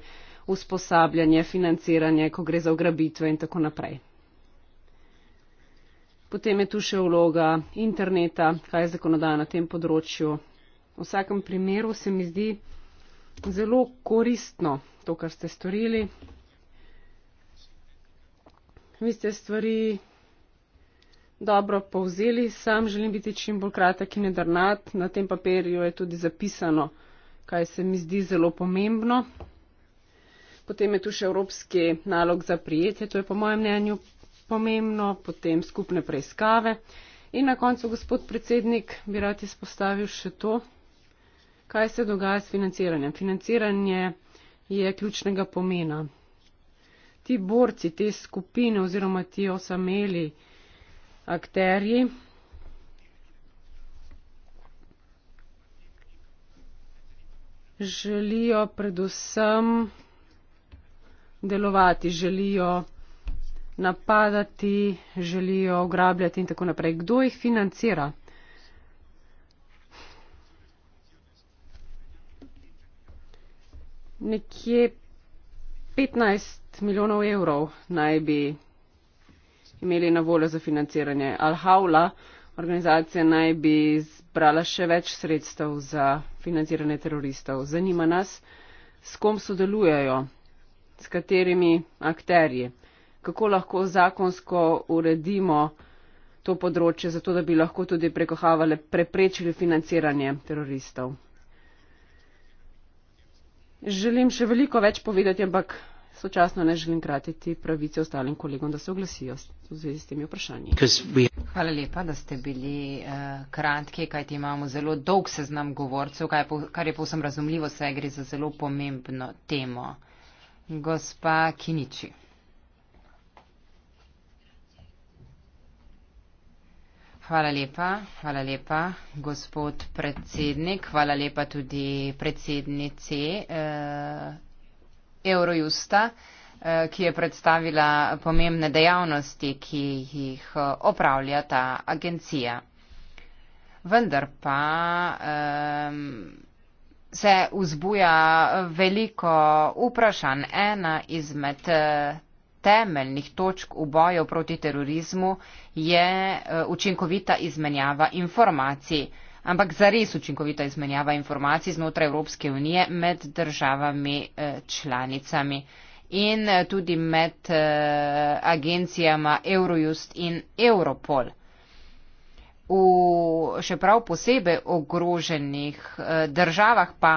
usposabljanje, financiranje, ko gre za ugrabitve in tako naprej. Potem je tu še vloga interneta, kaj je zakonodaja na tem področju. V vsakem primeru se mi zdi zelo koristno to, kar ste storili. Vi ste stvari dobro povzeli, sam želim biti čim bolj kratek in nedrnat. Na tem papirju je tudi zapisano, kaj se mi zdi zelo pomembno. Potem je tu še evropski nalog za prijetje, to je po mojem mnenju pomembno, potem skupne preiskave in na koncu, gospod predsednik, bi rad izpostavil še to, kaj se dogaja s financiranjem. Financiranje je ključnega pomena. Ti borci, te skupine oziroma ti osameli akterji želijo predvsem delovati, želijo napadati, želijo ograbljati in tako naprej. Kdo jih financira? Nekje 15 milijonov evrov naj bi imeli na voljo za financiranje. Al-Haula organizacija naj bi zbrala še več sredstev za financiranje teroristov. Zanima nas, s kom sodelujejo, s katerimi akterji kako lahko zakonsko uredimo to področje, zato da bi lahko tudi preko Havale preprečili financiranje teroristov. Želim še veliko več povedati, ampak sočasno ne želim kratiti pravice ostalim kolegom, da se oglasijo v zvezi s temi vprašanji. Hvala lepa, da ste bili uh, kratki, kajti imamo zelo dolg seznam govorcev, kar je, po, kar je povsem razumljivo, saj gre za zelo pomembno temo. Gospa Kiniči. Hvala lepa, hvala lepa, gospod predsednik. Hvala lepa tudi predsednici eh, Eurojusta, eh, ki je predstavila pomembne dejavnosti, ki jih eh, opravlja ta agencija. Vendar pa eh, se vzbuja veliko vprašanj. Ena izmed. Eh, temeljnih točk v boju proti terorizmu je e, učinkovita izmenjava informacij, ampak zares učinkovita izmenjava informacij znotraj Evropske unije med državami e, članicami in e, tudi med agencijama Eurojust in Europol. V še prav posebej ogroženih državah pa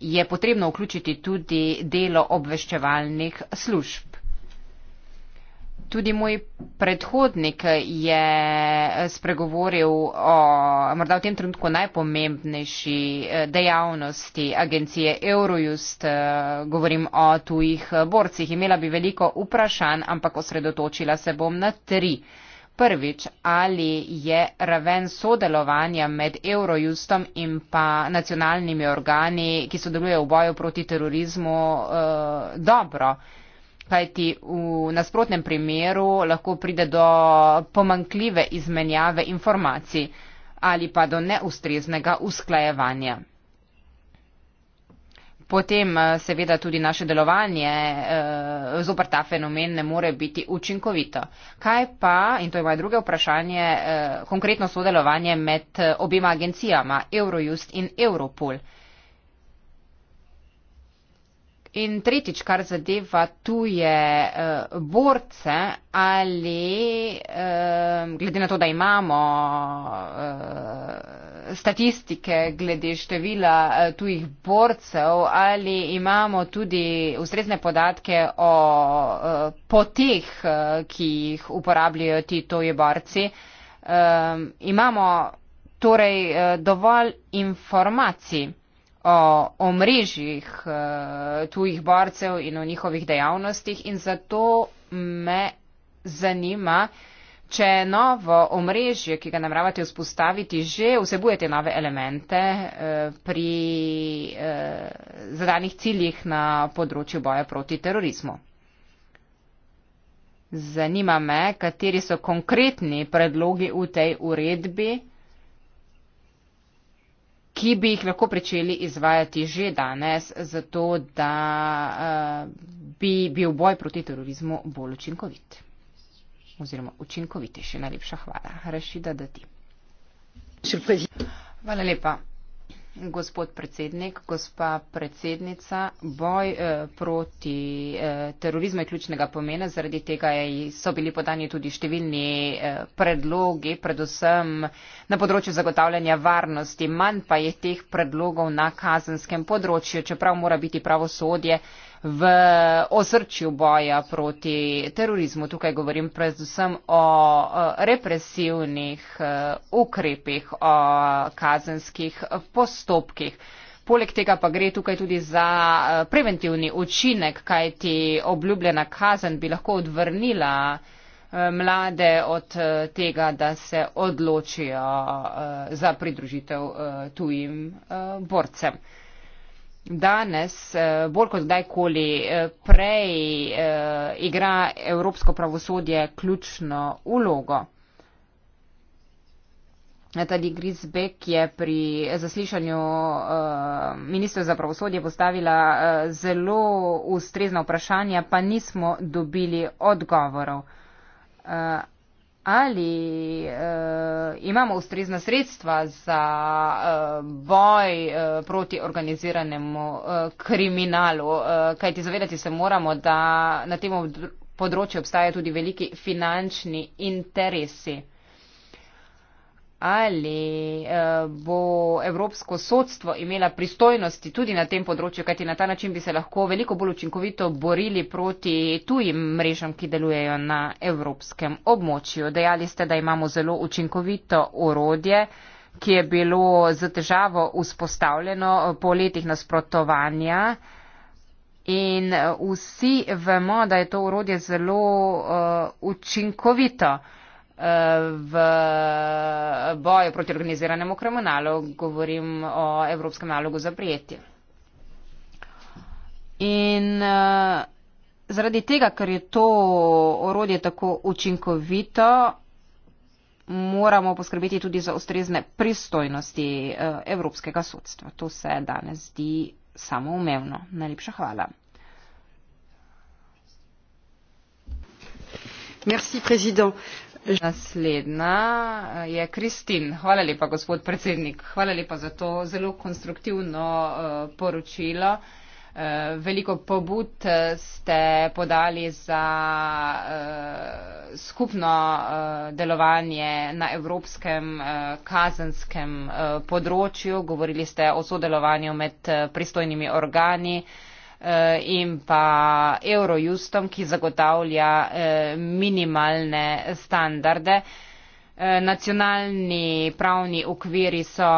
je potrebno vključiti tudi delo obveščevalnih služb tudi moj predhodnik je spregovoril o morda v tem trenutku najpomembnejši eh, dejavnosti agencije Eurojust, eh, govorim o tujih eh, borcih. Imela bi veliko vprašanj, ampak osredotočila se bom na tri. Prvič, ali je raven sodelovanja med Eurojustom in pa nacionalnimi organi, ki sodelujejo v boju proti terorizmu, dobro? kajti v nasprotnem primeru lahko pride do pomankljive izmenjave informacij ali pa do neustreznega usklajevanja. Potem eh, seveda tudi naše delovanje e, eh, zopr ta fenomen ne more biti učinkovito. Kaj pa, in to je moje druge vprašanje, e, konkretno sodelovanje med obima agencijama, Eurojust in Europol? E, In tretjič, kar zadeva tuje uh, borce ali uh, glede na to, da imamo uh, statistike glede števila uh, tujih borcev ali imamo tudi ustrezne podatke o uh, poteh, uh, ki jih uporabljajo ti tuji borci. Uh, imamo torej uh, dovolj informacij o omrežjih eh, tujih borcev in o njihovih dejavnostih in zato me zanima, če novo omrežje, ki ga namravate vzpostaviti, že vsebujete nove elemente eh, pri eh, zadanih ciljih na področju boja proti terorizmu. Zanima me, kateri so konkretni predlogi v tej uredbi ki bi jih lahko pričeli izvajati že danes, zato da eh, bi bil boj proti terorizmu bolj učinkovit. Oziroma učinkovitejši. Najlepša hvala. Rašida, da ti. Hvala lepa gospod predsednik, gospa predsednica, boj eh, proti eh, terorizmu je ključnega pomena, zaradi tega so bili podani tudi številni eh, predlogi, predvsem na področju zagotavljanja varnosti. Manj pa je teh predlogov na kazenskem področju, čeprav mora biti pravosodje eh, v osrčju boja proti terorizmu. Tukaj govorim predvsem o represivnih e, ukrepih, o kazenskih postopkih. Poleg tega pa gre tukaj tudi za e, preventivni učinek, kaj ti obljubljena kazen bi lahko odvrnila e, mlade od tega, da se odločijo za pridružitev tujim borcem danes eh, bolj kot kdajkoli eh, prej eh, igra evropsko pravosodje ključno ulogo. Tadi Grisbek je pri zaslišanju ministra za pravosodje postavila zelo ustrezna vprašanja, pa nismo dobili odgovorov ali uh, imamo ustrezna sredstva za uh, boj uh, proti organiziranemu uh, kriminalu, uh, kajti zavedati se moramo, da na tem področju obstajajo tudi veliki finančni interesi ali eh, bo evropsko sodstvo imela pristojnosti tudi na tem področju, kajti na ta način bi se lahko veliko bolj učinkovito borili proti tujim mrežam, ki delujejo na evropskem območju. Dejali ste, da imamo zelo učinkovito orodje, ki je bilo za težavo vzpostavljeno po letih nasprotovanja. In eh, vsi vemo, da je to urodje zelo uh, učinkovito. Uh, v boju proti organiziranemu kriminalu, govorim o Evropskem nalogu za prijetje. In eh, zaradi tega, ker je to orodje tako učinkovito, moramo poskrbeti tudi za ustrezne pristojnosti eh, Evropskega sodstva. To se danes zdi samoumevno. Najlepša hvala. Merci, président. Naslednja eh, je Kristin. Hvala lepa, gospod predsednik. Hvala lepa za to zelo konstruktivno eh, poročilo. Eh, veliko pobud ste podali za skupno delovanje na evropskem kazenskem področju. Govorili ste o sodelovanju med pristojnimi organi Eh, in pa Eurojustom, ki zagotavlja eh, minimalne standarde. Eh, nacionalni pravni okviri so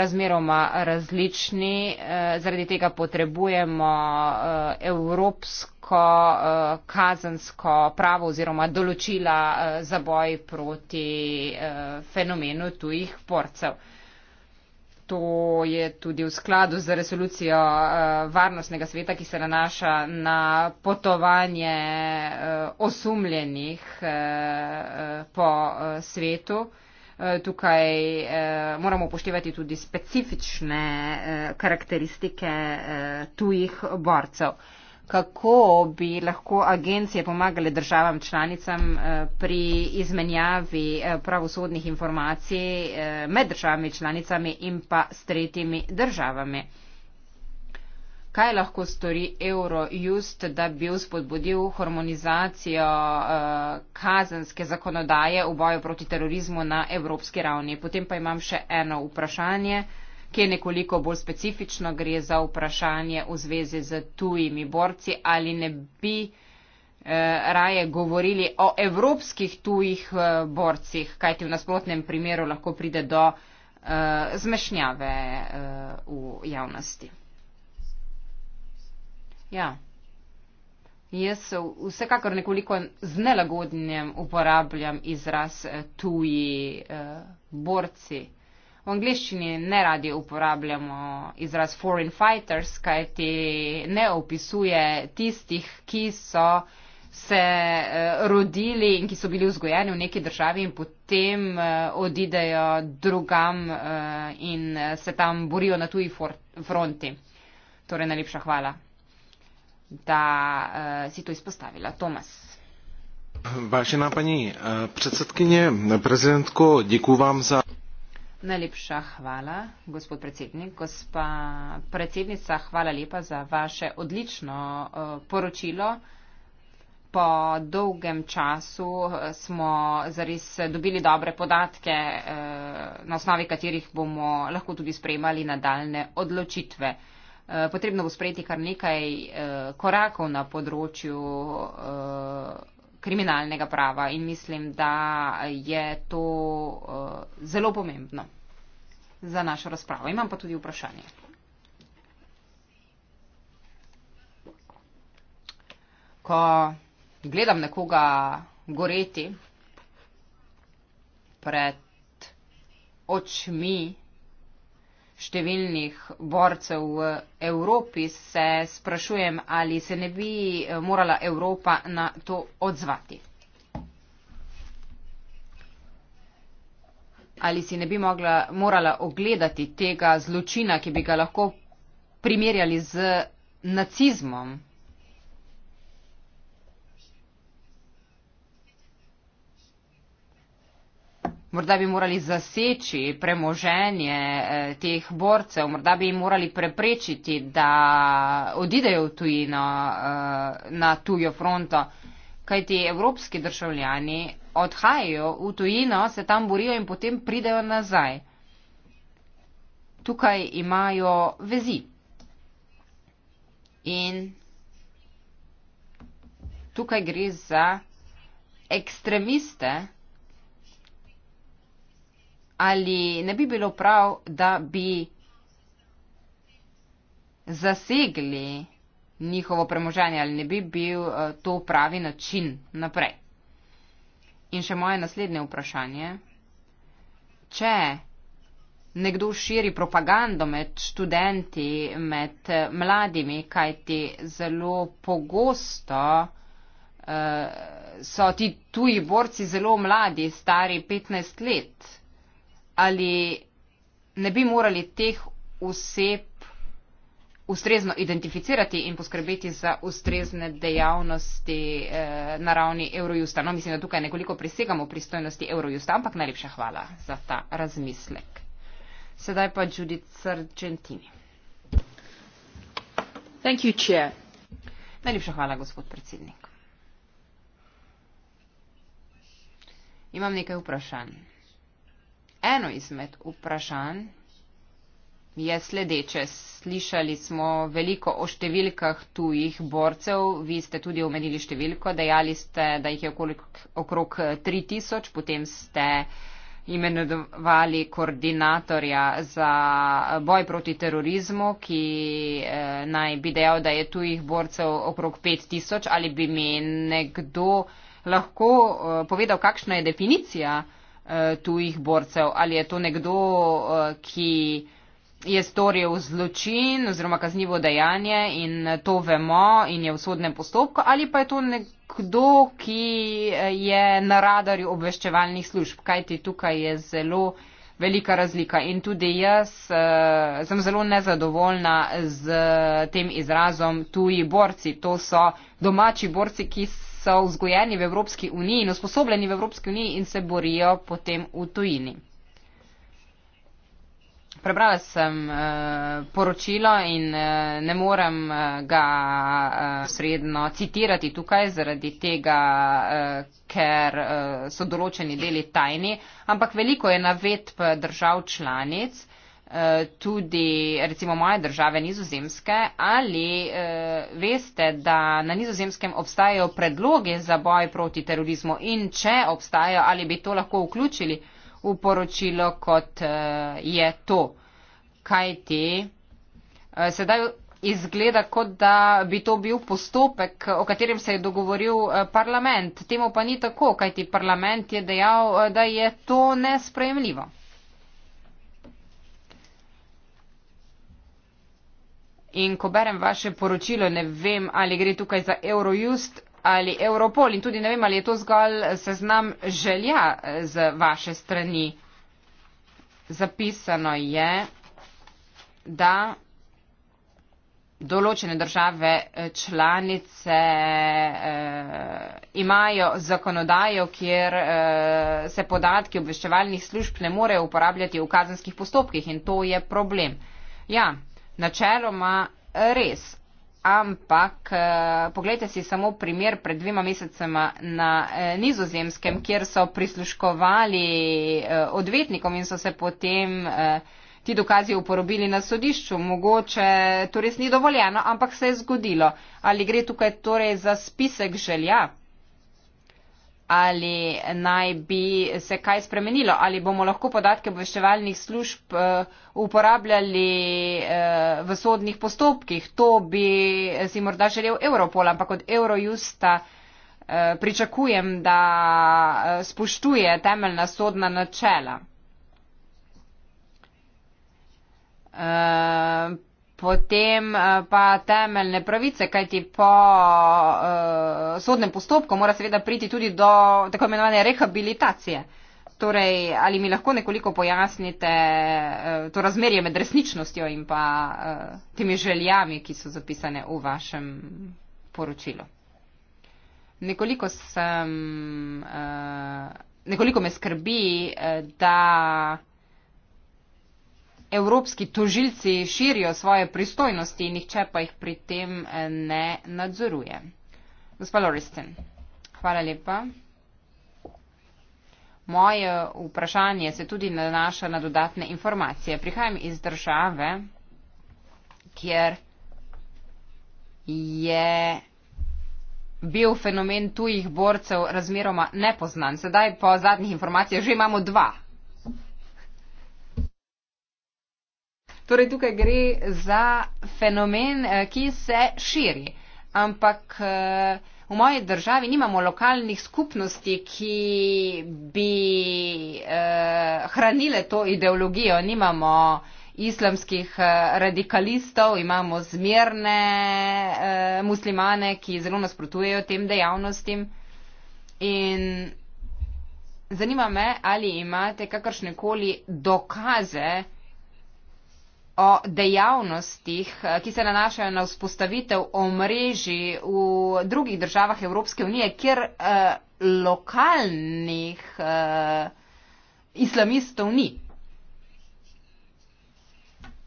razmeroma različni, zaradi tega potrebujemo evropsko kazansko pravo oziroma določila za boj proti fenomenu tujih porcev to je tudi v skladu z resolucijo eh, Varnostnega sveta, ki se nanaša na potovanje eh, osumljenih eh, po svetu. Tukaj moramo upoštevati tudi specifične karakteristike tujih borcev kako bi lahko agencije pomagale državam članicam eh, pri izmenjavi eh, pravosodnih informacij eh, med državami članicami in pa s tretjimi državami. Kaj lahko stori Eurojust, da bi vzpodbudil harmonizacijo kazenske zakonodaje v boju proti terorizmu na evropski ravni? Potem pa imam še eno vprašanje ki je nekoliko bolj specifično, gre za vprašanje v zvezi z tujimi borci ali ne bi eh, raje govorili o evropskih tujih eh, borcih, kajti v nasprotnem primeru lahko pride do eh, zmešnjave v javnosti. Ja. Jaz vsekakor nekoliko z nelagodnjem uporabljam izraz tuji borci. V angleščini ne radi uporabljamo izraz foreign fighters, kajti ne opisuje tistih, ki so se eh, rodili in ki so bili vzgojeni v neki državi in potem eh, odidejo drugam eh, in se tam borijo na tuji fronti. Torej, najlepša hvala, da si to izpostavila. Tomas. Vážená paní předsedkyně, prezidentko, děkuji vám za. Najlepša hvala, gospod predsednik. Gospa predsednica, hvala lepa za vaše odlično eh, poročilo. Po dolgem času eh, smo zares dobili dobre podatke, eh, na osnovi katerih bomo lahko tudi spremali nadaljne odločitve. Potrebno bo sprejeti kar nekaj korakov na področju kriminalnega prava in mislim, da je to uh, zelo pomembno za našo razpravo. Imam pa tudi vprašanje. Ko gledam nekoga goreti pred očmi, številnih borcev v Evropi, se sprašujem, ali se ne bi eh, morala Evropa na to odzvati. Ali si ne bi mogla, morala ogledati tega zločina, ki bi ga lahko primerjali z nacizmom? Morda bi morali zaseči premoženje eh, teh borcev, morda bi jim morali preprečiti, da odidejo v tujino eh, na tujo fronto, kajti evropski državljani odhajajo v tujino, se tam borijo in potem pridejo nazaj. Tukaj imajo vezi. In tukaj gre za ekstremiste, ali ne bi bilo prav, da bi zasegli njihovo premoženje ali ne bi bil eh, to pravi način naprej. In še moje naslednje vprašanje. Če nekdo širi propagando med študenti, med eh, mladimi, kajti zelo pogosto eh, so ti tuji borci zelo mladi, stari 15 let, ali ne bi morali teh oseb ustrezno identificirati in poskrbeti za ustrezne dejavnosti eh, na ravni Eurojusta. No, mislim, da tukaj nekoliko prisegamo pristojnosti Eurojusta, ampak najlepša hvala za ta razmislek. Sedaj pa Judith Sargentini. Thank you, chair. Najlepša hvala, gospod predsednik. Imam nekaj vprašanj. Eno izmed vprašanj je sledeče. Slišali smo veliko o številkah tujih borcev, vi ste tudi omenili številko, dejali ste, da jih je okrog 3000, potem ste imenovali koordinatorja za boj proti terorizmu, ki eh, naj bi dejal, da je tujih borcev okrog 5000. Ali bi mi nekdo lahko eh, povedal, kakšna je definicija? Eh, tujih borcev. Ali je to nekdo, eh, ki je storil zločin oziroma kaznivo dejanje in eh, to vemo in je v sodnem postopku, ali pa je to nekdo, ki je na radarju obveščevalnih služb, kajti tukaj je zelo velika razlika in tudi jaz sem zelo nezadovoljna z tem izrazom tuji borci. To so domači borci, ki so so vzgojeni v Evropski uniji in usposobljeni v Evropski uniji in se borijo potem v tujini. Prebrala sem uh, poročilo in uh, ne morem uh, ga uh, sredno citirati tukaj, zaradi tega, uh, ker uh, so določeni deli tajni, ampak veliko je navedb držav članic, Eh, tudi recimo moje države nizozemske, ali uh, veste, da na nizozemskem obstajajo predloge za boj proti terorizmu in če obstajajo, ali bi to lahko vključili v poročilo, kot uh, je to. Kaj ti? Uh, sedaj izgleda, kot da bi to bil postopek, o katerem se je dogovoril parlament. Temu pa ni tako, kaj ti parlament je dejal, da je to nespremljivo. in ko berem vaše poročilo, ne vem, ali gre tukaj za Eurojust ali Europol in tudi ne vem, ali je to zgolj eh, seznam želja eh, z vaše strani. Zapisano je, da določene države eh, članice eh, imajo zakonodajo, kjer eh, se podatki obveščevalnih služb ne morejo uporabljati v kazenskih postopkih in to je problem. Ja, načeloma res. Ampak eh, pogledajte si samo primer pred dvima mesecema na eh, nizozemskem, kjer so prisluškovali eh, odvetnikom in so se potem ti dokazi uporobili na sodišču. Mogoče to res ni dovoljeno, ampak se je zgodilo. Ali gre tukaj torej za spisek želja? ali naj bi se kaj spremenilo, ali bomo lahko podatke obveščevalnih služb eh, uporabljali eh, v sodnih postopkih. To bi si morda želel Europol, ampak od Eurojusta eh, pričakujem, da spoštuje temeljna sodna načela potem eh, pa temeljne pravice, kajti po uh, sodnem postopku mora seveda priti tudi do tako imenovane rehabilitacije. Torej, ali mi lahko nekoliko pojasnite uh, to razmerje med resničnostjo in pa uh, temi željami, ki so zapisane v vašem poročilu? Nekoliko, sem, uh, nekoliko me skrbi, uh, da evropski tožilci širijo svoje pristojnosti in nihče pa jih pri tem eh, ne nadzoruje. Gospa Loristin, hvala lepa. Moje vprašanje se tudi nanaša na dodatne informacije. Prihajam iz države, kjer je bil fenomen tujih borcev razmeroma nepoznan. Sedaj po zadnjih informacijah že imamo dva Torej, tukaj gre za fenomen, eh, ki se širi. Ampak eh, v moji državi nimamo lokalnih skupnosti, ki bi eh, hranile to ideologijo. Nimamo islamskih radikalistov, imamo zmerne muslimane, ki zelo nasprotujejo tem dejavnostim. In zanima me, ali imate kakršne koli dokaze, o dejavnostih, eh, ki se nanašajo na vzpostavitev omrežij v drugih državah Evropske unije, kjer eh, lokalnih eh, islamistov ni.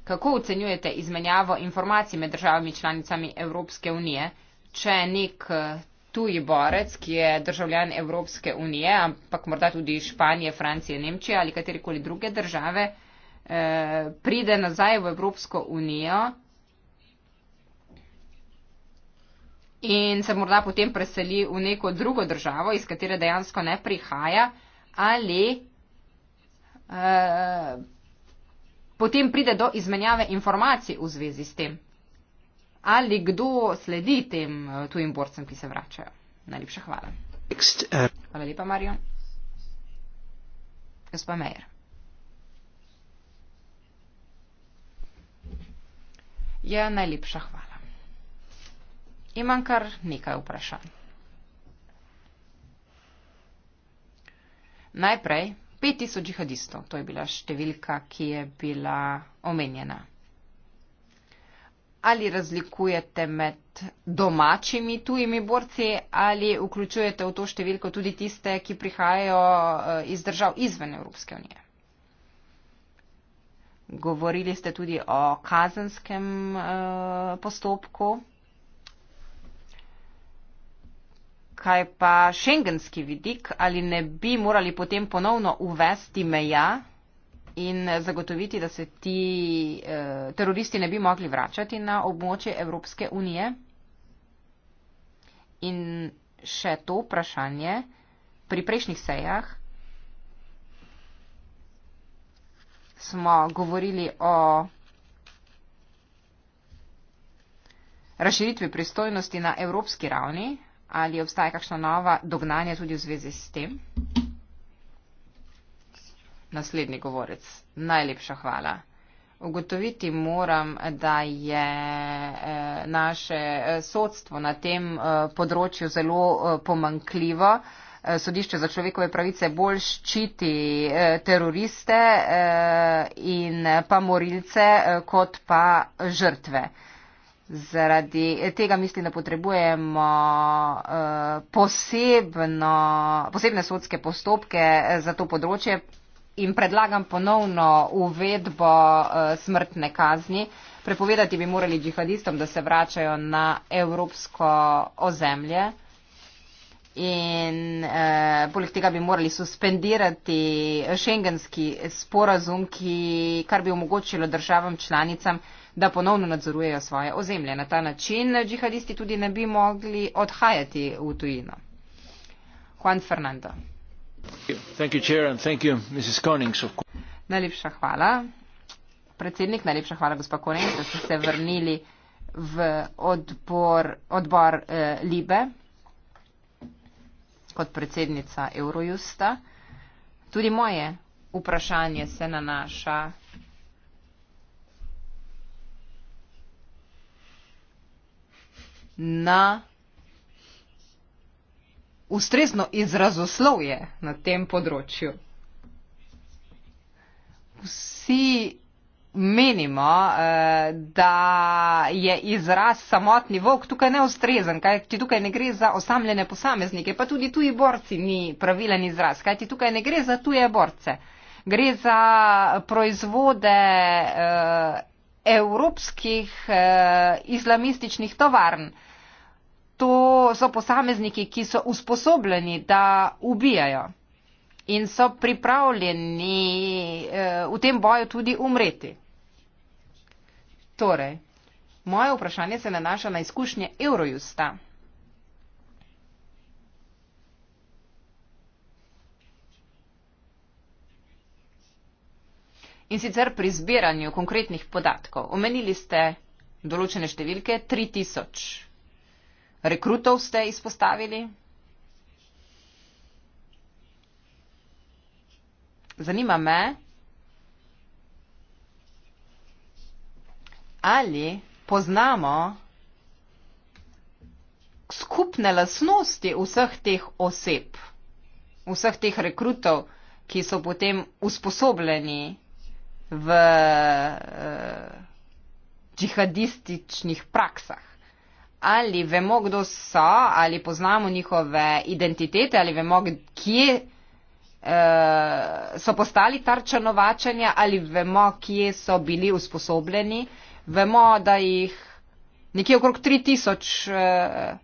Kako ocenjujete izmenjavo informacij med državami članicami Evropske unije, če nek eh, tuji borec, ki je državljan Evropske unije, ampak morda tudi Španije, Francije, Nemčije ali katerikoli druge države, eh, pride nazaj v Evropsko unijo in se morda potem preseli v neko drugo državo, iz katere dejansko ne prihaja, ali eh, potem pride do izmenjave informacij v zvezi s tem. Ali kdo sledi tem eh, tujim borcem, ki se vračajo? Najlepša hvala. Eh. Hvala lepa, Marijo. Gospa Mejer. Ja, najlepša hvala. Imam kar nekaj vprašanj. Najprej, 5000 džihadistov, to je bila številka, ki je bila omenjena. Ali razlikujete med domačimi tujimi borci ali vključujete v to številko tudi tiste, ki prihajajo eh, iz držav izven Evropske unije? Govorili ste tudi o kazenskem uh, postopku. Kaj pa šengenski vidik, ali ne bi morali potem ponovno uvesti meja in zagotoviti, da se ti uh, teroristi ne bi mogli vračati na območje Evropske unije? In še to vprašanje pri prejšnjih sejah. smo govorili o razširitvi pristojnosti na evropski ravni. Ali obstaja kakšna nova dognanja tudi v zvezi s tem? Naslednji govorec. Najlepša hvala. Ugotoviti moram, da je eh, naše eh, sodstvo na tem eh, področju zelo pomankljivo sodišče za človekove pravice bolj ščiti eh, teroriste eh, in eh, pa morilce kot pa žrtve. Zaradi tega mislim, da potrebujemo posebno, posebne sodske postopke za to področje in predlagam ponovno uvedbo smrtne kazni. Prepovedati bi morali džihadistom, da se vračajo na evropsko ozemlje in uh, poleg tega bi morali suspendirati šengenski sporazum, ki, kar bi omogočilo državam članicam, da ponovno nadzorujejo svoje ozemlje. Na ta način džihadisti tudi ne bi mogli odhajati v tujino. Juan Fernando. Thank you, chair, thank you, Konings, najlepša hvala. Predsednik, najlepša hvala, gospod Konings, da ste se vrnili v odbor, odbor eh, Libe kot predsednica Eurojusta. Tudi moje vprašanje se nanaša na ustrezno izrazoslovje na tem področju. Vsi menimo, eh, da je izraz samotni volk tukaj neustrezen, kajti tukaj ne gre za osamljene posameznike, pa tudi tuji borci ni pravilen izraz, kajti tukaj ne gre za tuje borce. Gre za proizvode eh, evropskih eh, islamističnih tovarn. To so posamezniki, ki so usposobljeni, da ubijajo. In so pripravljeni v tem boju tudi umreti. Torej, moje vprašanje se nanaša na izkušnje Eurojusta. In sicer pri zbiranju konkretnih podatkov. Omenili ste določene številke, 3000 rekrutov ste izpostavili. Zanima me, ali poznamo skupne lasnosti vseh teh oseb, vseh teh rekrutov, ki so potem usposobljeni v uh, džihadističnih praksah. Ali vemo, kdo so, ali poznamo njihove identitete, ali vemo, kje uh, so postali tarča novačanja, ali vemo, kje so bili usposobljeni. Uh, vemo, da jih nekje okrog 3000, eh,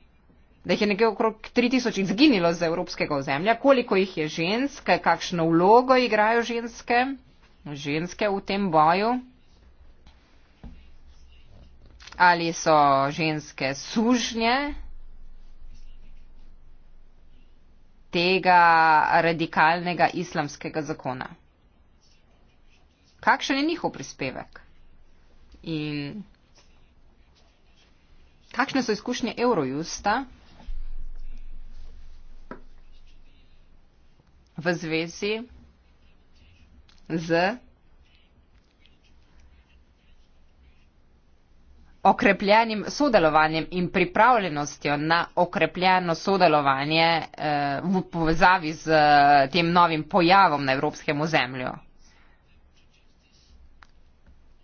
da jih je nekje okrog 3000 izginilo z evropskega ozemlja, koliko jih je žensk, kakšno vlogo igrajo ženske, ženske v tem boju. Ali so ženske sužnje tega radikalnega islamskega zakona? Kakšen je njihov prispevek? In kakšne so izkušnje Eurojusta v zvezi z okrepljenim sodelovanjem in pripravljenostjo na okrepljeno sodelovanje eh, v povezavi z tem novim pojavom na evropskem ozemlju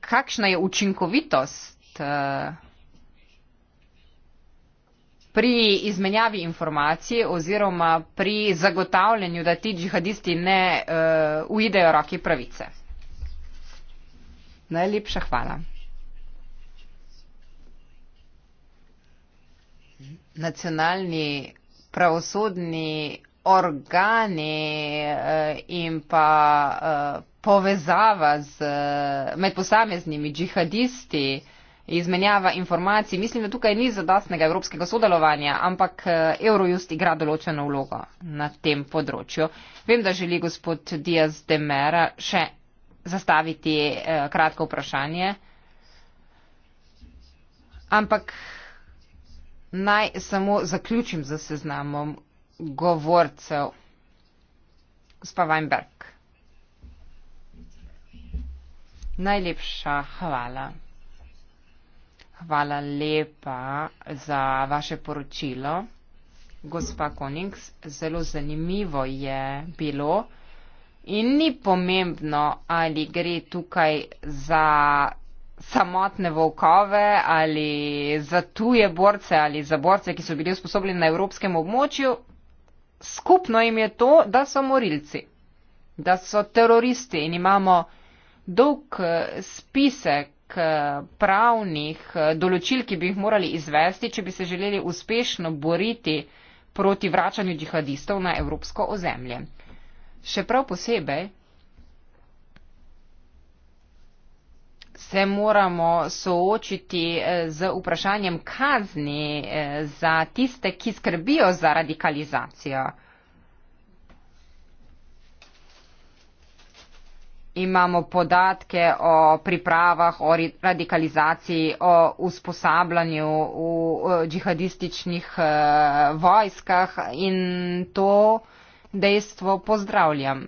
kakšna je učinkovitost eh, pri izmenjavi informacij oziroma pri zagotavljanju, da ti džihadisti ne uh, uidejo roki pravice. Najlepša hvala. Nacionalni pravosodni organi uh, in pa uh, povezava z, eh, med posameznimi džihadisti, izmenjava informacij. Mislim, da tukaj ni zadostnega evropskega sodelovanja, ampak eh, Eurojust igra določeno vlogo na tem področju. Vem, da želi gospod Diaz de Mera še zastaviti eh, kratko vprašanje. Ampak naj samo zaključim z seznamom govorcev. Gospa Weinberg. Najlepša hvala. Hvala lepa za vaše poročilo, gospa Konings. Zelo zanimivo je bilo in ni pomembno, ali gre tukaj za samotne volkove ali za tuje borce ali za borce, ki so bili usposobljeni na evropskem območju. Skupno jim je to, da so morilci, da so teroristi in imamo dolg eh, spisek eh, pravnih eh, določil, ki bi jih morali izvesti, če bi se želeli uspešno boriti proti vračanju džihadistov na evropsko ozemlje. Še prav posebej se moramo soočiti z vprašanjem kazni za tiste, ki skrbijo za radikalizacijo. imamo podatke o pripravah, o radikalizaciji, o usposabljanju v eh, džihadističnih eh, vojskah in to dejstvo pozdravljam.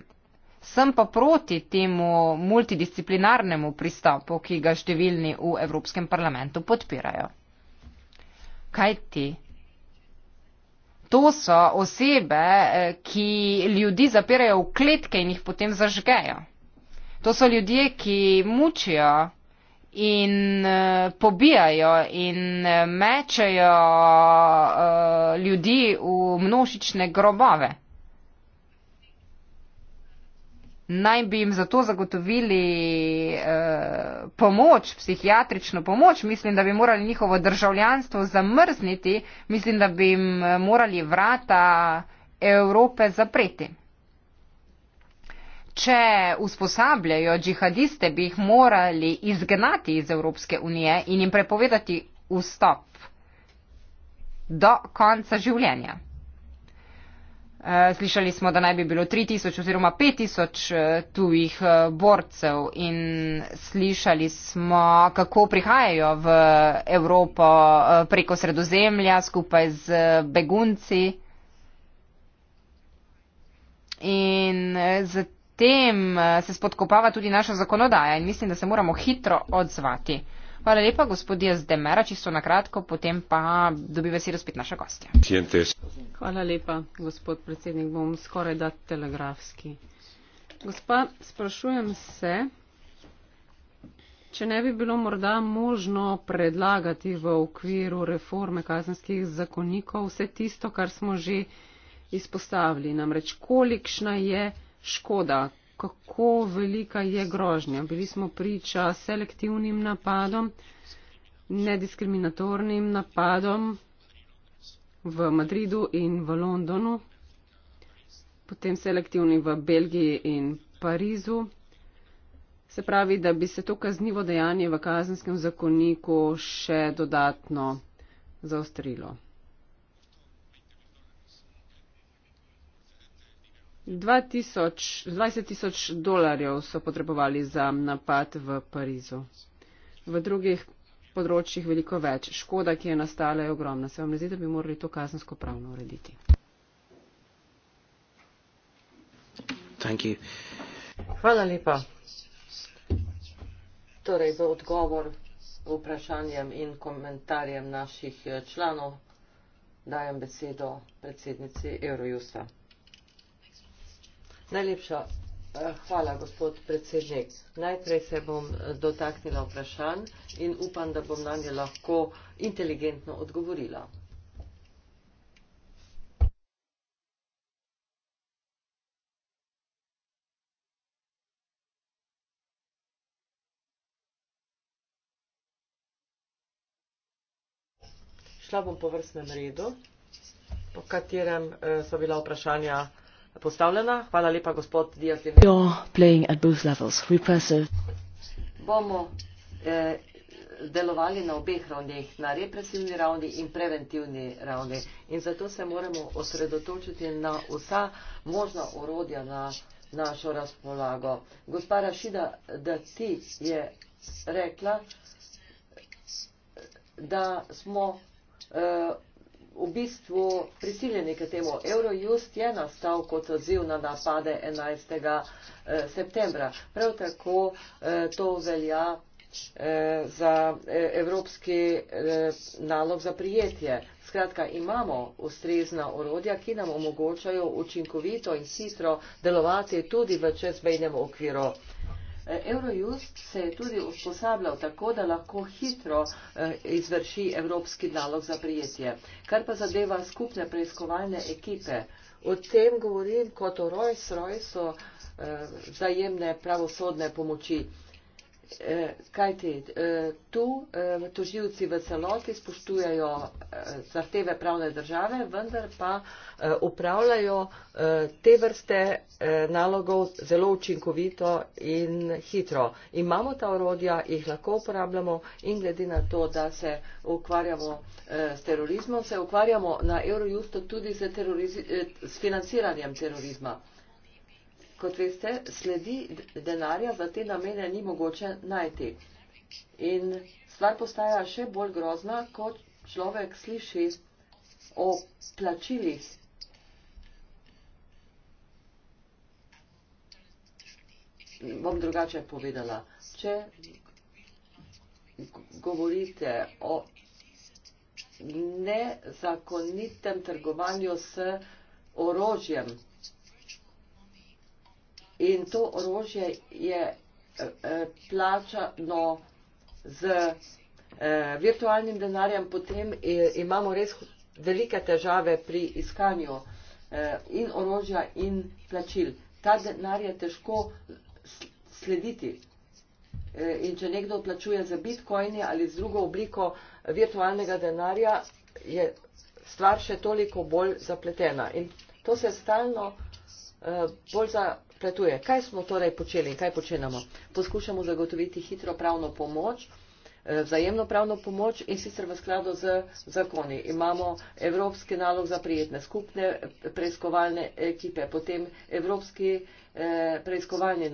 Sem pa proti temu multidisciplinarnemu pristopu, ki ga številni v Evropskem parlamentu podpirajo. Kaj ti? To so osebe, eh, ki ljudi zapirajo v kletke in jih potem zažgejo. To so ljudje, ki mučijo in uh, pobijajo in eh, mečejo uh, ljudi v množične grobove. Naj bi jim zato zagotovili uh, pomoč, psihiatrično pomoč, mislim, da bi morali njihovo državljanstvo zamrzniti, mislim, da bi jim morali vrata Evrope zapreti če usposabljajo džihadiste, bi jih morali izgnati iz Evropske unije in jim prepovedati vstop do konca življenja. Eh, slišali smo, da naj bi bilo 3000 oziroma 5000 eh, tujih eh, borcev in slišali smo, kako prihajajo v Evropo preko sredozemlja skupaj z begunci. In tem eh, se spodkopava tudi naša zakonodaja in mislim, da se moramo hitro odzvati. Hvala lepa, gospod Jaz Demera, čisto na kratko, potem pa dobi vesel spet naša gostja. Hvala lepa, gospod predsednik, bom skoraj da telegrafski. Gospa, sprašujem se, če ne bi bilo morda možno predlagati v okviru reforme kazenskih zakonikov vse tisto, kar smo že izpostavili. Namreč, kolikšna je škoda, kako velika je grožnja. Bili smo priča selektivnim napadom, nediskriminatornim napadom v Madridu in v Londonu, potem selektivnim v Belgiji in Parizu. Se pravi, da bi se to kaznivo dejanje v kazenskem zakoniku še dodatno zaostrilo. 20 tisoč dolarjev so potrebovali za napad v Parizu. V drugih področjih veliko več. Škoda, ki je nastala, je ogromna. Se vam ne zdi, da bi morali to kazensko pravno urediti? Hvala lepa. Torej, za odgovor vprašanjem in komentarjem naših eh, članov dajem besedo predsednici Eurojusa. Najlepša eh, hvala, gospod predsednik. Najprej se bom eh, dotaknila vprašanj in upam, da bom na nje lahko inteligentno odgovorila. Šla bom po vrstnem redu, po katerem eh, so bila vprašanja postavljena. Hvala lepa, gospod Dias Levin. Bomo eh, delovali na obeh ravneh, na represivni ravni in preventivni ravni. In zato se moramo osredotočiti na vsa možna orodja na našo razpolago. Gospa Rašida, da ti je rekla, da smo. Eh, v bistvu prisiljeni k temu. Eurojust je nastal kot odziv na napade 11. Eh, septembra. Prav tako eh, to velja eh, za evropski nalog za prijetje. Skratka, imamo ustrezna orodja, ki nam omogočajo učinkovito in hitro delovati tudi v čezmejnem okviru. Eurojust se je tudi usposabljal tako, da lahko hitro eh, izvrši evropski nalog za prijetje. Kar pa zadeva skupne preiskovalne ekipe, o tem govorim kot o Rojs, Rojsu, eh, zajemne pravosodne pomoči. Eh, kajti eh, tu eh, toživci v celoti spoštujajo zahteve pravne države, vendar pa upravljajo te vrste nalogov zelo učinkovito in hitro. Imamo ta orodja, jih lahko uporabljamo in glede na to, da se ukvarjamo s terorizmom, se ukvarjamo na Eurojustu tudi s, s financiranjem terorizma kot veste, sledi denarja za te namene ni mogoče najti. In stvar postaja še bolj grozna, ko človek sliši o plačilih. Bom drugače povedala. Če govorite o nezakonitem trgovanju s orožjem, in to orožje je eh, plačano z eh, virtualnim denarjem, potem eh, imamo res velike težave pri iskanju in orožja in plačil. Ta denar je težko slediti. In če nekdo plačuje za bitcoini ali z drugo obliko virtualnega denarja, je stvar še toliko bolj zapletena. In to se stalno bolj za obratuje. Kaj smo torej počeli in kaj počenjamo? Poskušamo zagotoviti hitro pravno pomoč, eh, vzajemno pravno pomoč in sicer v skladu z zakoni. Imamo evropski nalog za prijetne skupne eh, preiskovalne ekipe, potem evropski eh, preiskovalni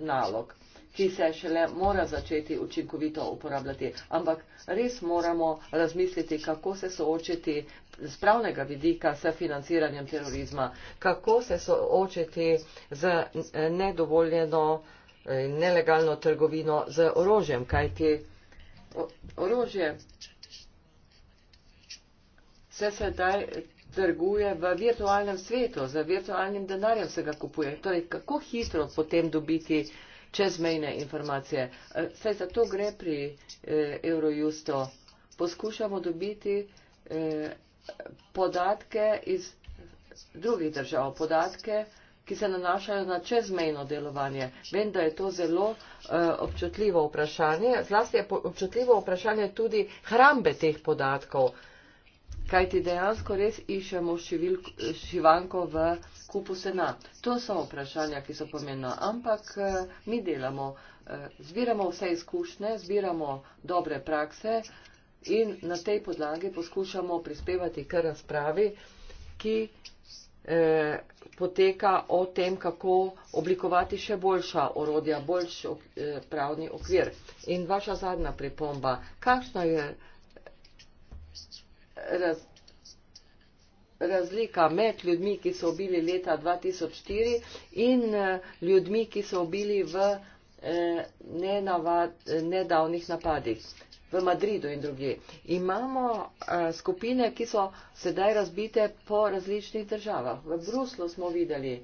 nalog, ki se šele mora začeti učinkovito uporabljati, ampak res moramo razmisliti, kako se soočiti s pravnega vidika s financiranjem terorizma, kako se soočiti z nedovoljeno in nelegalno trgovino z orožjem, kajti orožje se sedaj trguje v virtualnem svetu, z virtualnim denarjem se ga kupuje. Torej, kako hitro potem dobiti čezmejne informacije? E, saj za to gre pri eh, Eurojusto. Poskušamo dobiti eh, podatke iz drugih držav, podatke, ki se nanašajo na čezmejno delovanje. Vem, da je to zelo uh, občutljivo vprašanje. Zlasti je občutljivo vprašanje tudi hrambe teh podatkov, kajti dejansko res iščemo šivanko v kupu sena. To so vprašanja, ki so pomembna, ampak uh, mi delamo, uh, zbiramo vse izkušnje, zbiramo dobre prakse, uh, in na tej podlagi poskušamo prispevati k razpravi, ki eh, poteka o tem, kako oblikovati še boljša orodja, boljš eh, pravni okvir. In vaša zadnja pripomba, kakšna je eh, raz, razlika med ljudmi, ki so bili leta 2004 in eh, ljudmi, ki so bili v eh, nedavnih napadih? v Madridu in druge. Imamo uh, skupine, ki so sedaj razbite po različnih državah. V Bruslu smo videli,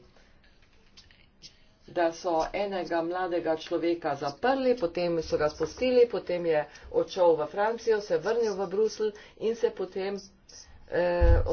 da so enega mladega človeka zaprli, potem so ga spustili, potem je odšel v Francijo, se vrnil v Brusl in se potem uh,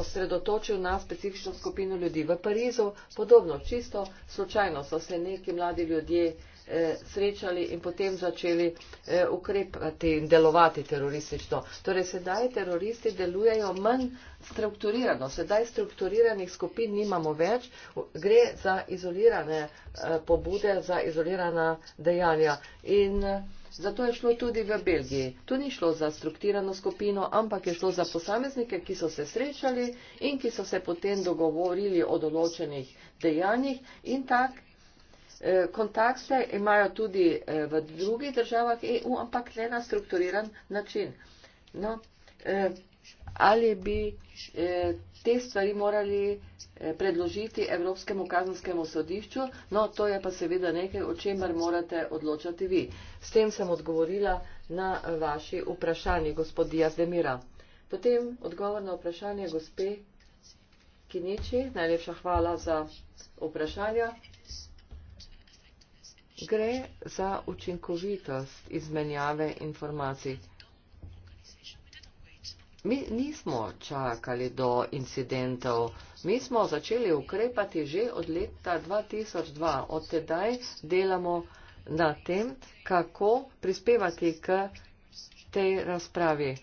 osredotočil na specifično skupino ljudi. V Parizu podobno, čisto slučajno so se neki mladi ljudje. Uh, Eh, srečali in potem začeli eh, ukrepati in delovati teroristično. Torej sedaj teroristi delujejo manj strukturirano. Sedaj strukturiranih skupin nimamo več. Gre za izolirane eh, pobude, za izolirana dejanja. In Zato je šlo tudi v Belgiji. Tu ni šlo za strukturirano skupino, ampak je šlo za posameznike, ki so se srečali in ki so se potem dogovorili o določenih dejanjih in tak Eh, kontakte imajo tudi eh, v drugih državah EU, ampak ne na strukturiran način. No, eh, ali bi te stvari morali predložiti Evropskemu kazanskemu sodišču, no to je pa seveda nekaj, o čemer morate odločati vi. S tem sem odgovorila na vaši vprašanje, gospod Dijaz Demira. Potem odgovor na vprašanje gospe Kiniči. Najlepša hvala za vprašanja. Gre za učinkovitost izmenjave informacij. Mi nismo čakali do incidentov, mi smo začeli ukrepati že od leta 2002. Od tedaj delamo na tem, kako prispevati k tej razpravi.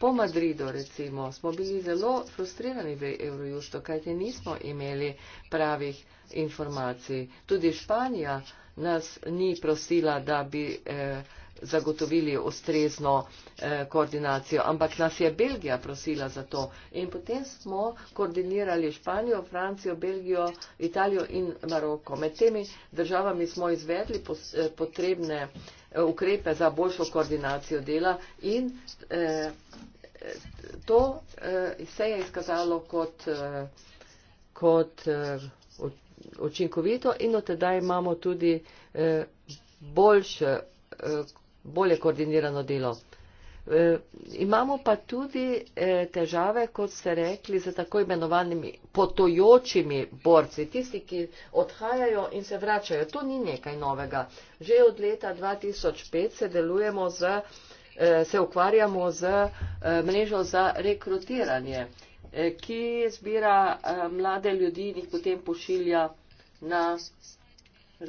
Po Madridu, recimo, smo bili zelo frustrirani v Eurojusto, kajte nismo imeli pravih informacij. Tudi Španija nas ni prosila, da bi eh, zagotovili ustrezno eh, koordinacijo, ampak nas je Belgija prosila za to. In potem smo koordinirali Španijo, Francijo, Belgijo, Italijo in Maroko. Med temi državami smo izvedli eh, potrebne ukrepe za boljšo koordinacijo dela in to se je izkazalo kot, kot učinkovito in od tedaj imamo tudi eh, boljše, eh, bolje koordinirano delo. Eh, imamo pa tudi težave, kot ste rekli, z tako imenovanimi potojočimi borci, tisti, ki odhajajo in se vračajo. To ni nekaj novega. Že od leta 2005 se delujemo z, se ukvarjamo z mrežo za rekrutiranje. Eh, ki zbira eh, mlade ljudi in jih potem pošilja na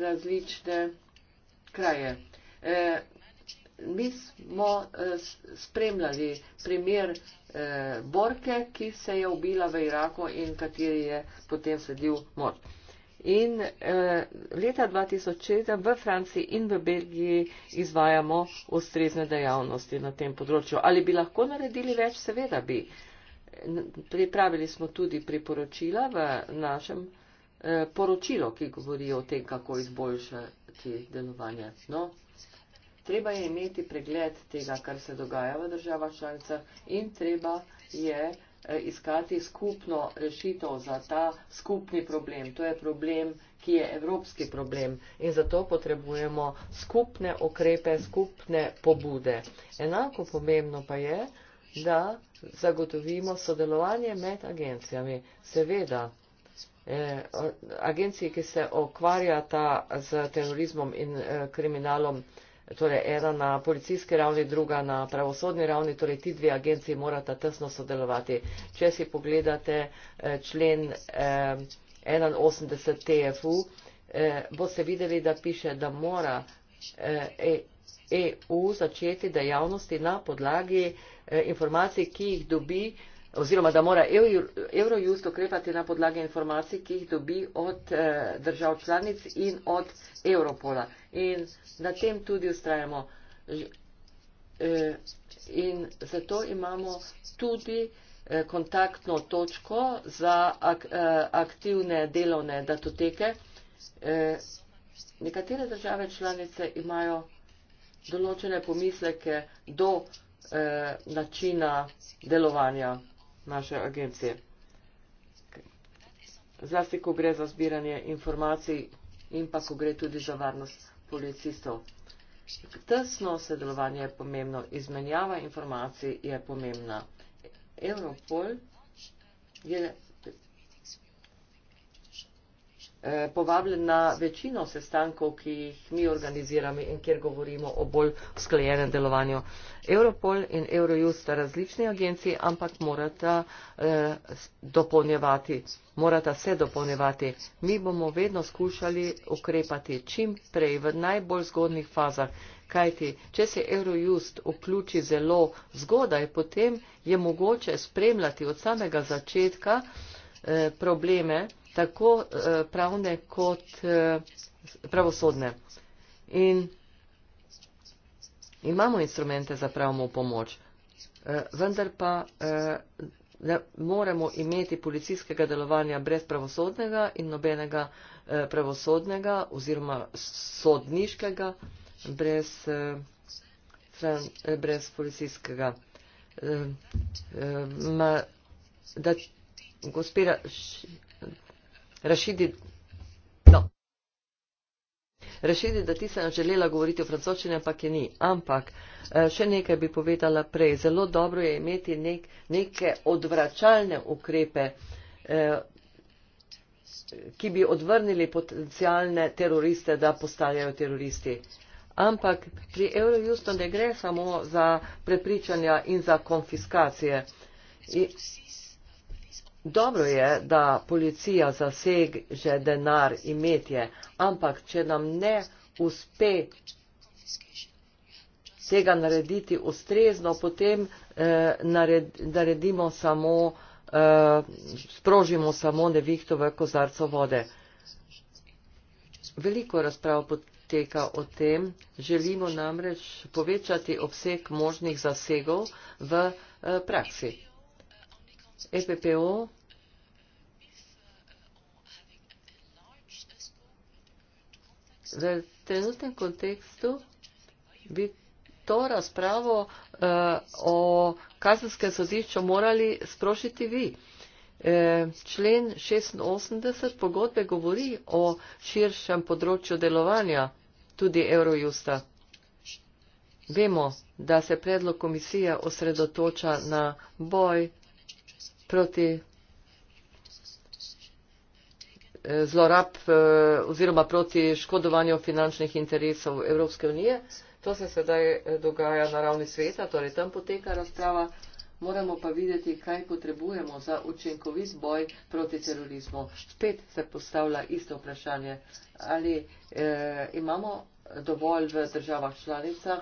različne kraje. Eh, mi smo spremljali primer borke, ki se je ubila v Iraku in kateri je potem sledil mor. In leta 2007 v Franciji in v Belgiji izvajamo ustrezne dejavnosti na tem področju. Ali bi lahko naredili več? Seveda bi pripravili smo tudi priporočila v našem eh, poročilo, ki govori o tem, kako izboljšati delovanje. No, treba je imeti pregled tega, kar se dogaja v državah članica in treba je eh, iskati skupno rešitev za ta skupni problem. To je problem, ki je evropski problem in zato potrebujemo skupne okrepe, skupne pobude. Enako pomembno pa je, da zagotovimo sodelovanje med agencijami. Seveda, eh, agenciji, ki se okvarjata z terorizmom in eh, kriminalom, torej ena na policijski ravni, druga na pravosodni ravni, torej ti dve agenciji morata tesno sodelovati. Če si pogledate eh, člen 81 TFU, boste videli, da piše, da mora EU e, e začeti dejavnosti na podlagi eh, Eh, informacij ki jih dobi oziroma da mora Eurojust ukrepati na podlagi informacij, ki jih dobi od eh, držav članic in od Europola. In na tem tudi ustrajamo. Eh, in zato imamo tudi kontaktno točko za aktivne delovne datoteke. Nekatere države članice imajo določene pomisleke do eh, načina delovanja naše agencije. Zlasti, ko gre za zbiranje informacij in pa ko gre tudi za varnost policistov. Tesno sodelovanje je pomembno, izmenjava informacij je pomembna. Europol je Eh, povabljen na večino sestankov, ki jih mi organiziramo in kjer govorimo o bolj sklejenem delovanju. Europol in Eurojust sta različni agenciji, ampak morata, eh, morata se dopolnjevati. Mi bomo vedno skušali ukrepati čim prej v najbolj zgodnih fazah, kajti če se Eurojust vključi zelo zgodaj, potem je mogoče spremljati od samega začetka eh, probleme, tako eh, pravne kot eh, pravosodne. In imamo instrumente za pravno pomoč, eh, vendar pa ne moremo imeti policijskega delovanja brez pravosodnega in nobenega pravosodnega oziroma sodniškega brez, brez policijskega. Ma, da, gospira Rašidi, no. Rašidi, da ti sem želela govoriti o francočini, ampak je ni. Ampak eh, še nekaj bi povedala prej. Zelo dobro je imeti nek, neke odvračalne ukrepe, eh, ki bi odvrnili potencijalne teroriste, da postajajo teroristi. Ampak pri Eurojustu ne gre samo za prepričanja in za konfiskacije. In, Dobro je, da policija zaseg že denar imetje, ampak če nam ne uspe tega narediti ustrezno, potem eh, nared, naredimo samo, eh, sprožimo samo nevihtove kozarco vode. Veliko razprav poteka o tem. Želimo namreč povečati obseg možnih zasegov v eh, praksi. SBPO v trenutnem kontekstu bi to razpravo uh, o kazenskem sodišču morali sprošiti vi. E, člen 86 pogodbe govori o širšem področju delovanja tudi Eurojusta. Vemo, da se predlog komisije osredotoča na boj proti eh, zlorab eh, oziroma proti škodovanju finančnih interesov Evropske unije. To se sedaj eh, dogaja na ravni sveta, torej tam poteka razprava. Moramo pa videti, kaj potrebujemo za učinkovit boj proti terorizmu. Spet se postavlja isto vprašanje, ali eh, imamo dovolj v državah članicah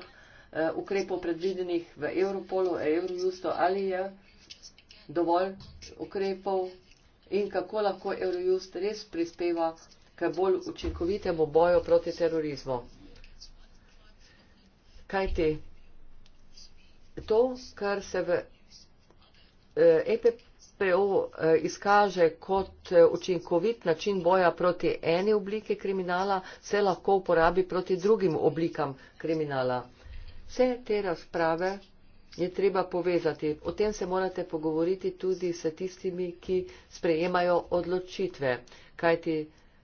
eh, ukrepov predvidenih v Europolu, Eurojustu, ali je eh, dovolj ukrepov in kako lahko Eurojust res prispeva k bolj učinkovitemu boju proti terorizmu. Kajti to, kar se v EPPO eh, e eh, izkaže kot eh, učinkovit način boja proti eni obliki kriminala, se lahko uporabi proti drugim oblikam kriminala. Vse te razprave je treba povezati. O tem se morate pogovoriti tudi s tistimi, ki sprejemajo odločitve, kajti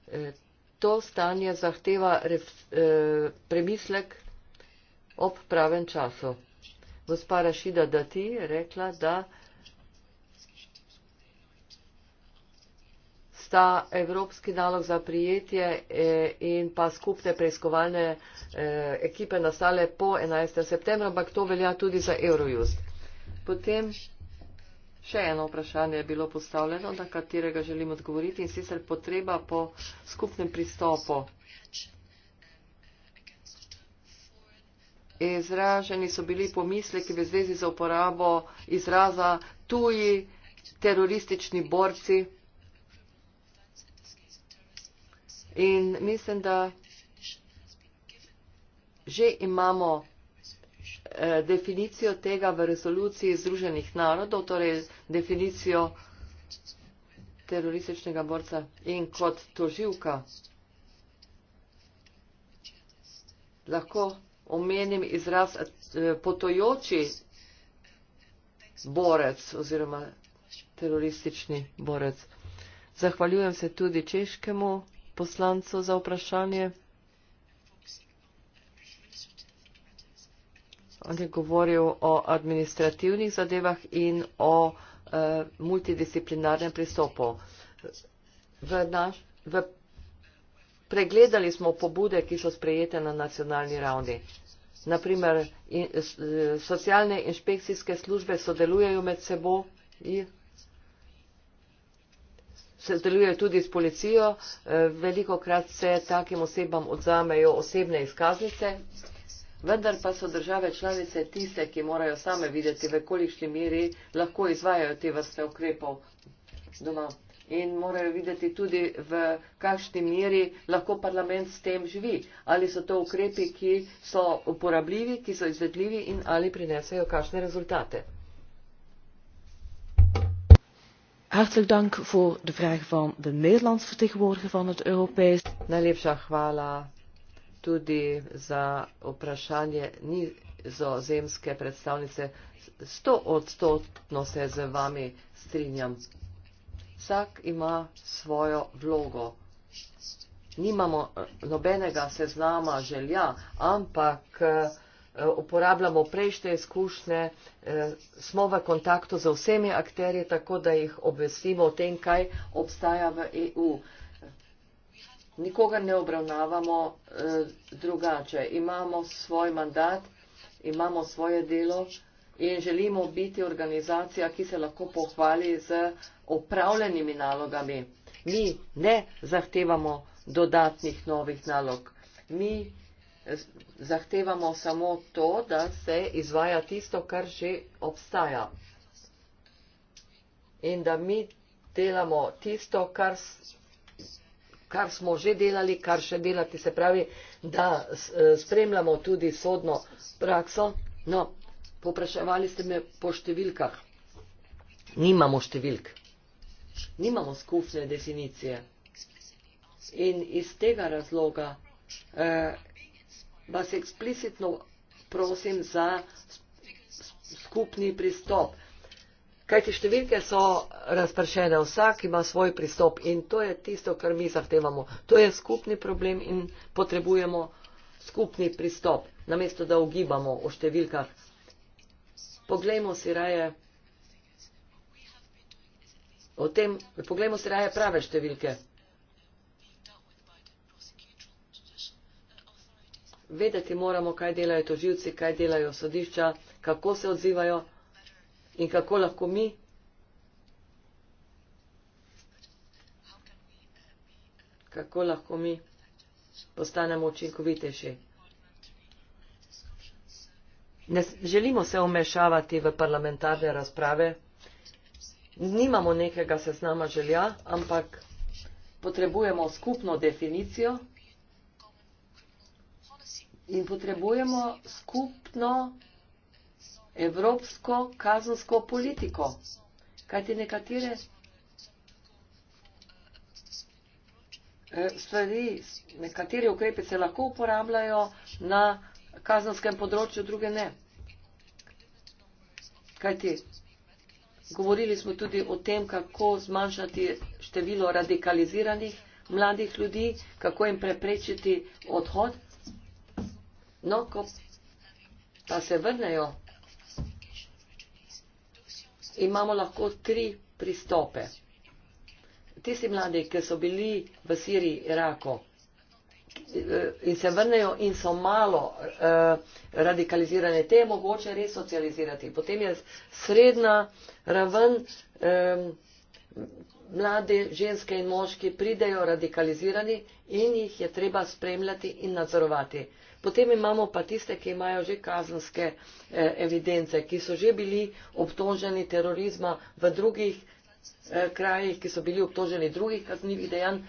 eh, to stanje zahteva eh, premislek ob pravem času. Gospa Rašida Dati je rekla, da sta evropski nalog za prijetje e, in pa skupne preiskovalne e, ekipe nastale po 11. septembra, ampak to velja tudi za Eurojust. Potem še eno vprašanje je bilo postavljeno, na katerega želim odgovoriti in sicer potreba po skupnem pristopu. Izraženi so bili pomisleki v zvezi za uporabo izraza tuji teroristični borci. In mislim, da že imamo eh, definicijo tega v rezoluciji Združenih narodov, torej definicijo terorističnega borca in kot toživka. Lahko omenim izraz eh, potojoči borec oziroma teroristični borec. Zahvaljujem se tudi češkemu poslancu za vprašanje. On je govoril o administrativnih zadevah in o uh, multidisciplinarnem pristopu. V naš, v pregledali smo pobude, ki so sprejete na nacionalni ravni. Naprimer, in, socialne inšpekcijske službe sodelujejo med seboj sodeluje tudi s policijo. Eh, Velikokrat se takim osebam odzamejo osebne izkaznice, vendar pa so države članice tiste, ki morajo same videti, v kolikšni meri lahko izvajajo te vrste ukrepov doma. In morajo videti tudi, v kakšni meri lahko parlament s tem živi, ali so to ukrepi, ki so uporabljivi, ki so izvedljivi in ali prinesejo kakšne rezultate. hartelijk dank voor de vraag van de Nederlands vertegenwoordiger van het Europees. Najlepša hvala tudi za vprašanje nizozemske predstavnice. 100 se z vami strinjam. Vsak ima svojo vlogo. Nimamo eh, nobenega seznama želja, ampak eh, Eh, uporabljamo prejšnje izkušnje eh, smo v kontaktu z vsemi akterji tako da jih obvestimo o tem kaj obstaja v EU. Nikogar ne obravnavamo eh, drugače. Imamo svoj mandat, imamo svoje delo in želimo biti organizacija, ki se lahko pohvali z opravljenimi nalogami. Mi ne zahtevamo dodatnih novih nalog. Mi zahtevamo samo to, da se izvaja tisto, kar že obstaja. In da mi delamo tisto, kar, kar smo že delali, kar še delati, se pravi, da spremljamo tudi sodno prakso. No, popraševali ste me po številkah. Nimamo številk. Nimamo skupne definicije. In iz tega razloga eh, vas eksplicitno prosim za skupni pristop. Kajti številke so razpršene, vsak ima svoj pristop in to je tisto, kar mi zahtevamo. To je skupni problem in potrebujemo skupni pristop, namesto da ugibamo o številkah. Poglejmo si raje, o tem, poglejmo si raje prave številke. vedeti moramo, kaj delajo toživci, kaj delajo sodišča, kako se odzivajo in kako lahko mi. kako lahko mi postanemo učinkovitejši. Ne želimo se omešavati v parlamentarne razprave, nimamo nekega seznama želja, ampak potrebujemo skupno definicijo in potrebujemo skupno evropsko kazensko politiko, kajti nekatere eh, stvari, nekatere ukrepe se lahko uporabljajo na kazenskem področju, druge ne. Kajti, govorili smo tudi o tem, kako zmanjšati število radikaliziranih mladih ljudi, kako jim preprečiti odhod. No, ko pa se vrnejo, imamo lahko tri pristope. Tisti mladi, ki so bili v Siriji, Irako in se vrnejo in so malo uh, radikalizirane, te je mogoče res socializirati. Potem je srednja raven. Um, Mlade ženske in moški pridejo radikalizirani in jih je treba spremljati in nadzorovati potem imamo pa tiste, ki imajo že kazenske eh, evidence, ki so že bili obtoženi terorizma v drugih eh, krajih, ki so bili obtoženi drugih kaznjivih dejanj.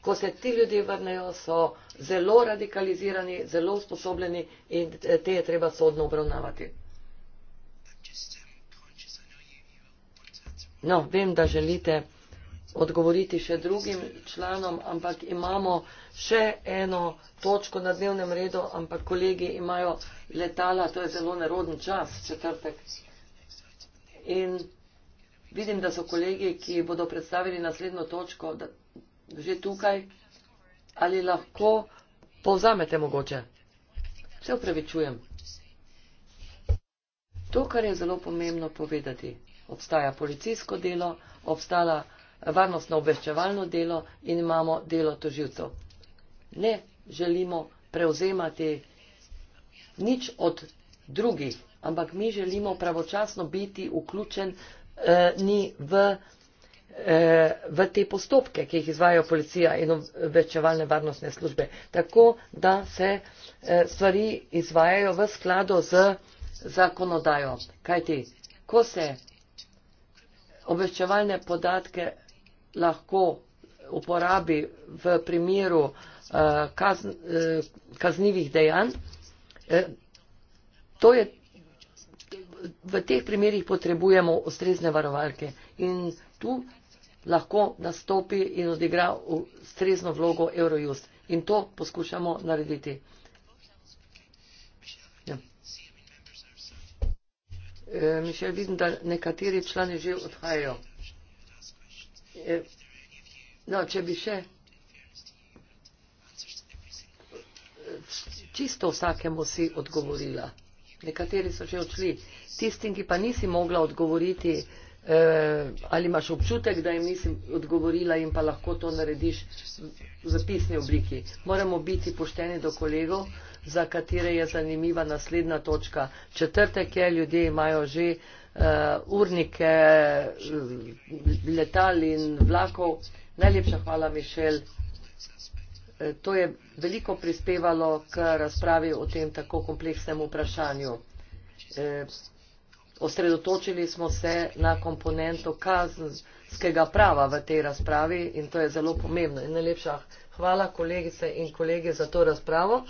Ko se ti ljudje vrnejo, so zelo radikalizirani, zelo usposobljeni in eh, te je treba sodno obravnavati. No, vem, da želite odgovoriti še drugim članom, ampak imamo še eno točko na dnevnem redu, ampak kolegi imajo letala, to je zelo neroden čas, četrtek. In vidim, da so kolegi, ki bodo predstavili naslednjo točko, da, že tukaj. Ali lahko povzamete mogoče? Se upravičujem. To, kar je zelo pomembno povedati, obstaja policijsko delo, obstala varnostno obveščevalno delo in imamo delo toživcev ne želimo prevzemati nič od drugih, ampak mi želimo pravočasno biti vključeni eh, v, eh, v te postopke, ki jih izvajo policija in obvečevalne varnostne službe, tako da se eh, stvari izvajajo v skladu z zakonodajo. Kajti, ko se obveščevalne podatke lahko uporabi v primeru eh, Eh, kazn, eh, kaznivih dejanj. Eh, to je, v teh primerjih potrebujemo ustrezne varovalke in tu lahko nastopi in odigra ustrezno vlogo Eurojust in to poskušamo narediti. Ja. Mišel, vidim, da nekateri člani že odhajajo. No, če bi še. čisto vsakemu si odgovorila. Nekateri so že odšli. Tistim, ki pa nisi mogla odgovoriti, eh, ali imaš občutek, da jim nisi odgovorila in pa lahko to narediš v zapisni obliki. Moramo biti pošteni do kolegov, za katere je zanimiva naslednja točka. Četrtek je, ljudje imajo že eh, urnike eh, letal in vlakov. Najlepša hvala, Mišel. Eh, to je veliko prispevalo k razpravi o tem tako kompleksnem vprašanju. Eh, osredotočili smo se na komponento kazenskega prava v tej razpravi in to je zelo pomembno. In najlepša hvala kolegice in kolege za to razpravo.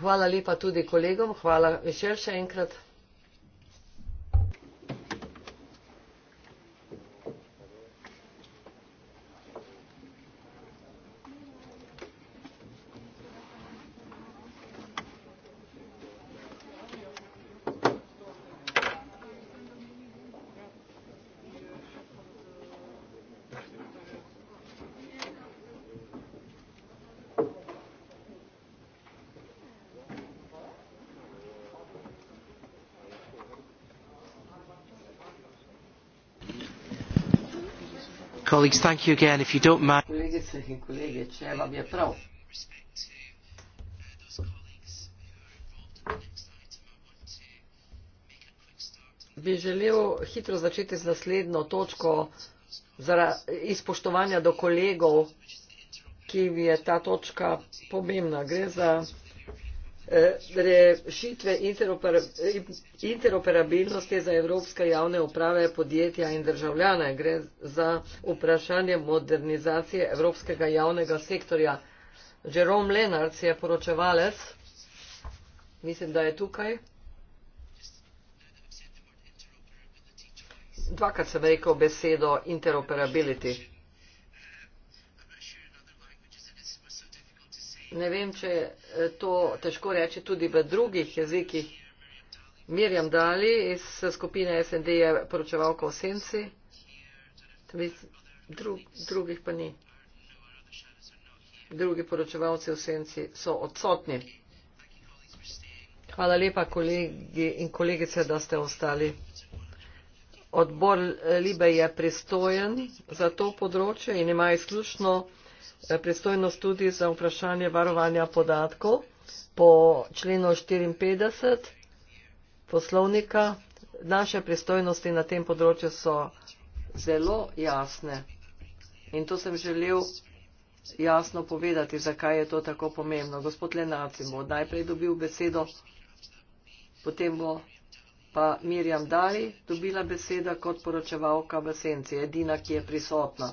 Hvala lepa tudi kolegom, hvala še enkrat. colleagues, thank you again. If you don't mind. bi želel hitro začeti z naslednjo točko izpoštovanja do kolegov, ki je ta točka pomembna. Gre za Eh, rešitve interoperabilnosti za evropske javne uprave podjetja in državljane. Gre za vprašanje modernizacije evropskega javnega sektorja. Jerome Lenarc je poročevalec, mislim, da je tukaj. Dvakrat sem rekel besedo interoperability. Ne vem, če je eh, to težko reči tudi v drugih jezikih. Mirjam Dali iz eh, skupine SND je poročevalka o senci, drug, drugih pa ni. Drugi poročevalci v senci so odsotni. Hvala lepa, kolegi in kolegice, da ste ostali. Odbor eh, Libe je pristojen za to področje in ima izključno. Eh, pristojnost tudi za vprašanje varovanja podatkov po členu 54 poslovnika. Naše pristojnosti na tem področju so zelo jasne in to sem želel jasno povedati, zakaj je to tako pomembno. Gospod Lenaci bo najprej dobil besedo, potem bo pa Mirjam Dali dobila beseda kot poročevalka v senci, edina, ki je prisotna.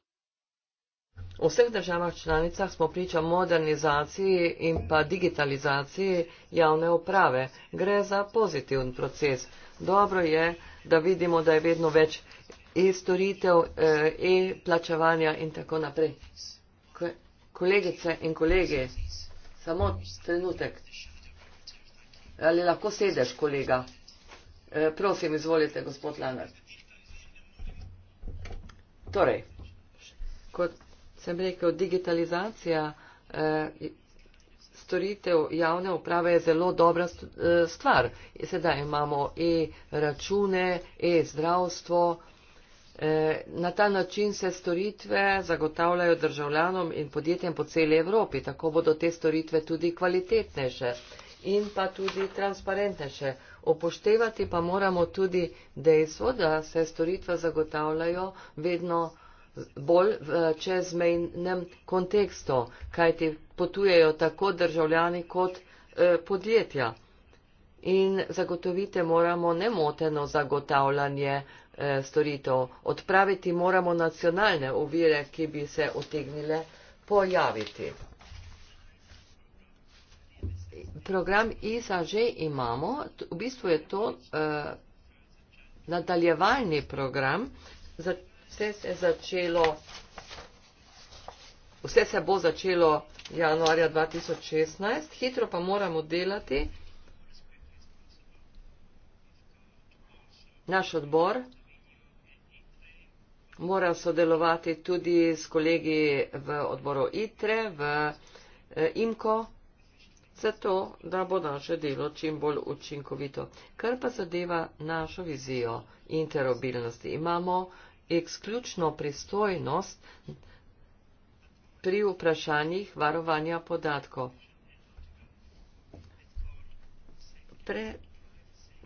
V vseh državah članicah smo priča modernizaciji in pa digitalizaciji javne uprave. Gre za pozitiven proces. Dobro je, da vidimo, da je vedno več e-storitev, eh, e-plačevanja in tako naprej. Kolegice in kolege, samo trenutek. Ali lahko sedeš, kolega? E, prosim, izvolite, gospod Lanar. Torej, kot sem rekel, digitalizacija eh, storitev javne uprave je zelo dobra eh, stvar. Sedaj imamo e-račune, e-zdravstvo. Eh, na ta način se storitve zagotavljajo državljanom in podjetjem po celi Evropi. Tako bodo te storitve tudi kvalitetnejše in pa tudi transparentnejše. Upoštevati pa moramo tudi dejstvo, da se storitve zagotavljajo vedno bolj v čezmejnem kontekstu, kajti potujejo tako državljani kot e, podjetja. In zagotovite moramo nemoteno zagotavljanje e, storitev. Odpraviti moramo nacionalne ovire, ki bi se otegnile pojaviti. Program ISA že imamo, v bistvu je to eh, nadaljevalni program, Vse se je začelo, vse se bo začelo januarja 2016, hitro pa moramo delati. Naš odbor mora sodelovati tudi s kolegi v odboru ITRE, v eh, IMKO, zato, da bo naše delo čim bolj učinkovito. Kar pa zadeva našo vizijo interobilnosti, imamo eksključno pristojnost pri vprašanjih varovanja podatkov. Pre,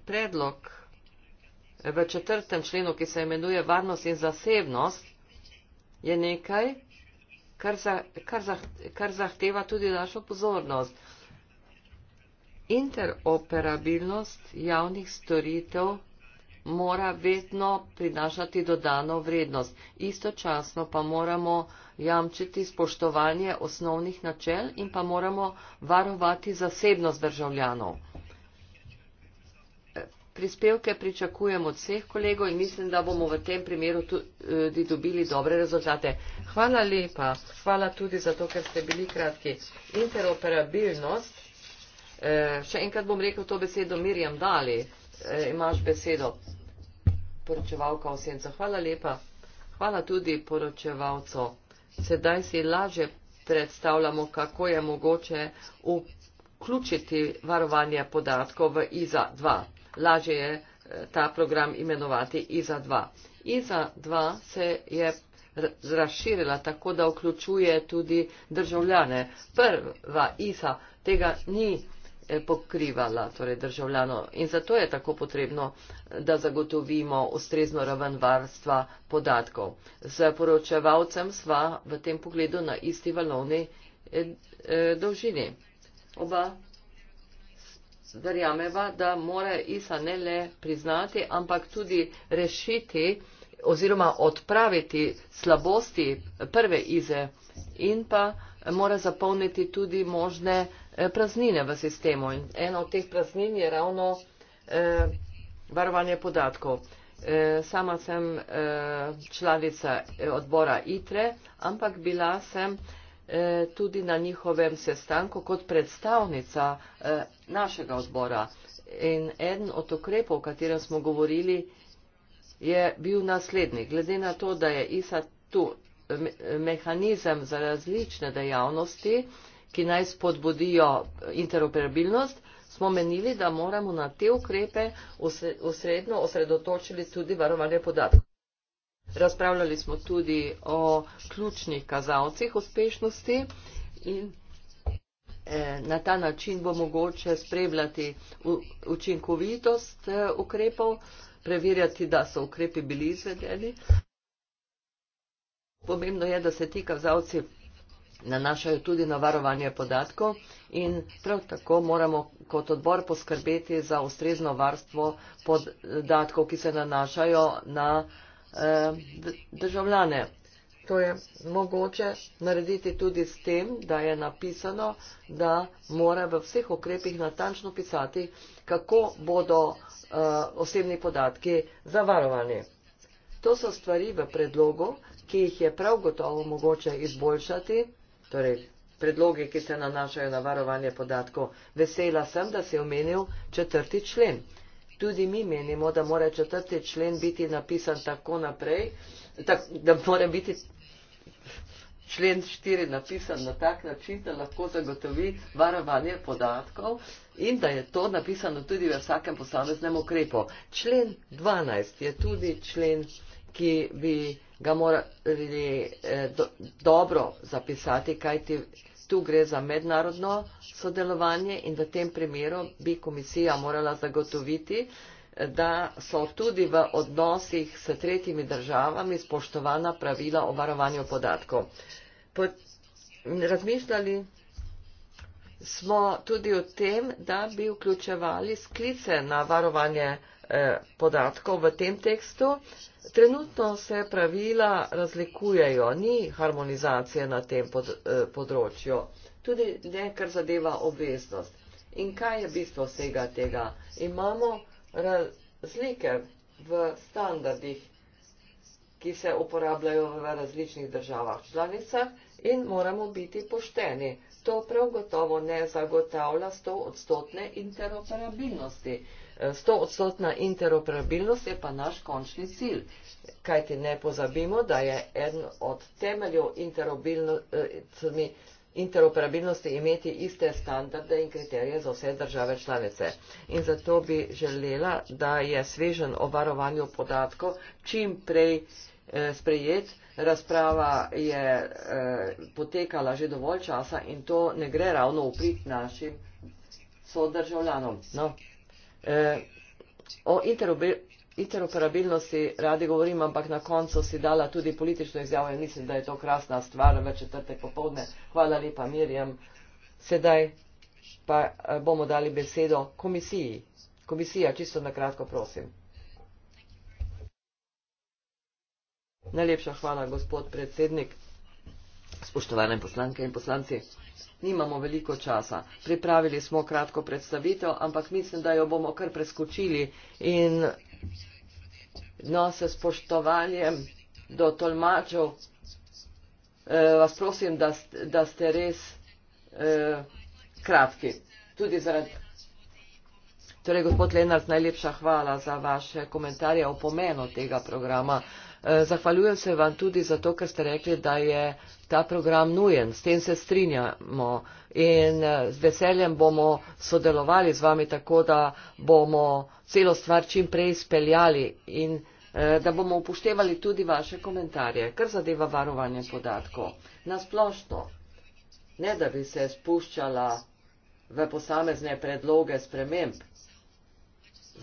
predlog v četrtem členu, ki se imenuje varnost in zasebnost, je nekaj, kar, za, kar, za, kar zahteva tudi našo pozornost. Interoperabilnost javnih storitev mora vedno prinašati dodano vrednost. Istočasno pa moramo jamčiti spoštovanje osnovnih načel in pa moramo varovati zasebnost državljanov. E, prispevke pričakujem od vseh kolegov in mislim, da bomo v tem primeru tudi dobili dobre rezultate. Hvala lepa. Hvala tudi za to, ker ste bili kratki. Interoperabilnost. E, še enkrat bom rekel to besedo Mirjam Dali. E, imaš besedo poročevalka v senco. Hvala lepa. Hvala tudi poročevalcu. Sedaj si laže predstavljamo, kako je mogoče vključiti varovanje podatkov v IZA-2. Laže je eh, ta program imenovati IZA-2. IZA-2 se je razširila tako, da vključuje tudi državljane. Prva IZA tega ni Eh, pokrivala torej državljano. In zato je tako potrebno, da zagotovimo ustrezno raven varstva podatkov. Z poročevalcem sva v tem pogledu na isti valovni eh, eh, dolžini. Oba verjameva, da mora ISA ne le priznati, ampak tudi rešiti oziroma odpraviti slabosti prve ize in pa mora zapolniti tudi možne Eh, praznine v sistemu in ena od teh praznin je ravno eh, varovanje podatkov. Eh, sama sem eh, članica eh, odbora ITRE, ampak bila sem eh, tudi na njihovem sestanku kot predstavnica eh, našega odbora. In eden od okrepov, o katerem smo govorili, je bil naslednji. Glede na to, da je ISA tu mehanizem za različne dejavnosti, eh, ki naj spodbudijo interoperabilnost, smo menili, da moramo na te ukrepe osredno osredotočili tudi varovanje podatkov. Razpravljali smo tudi o ključnih kazalcih uspešnosti in eh, na ta način bo mogoče spremljati učinkovitost eh, ukrepov, preverjati, da so ukrepi bili izvedeni. Pomembno je, da se ti kazalci nanašajo tudi na varovanje podatkov in prav tako moramo kot odbor poskrbeti za ustrezno varstvo podatkov, ki se nanašajo na eh, državljane. To je mogoče narediti tudi s tem, da je napisano, da mora v vseh okrepih natančno pisati, kako bodo eh, osebni podatki zavarovani. To so stvari v predlogu, ki jih je prav gotovo mogoče izboljšati torej predloge, ki se nanašajo na varovanje podatkov. Vesela sem, da si omenil četrti člen. Tudi mi menimo, da mora četrti člen biti napisan tako naprej, tak, da mora biti člen 4 napisan na tak način, da lahko zagotovi varovanje podatkov in da je to napisano tudi v vsakem posameznem ukrepu. Člen 12 je tudi člen, ki bi ga morali eh, do, dobro zapisati, kajti tu gre za mednarodno sodelovanje in v tem primeru bi komisija morala zagotoviti, eh, da so tudi v odnosih s tretjimi državami spoštovana pravila o varovanju podatkov. Razmišljali smo tudi o tem, da bi vključevali sklice na varovanje podatkov Eh, podatkov v tem tekstu. Trenutno se pravila razlikujejo, ni harmonizacije na tem pod, eh, področju, tudi ne, kar zadeva obveznost. In kaj je bistvo vsega tega? Imamo razlike v standardih, ki se uporabljajo v različnih državah članicah in moramo biti pošteni. To prav gotovo ne zagotavlja 100-odstotne interoperabilnosti stoodstotna interoperabilnost je pa naš končni cilj. Kajti ne pozabimo, da je eden od temeljev eh, interoperabilnosti imeti iste standarde in kriterije za vse države članice. In zato bi želela, da je svežen o varovanju podatkov čim prej eh, sprejet. Razprava je eh, potekala že dovolj časa in to ne gre ravno upriti našim sodržavljanom. No. Eh, o interoperabilnosti radi govorim, ampak na koncu si dala tudi politično izjavo in mislim, da je to krasna stvar v četrtek popovdne. Hvala lepa, Mirjam. Sedaj pa eh, bomo dali besedo komisiji. Komisija, čisto na kratko, prosim. Najlepša hvala, gospod predsednik. Spoštovane poslanke in poslanci. Nimamo veliko časa. Pripravili smo kratko predstavitev, ampak mislim, da jo bomo kar preskočili in no, se spoštovanjem do tolmačev eh, vas prosim, da, da ste res eh, kratki. Tudi zaradi. Torej, gospod Lenart, najlepša hvala za vaše komentarje o pomenu tega programa. Eh, Eh, zahvaljujem se vam tudi za to, ker ste rekli, da je ta program nujen. S tem se strinjamo in eh, z veseljem bomo sodelovali z vami tako, da bomo celo stvar čim prej speljali in eh, da bomo upoštevali tudi vaše komentarje, kar zadeva varovanje podatkov. Nasplošno, ne da bi se spuščala v posamezne predloge sprememb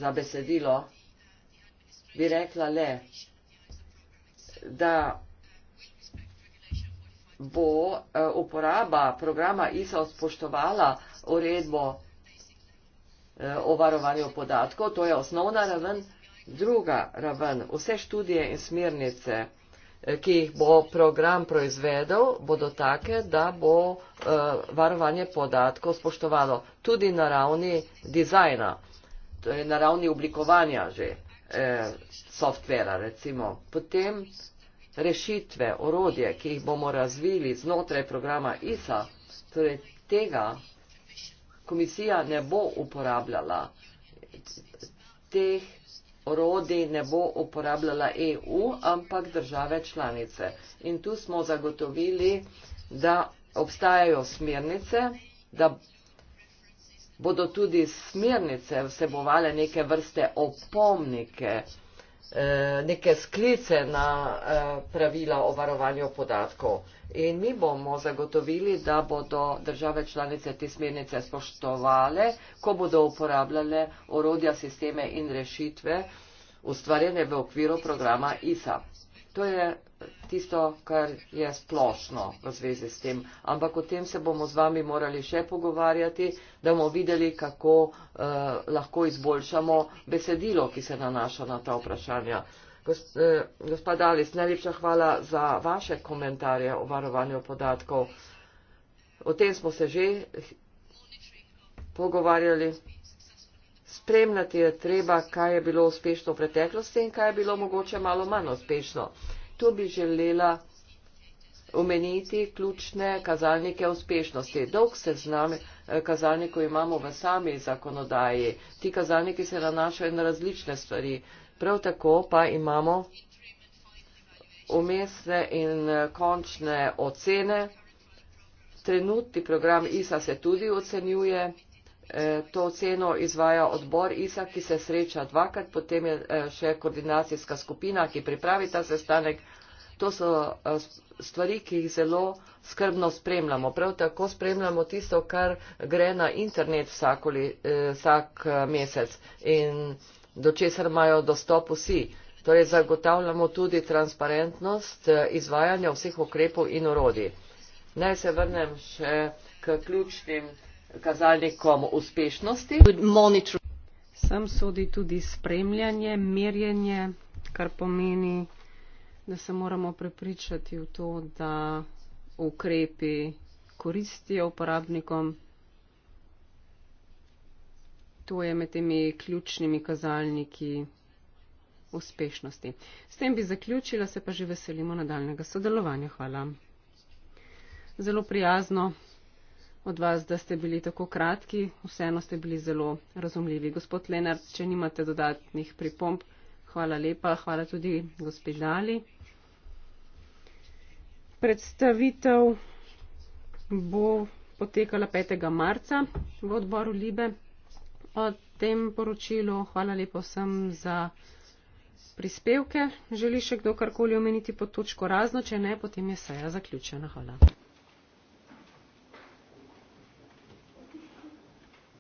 za besedilo, bi rekla le, da bo eh, uporaba programa ISA spoštovala uredbo eh, o varovanju podatkov. To je osnovna raven. Druga raven, vse študije in smernice, eh, ki jih bo program proizvedel, bodo take, da bo varovanje podatkov spoštovalo tudi na ravni dizajna, torej na ravni oblikovanja že eh, softvera recimo. Potem rešitve, orodje, ki jih bomo razvili znotraj programa ISA, torej tega komisija ne bo uporabljala, teh orodij ne bo uporabljala EU, ampak države članice. In tu smo zagotovili, da obstajajo smernice, da bodo tudi smernice vsebovale neke vrste opomnike, eh, neke sklice na eh, pravila o varovanju podatkov. In mi bomo zagotovili, da bodo države članice te smernice spoštovale, ko bodo uporabljale orodja, sisteme in rešitve ustvarjene v okviru programa ISA. To je tisto, kar je splošno v zvezi s tem. Ampak o tem se bomo z vami morali še pogovarjati, da bomo videli, kako eh, lahko izboljšamo besedilo, ki se nanaša na ta vprašanja. Eh, Gospod Dalis, najlepša hvala za vaše komentarje o varovanju podatkov. O tem smo se že pogovarjali. Spremljati je treba, kaj je bilo uspešno v preteklosti in kaj je bilo mogoče malo manj uspešno. Tu bi želela omeniti ključne kazalnike uspešnosti. Dolg se z nami eh, kazalnikov imamo v sami zakonodaji. Ti kazalniki se nanašajo na različne stvari. Prav tako pa imamo umestne in eh, končne ocene. Trenutni program ISA se tudi ocenjuje to oceno izvaja odbor ISA, ki se sreča dvakrat, potem je eh, še koordinacijska skupina, ki pripravi ta sestanek. To so eh, stvari, ki jih zelo skrbno spremljamo. Prav tako spremljamo tisto, kar gre na internet vsakoli, vsak eh, mesec in do česar imajo dostop vsi. Torej zagotavljamo tudi transparentnost izvajanja vseh ukrepov in orodij. Naj se vrnem še k ključnim kazalnikom uspešnosti. Sem sodi tudi spremljanje, merjenje, kar pomeni, da se moramo prepričati v to, da ukrepi koristijo uporabnikom. To je med temi ključnimi kazalniki uspešnosti. S tem bi zaključila, se pa že veselimo nadaljnega sodelovanja. Hvala. Zelo prijazno od vas, da ste bili tako kratki, vseeno ste bili zelo razumljivi. Gospod Lenart, če nimate dodatnih pripomb, hvala lepa, hvala tudi gospod Dali. Predstavitev bo potekala 5. marca v odboru Libe. O tem poročilu hvala lepa vsem za prispevke. Želi še kdo karkoli omeniti pod točko razno, če ne, potem je seja zaključena. Hvala.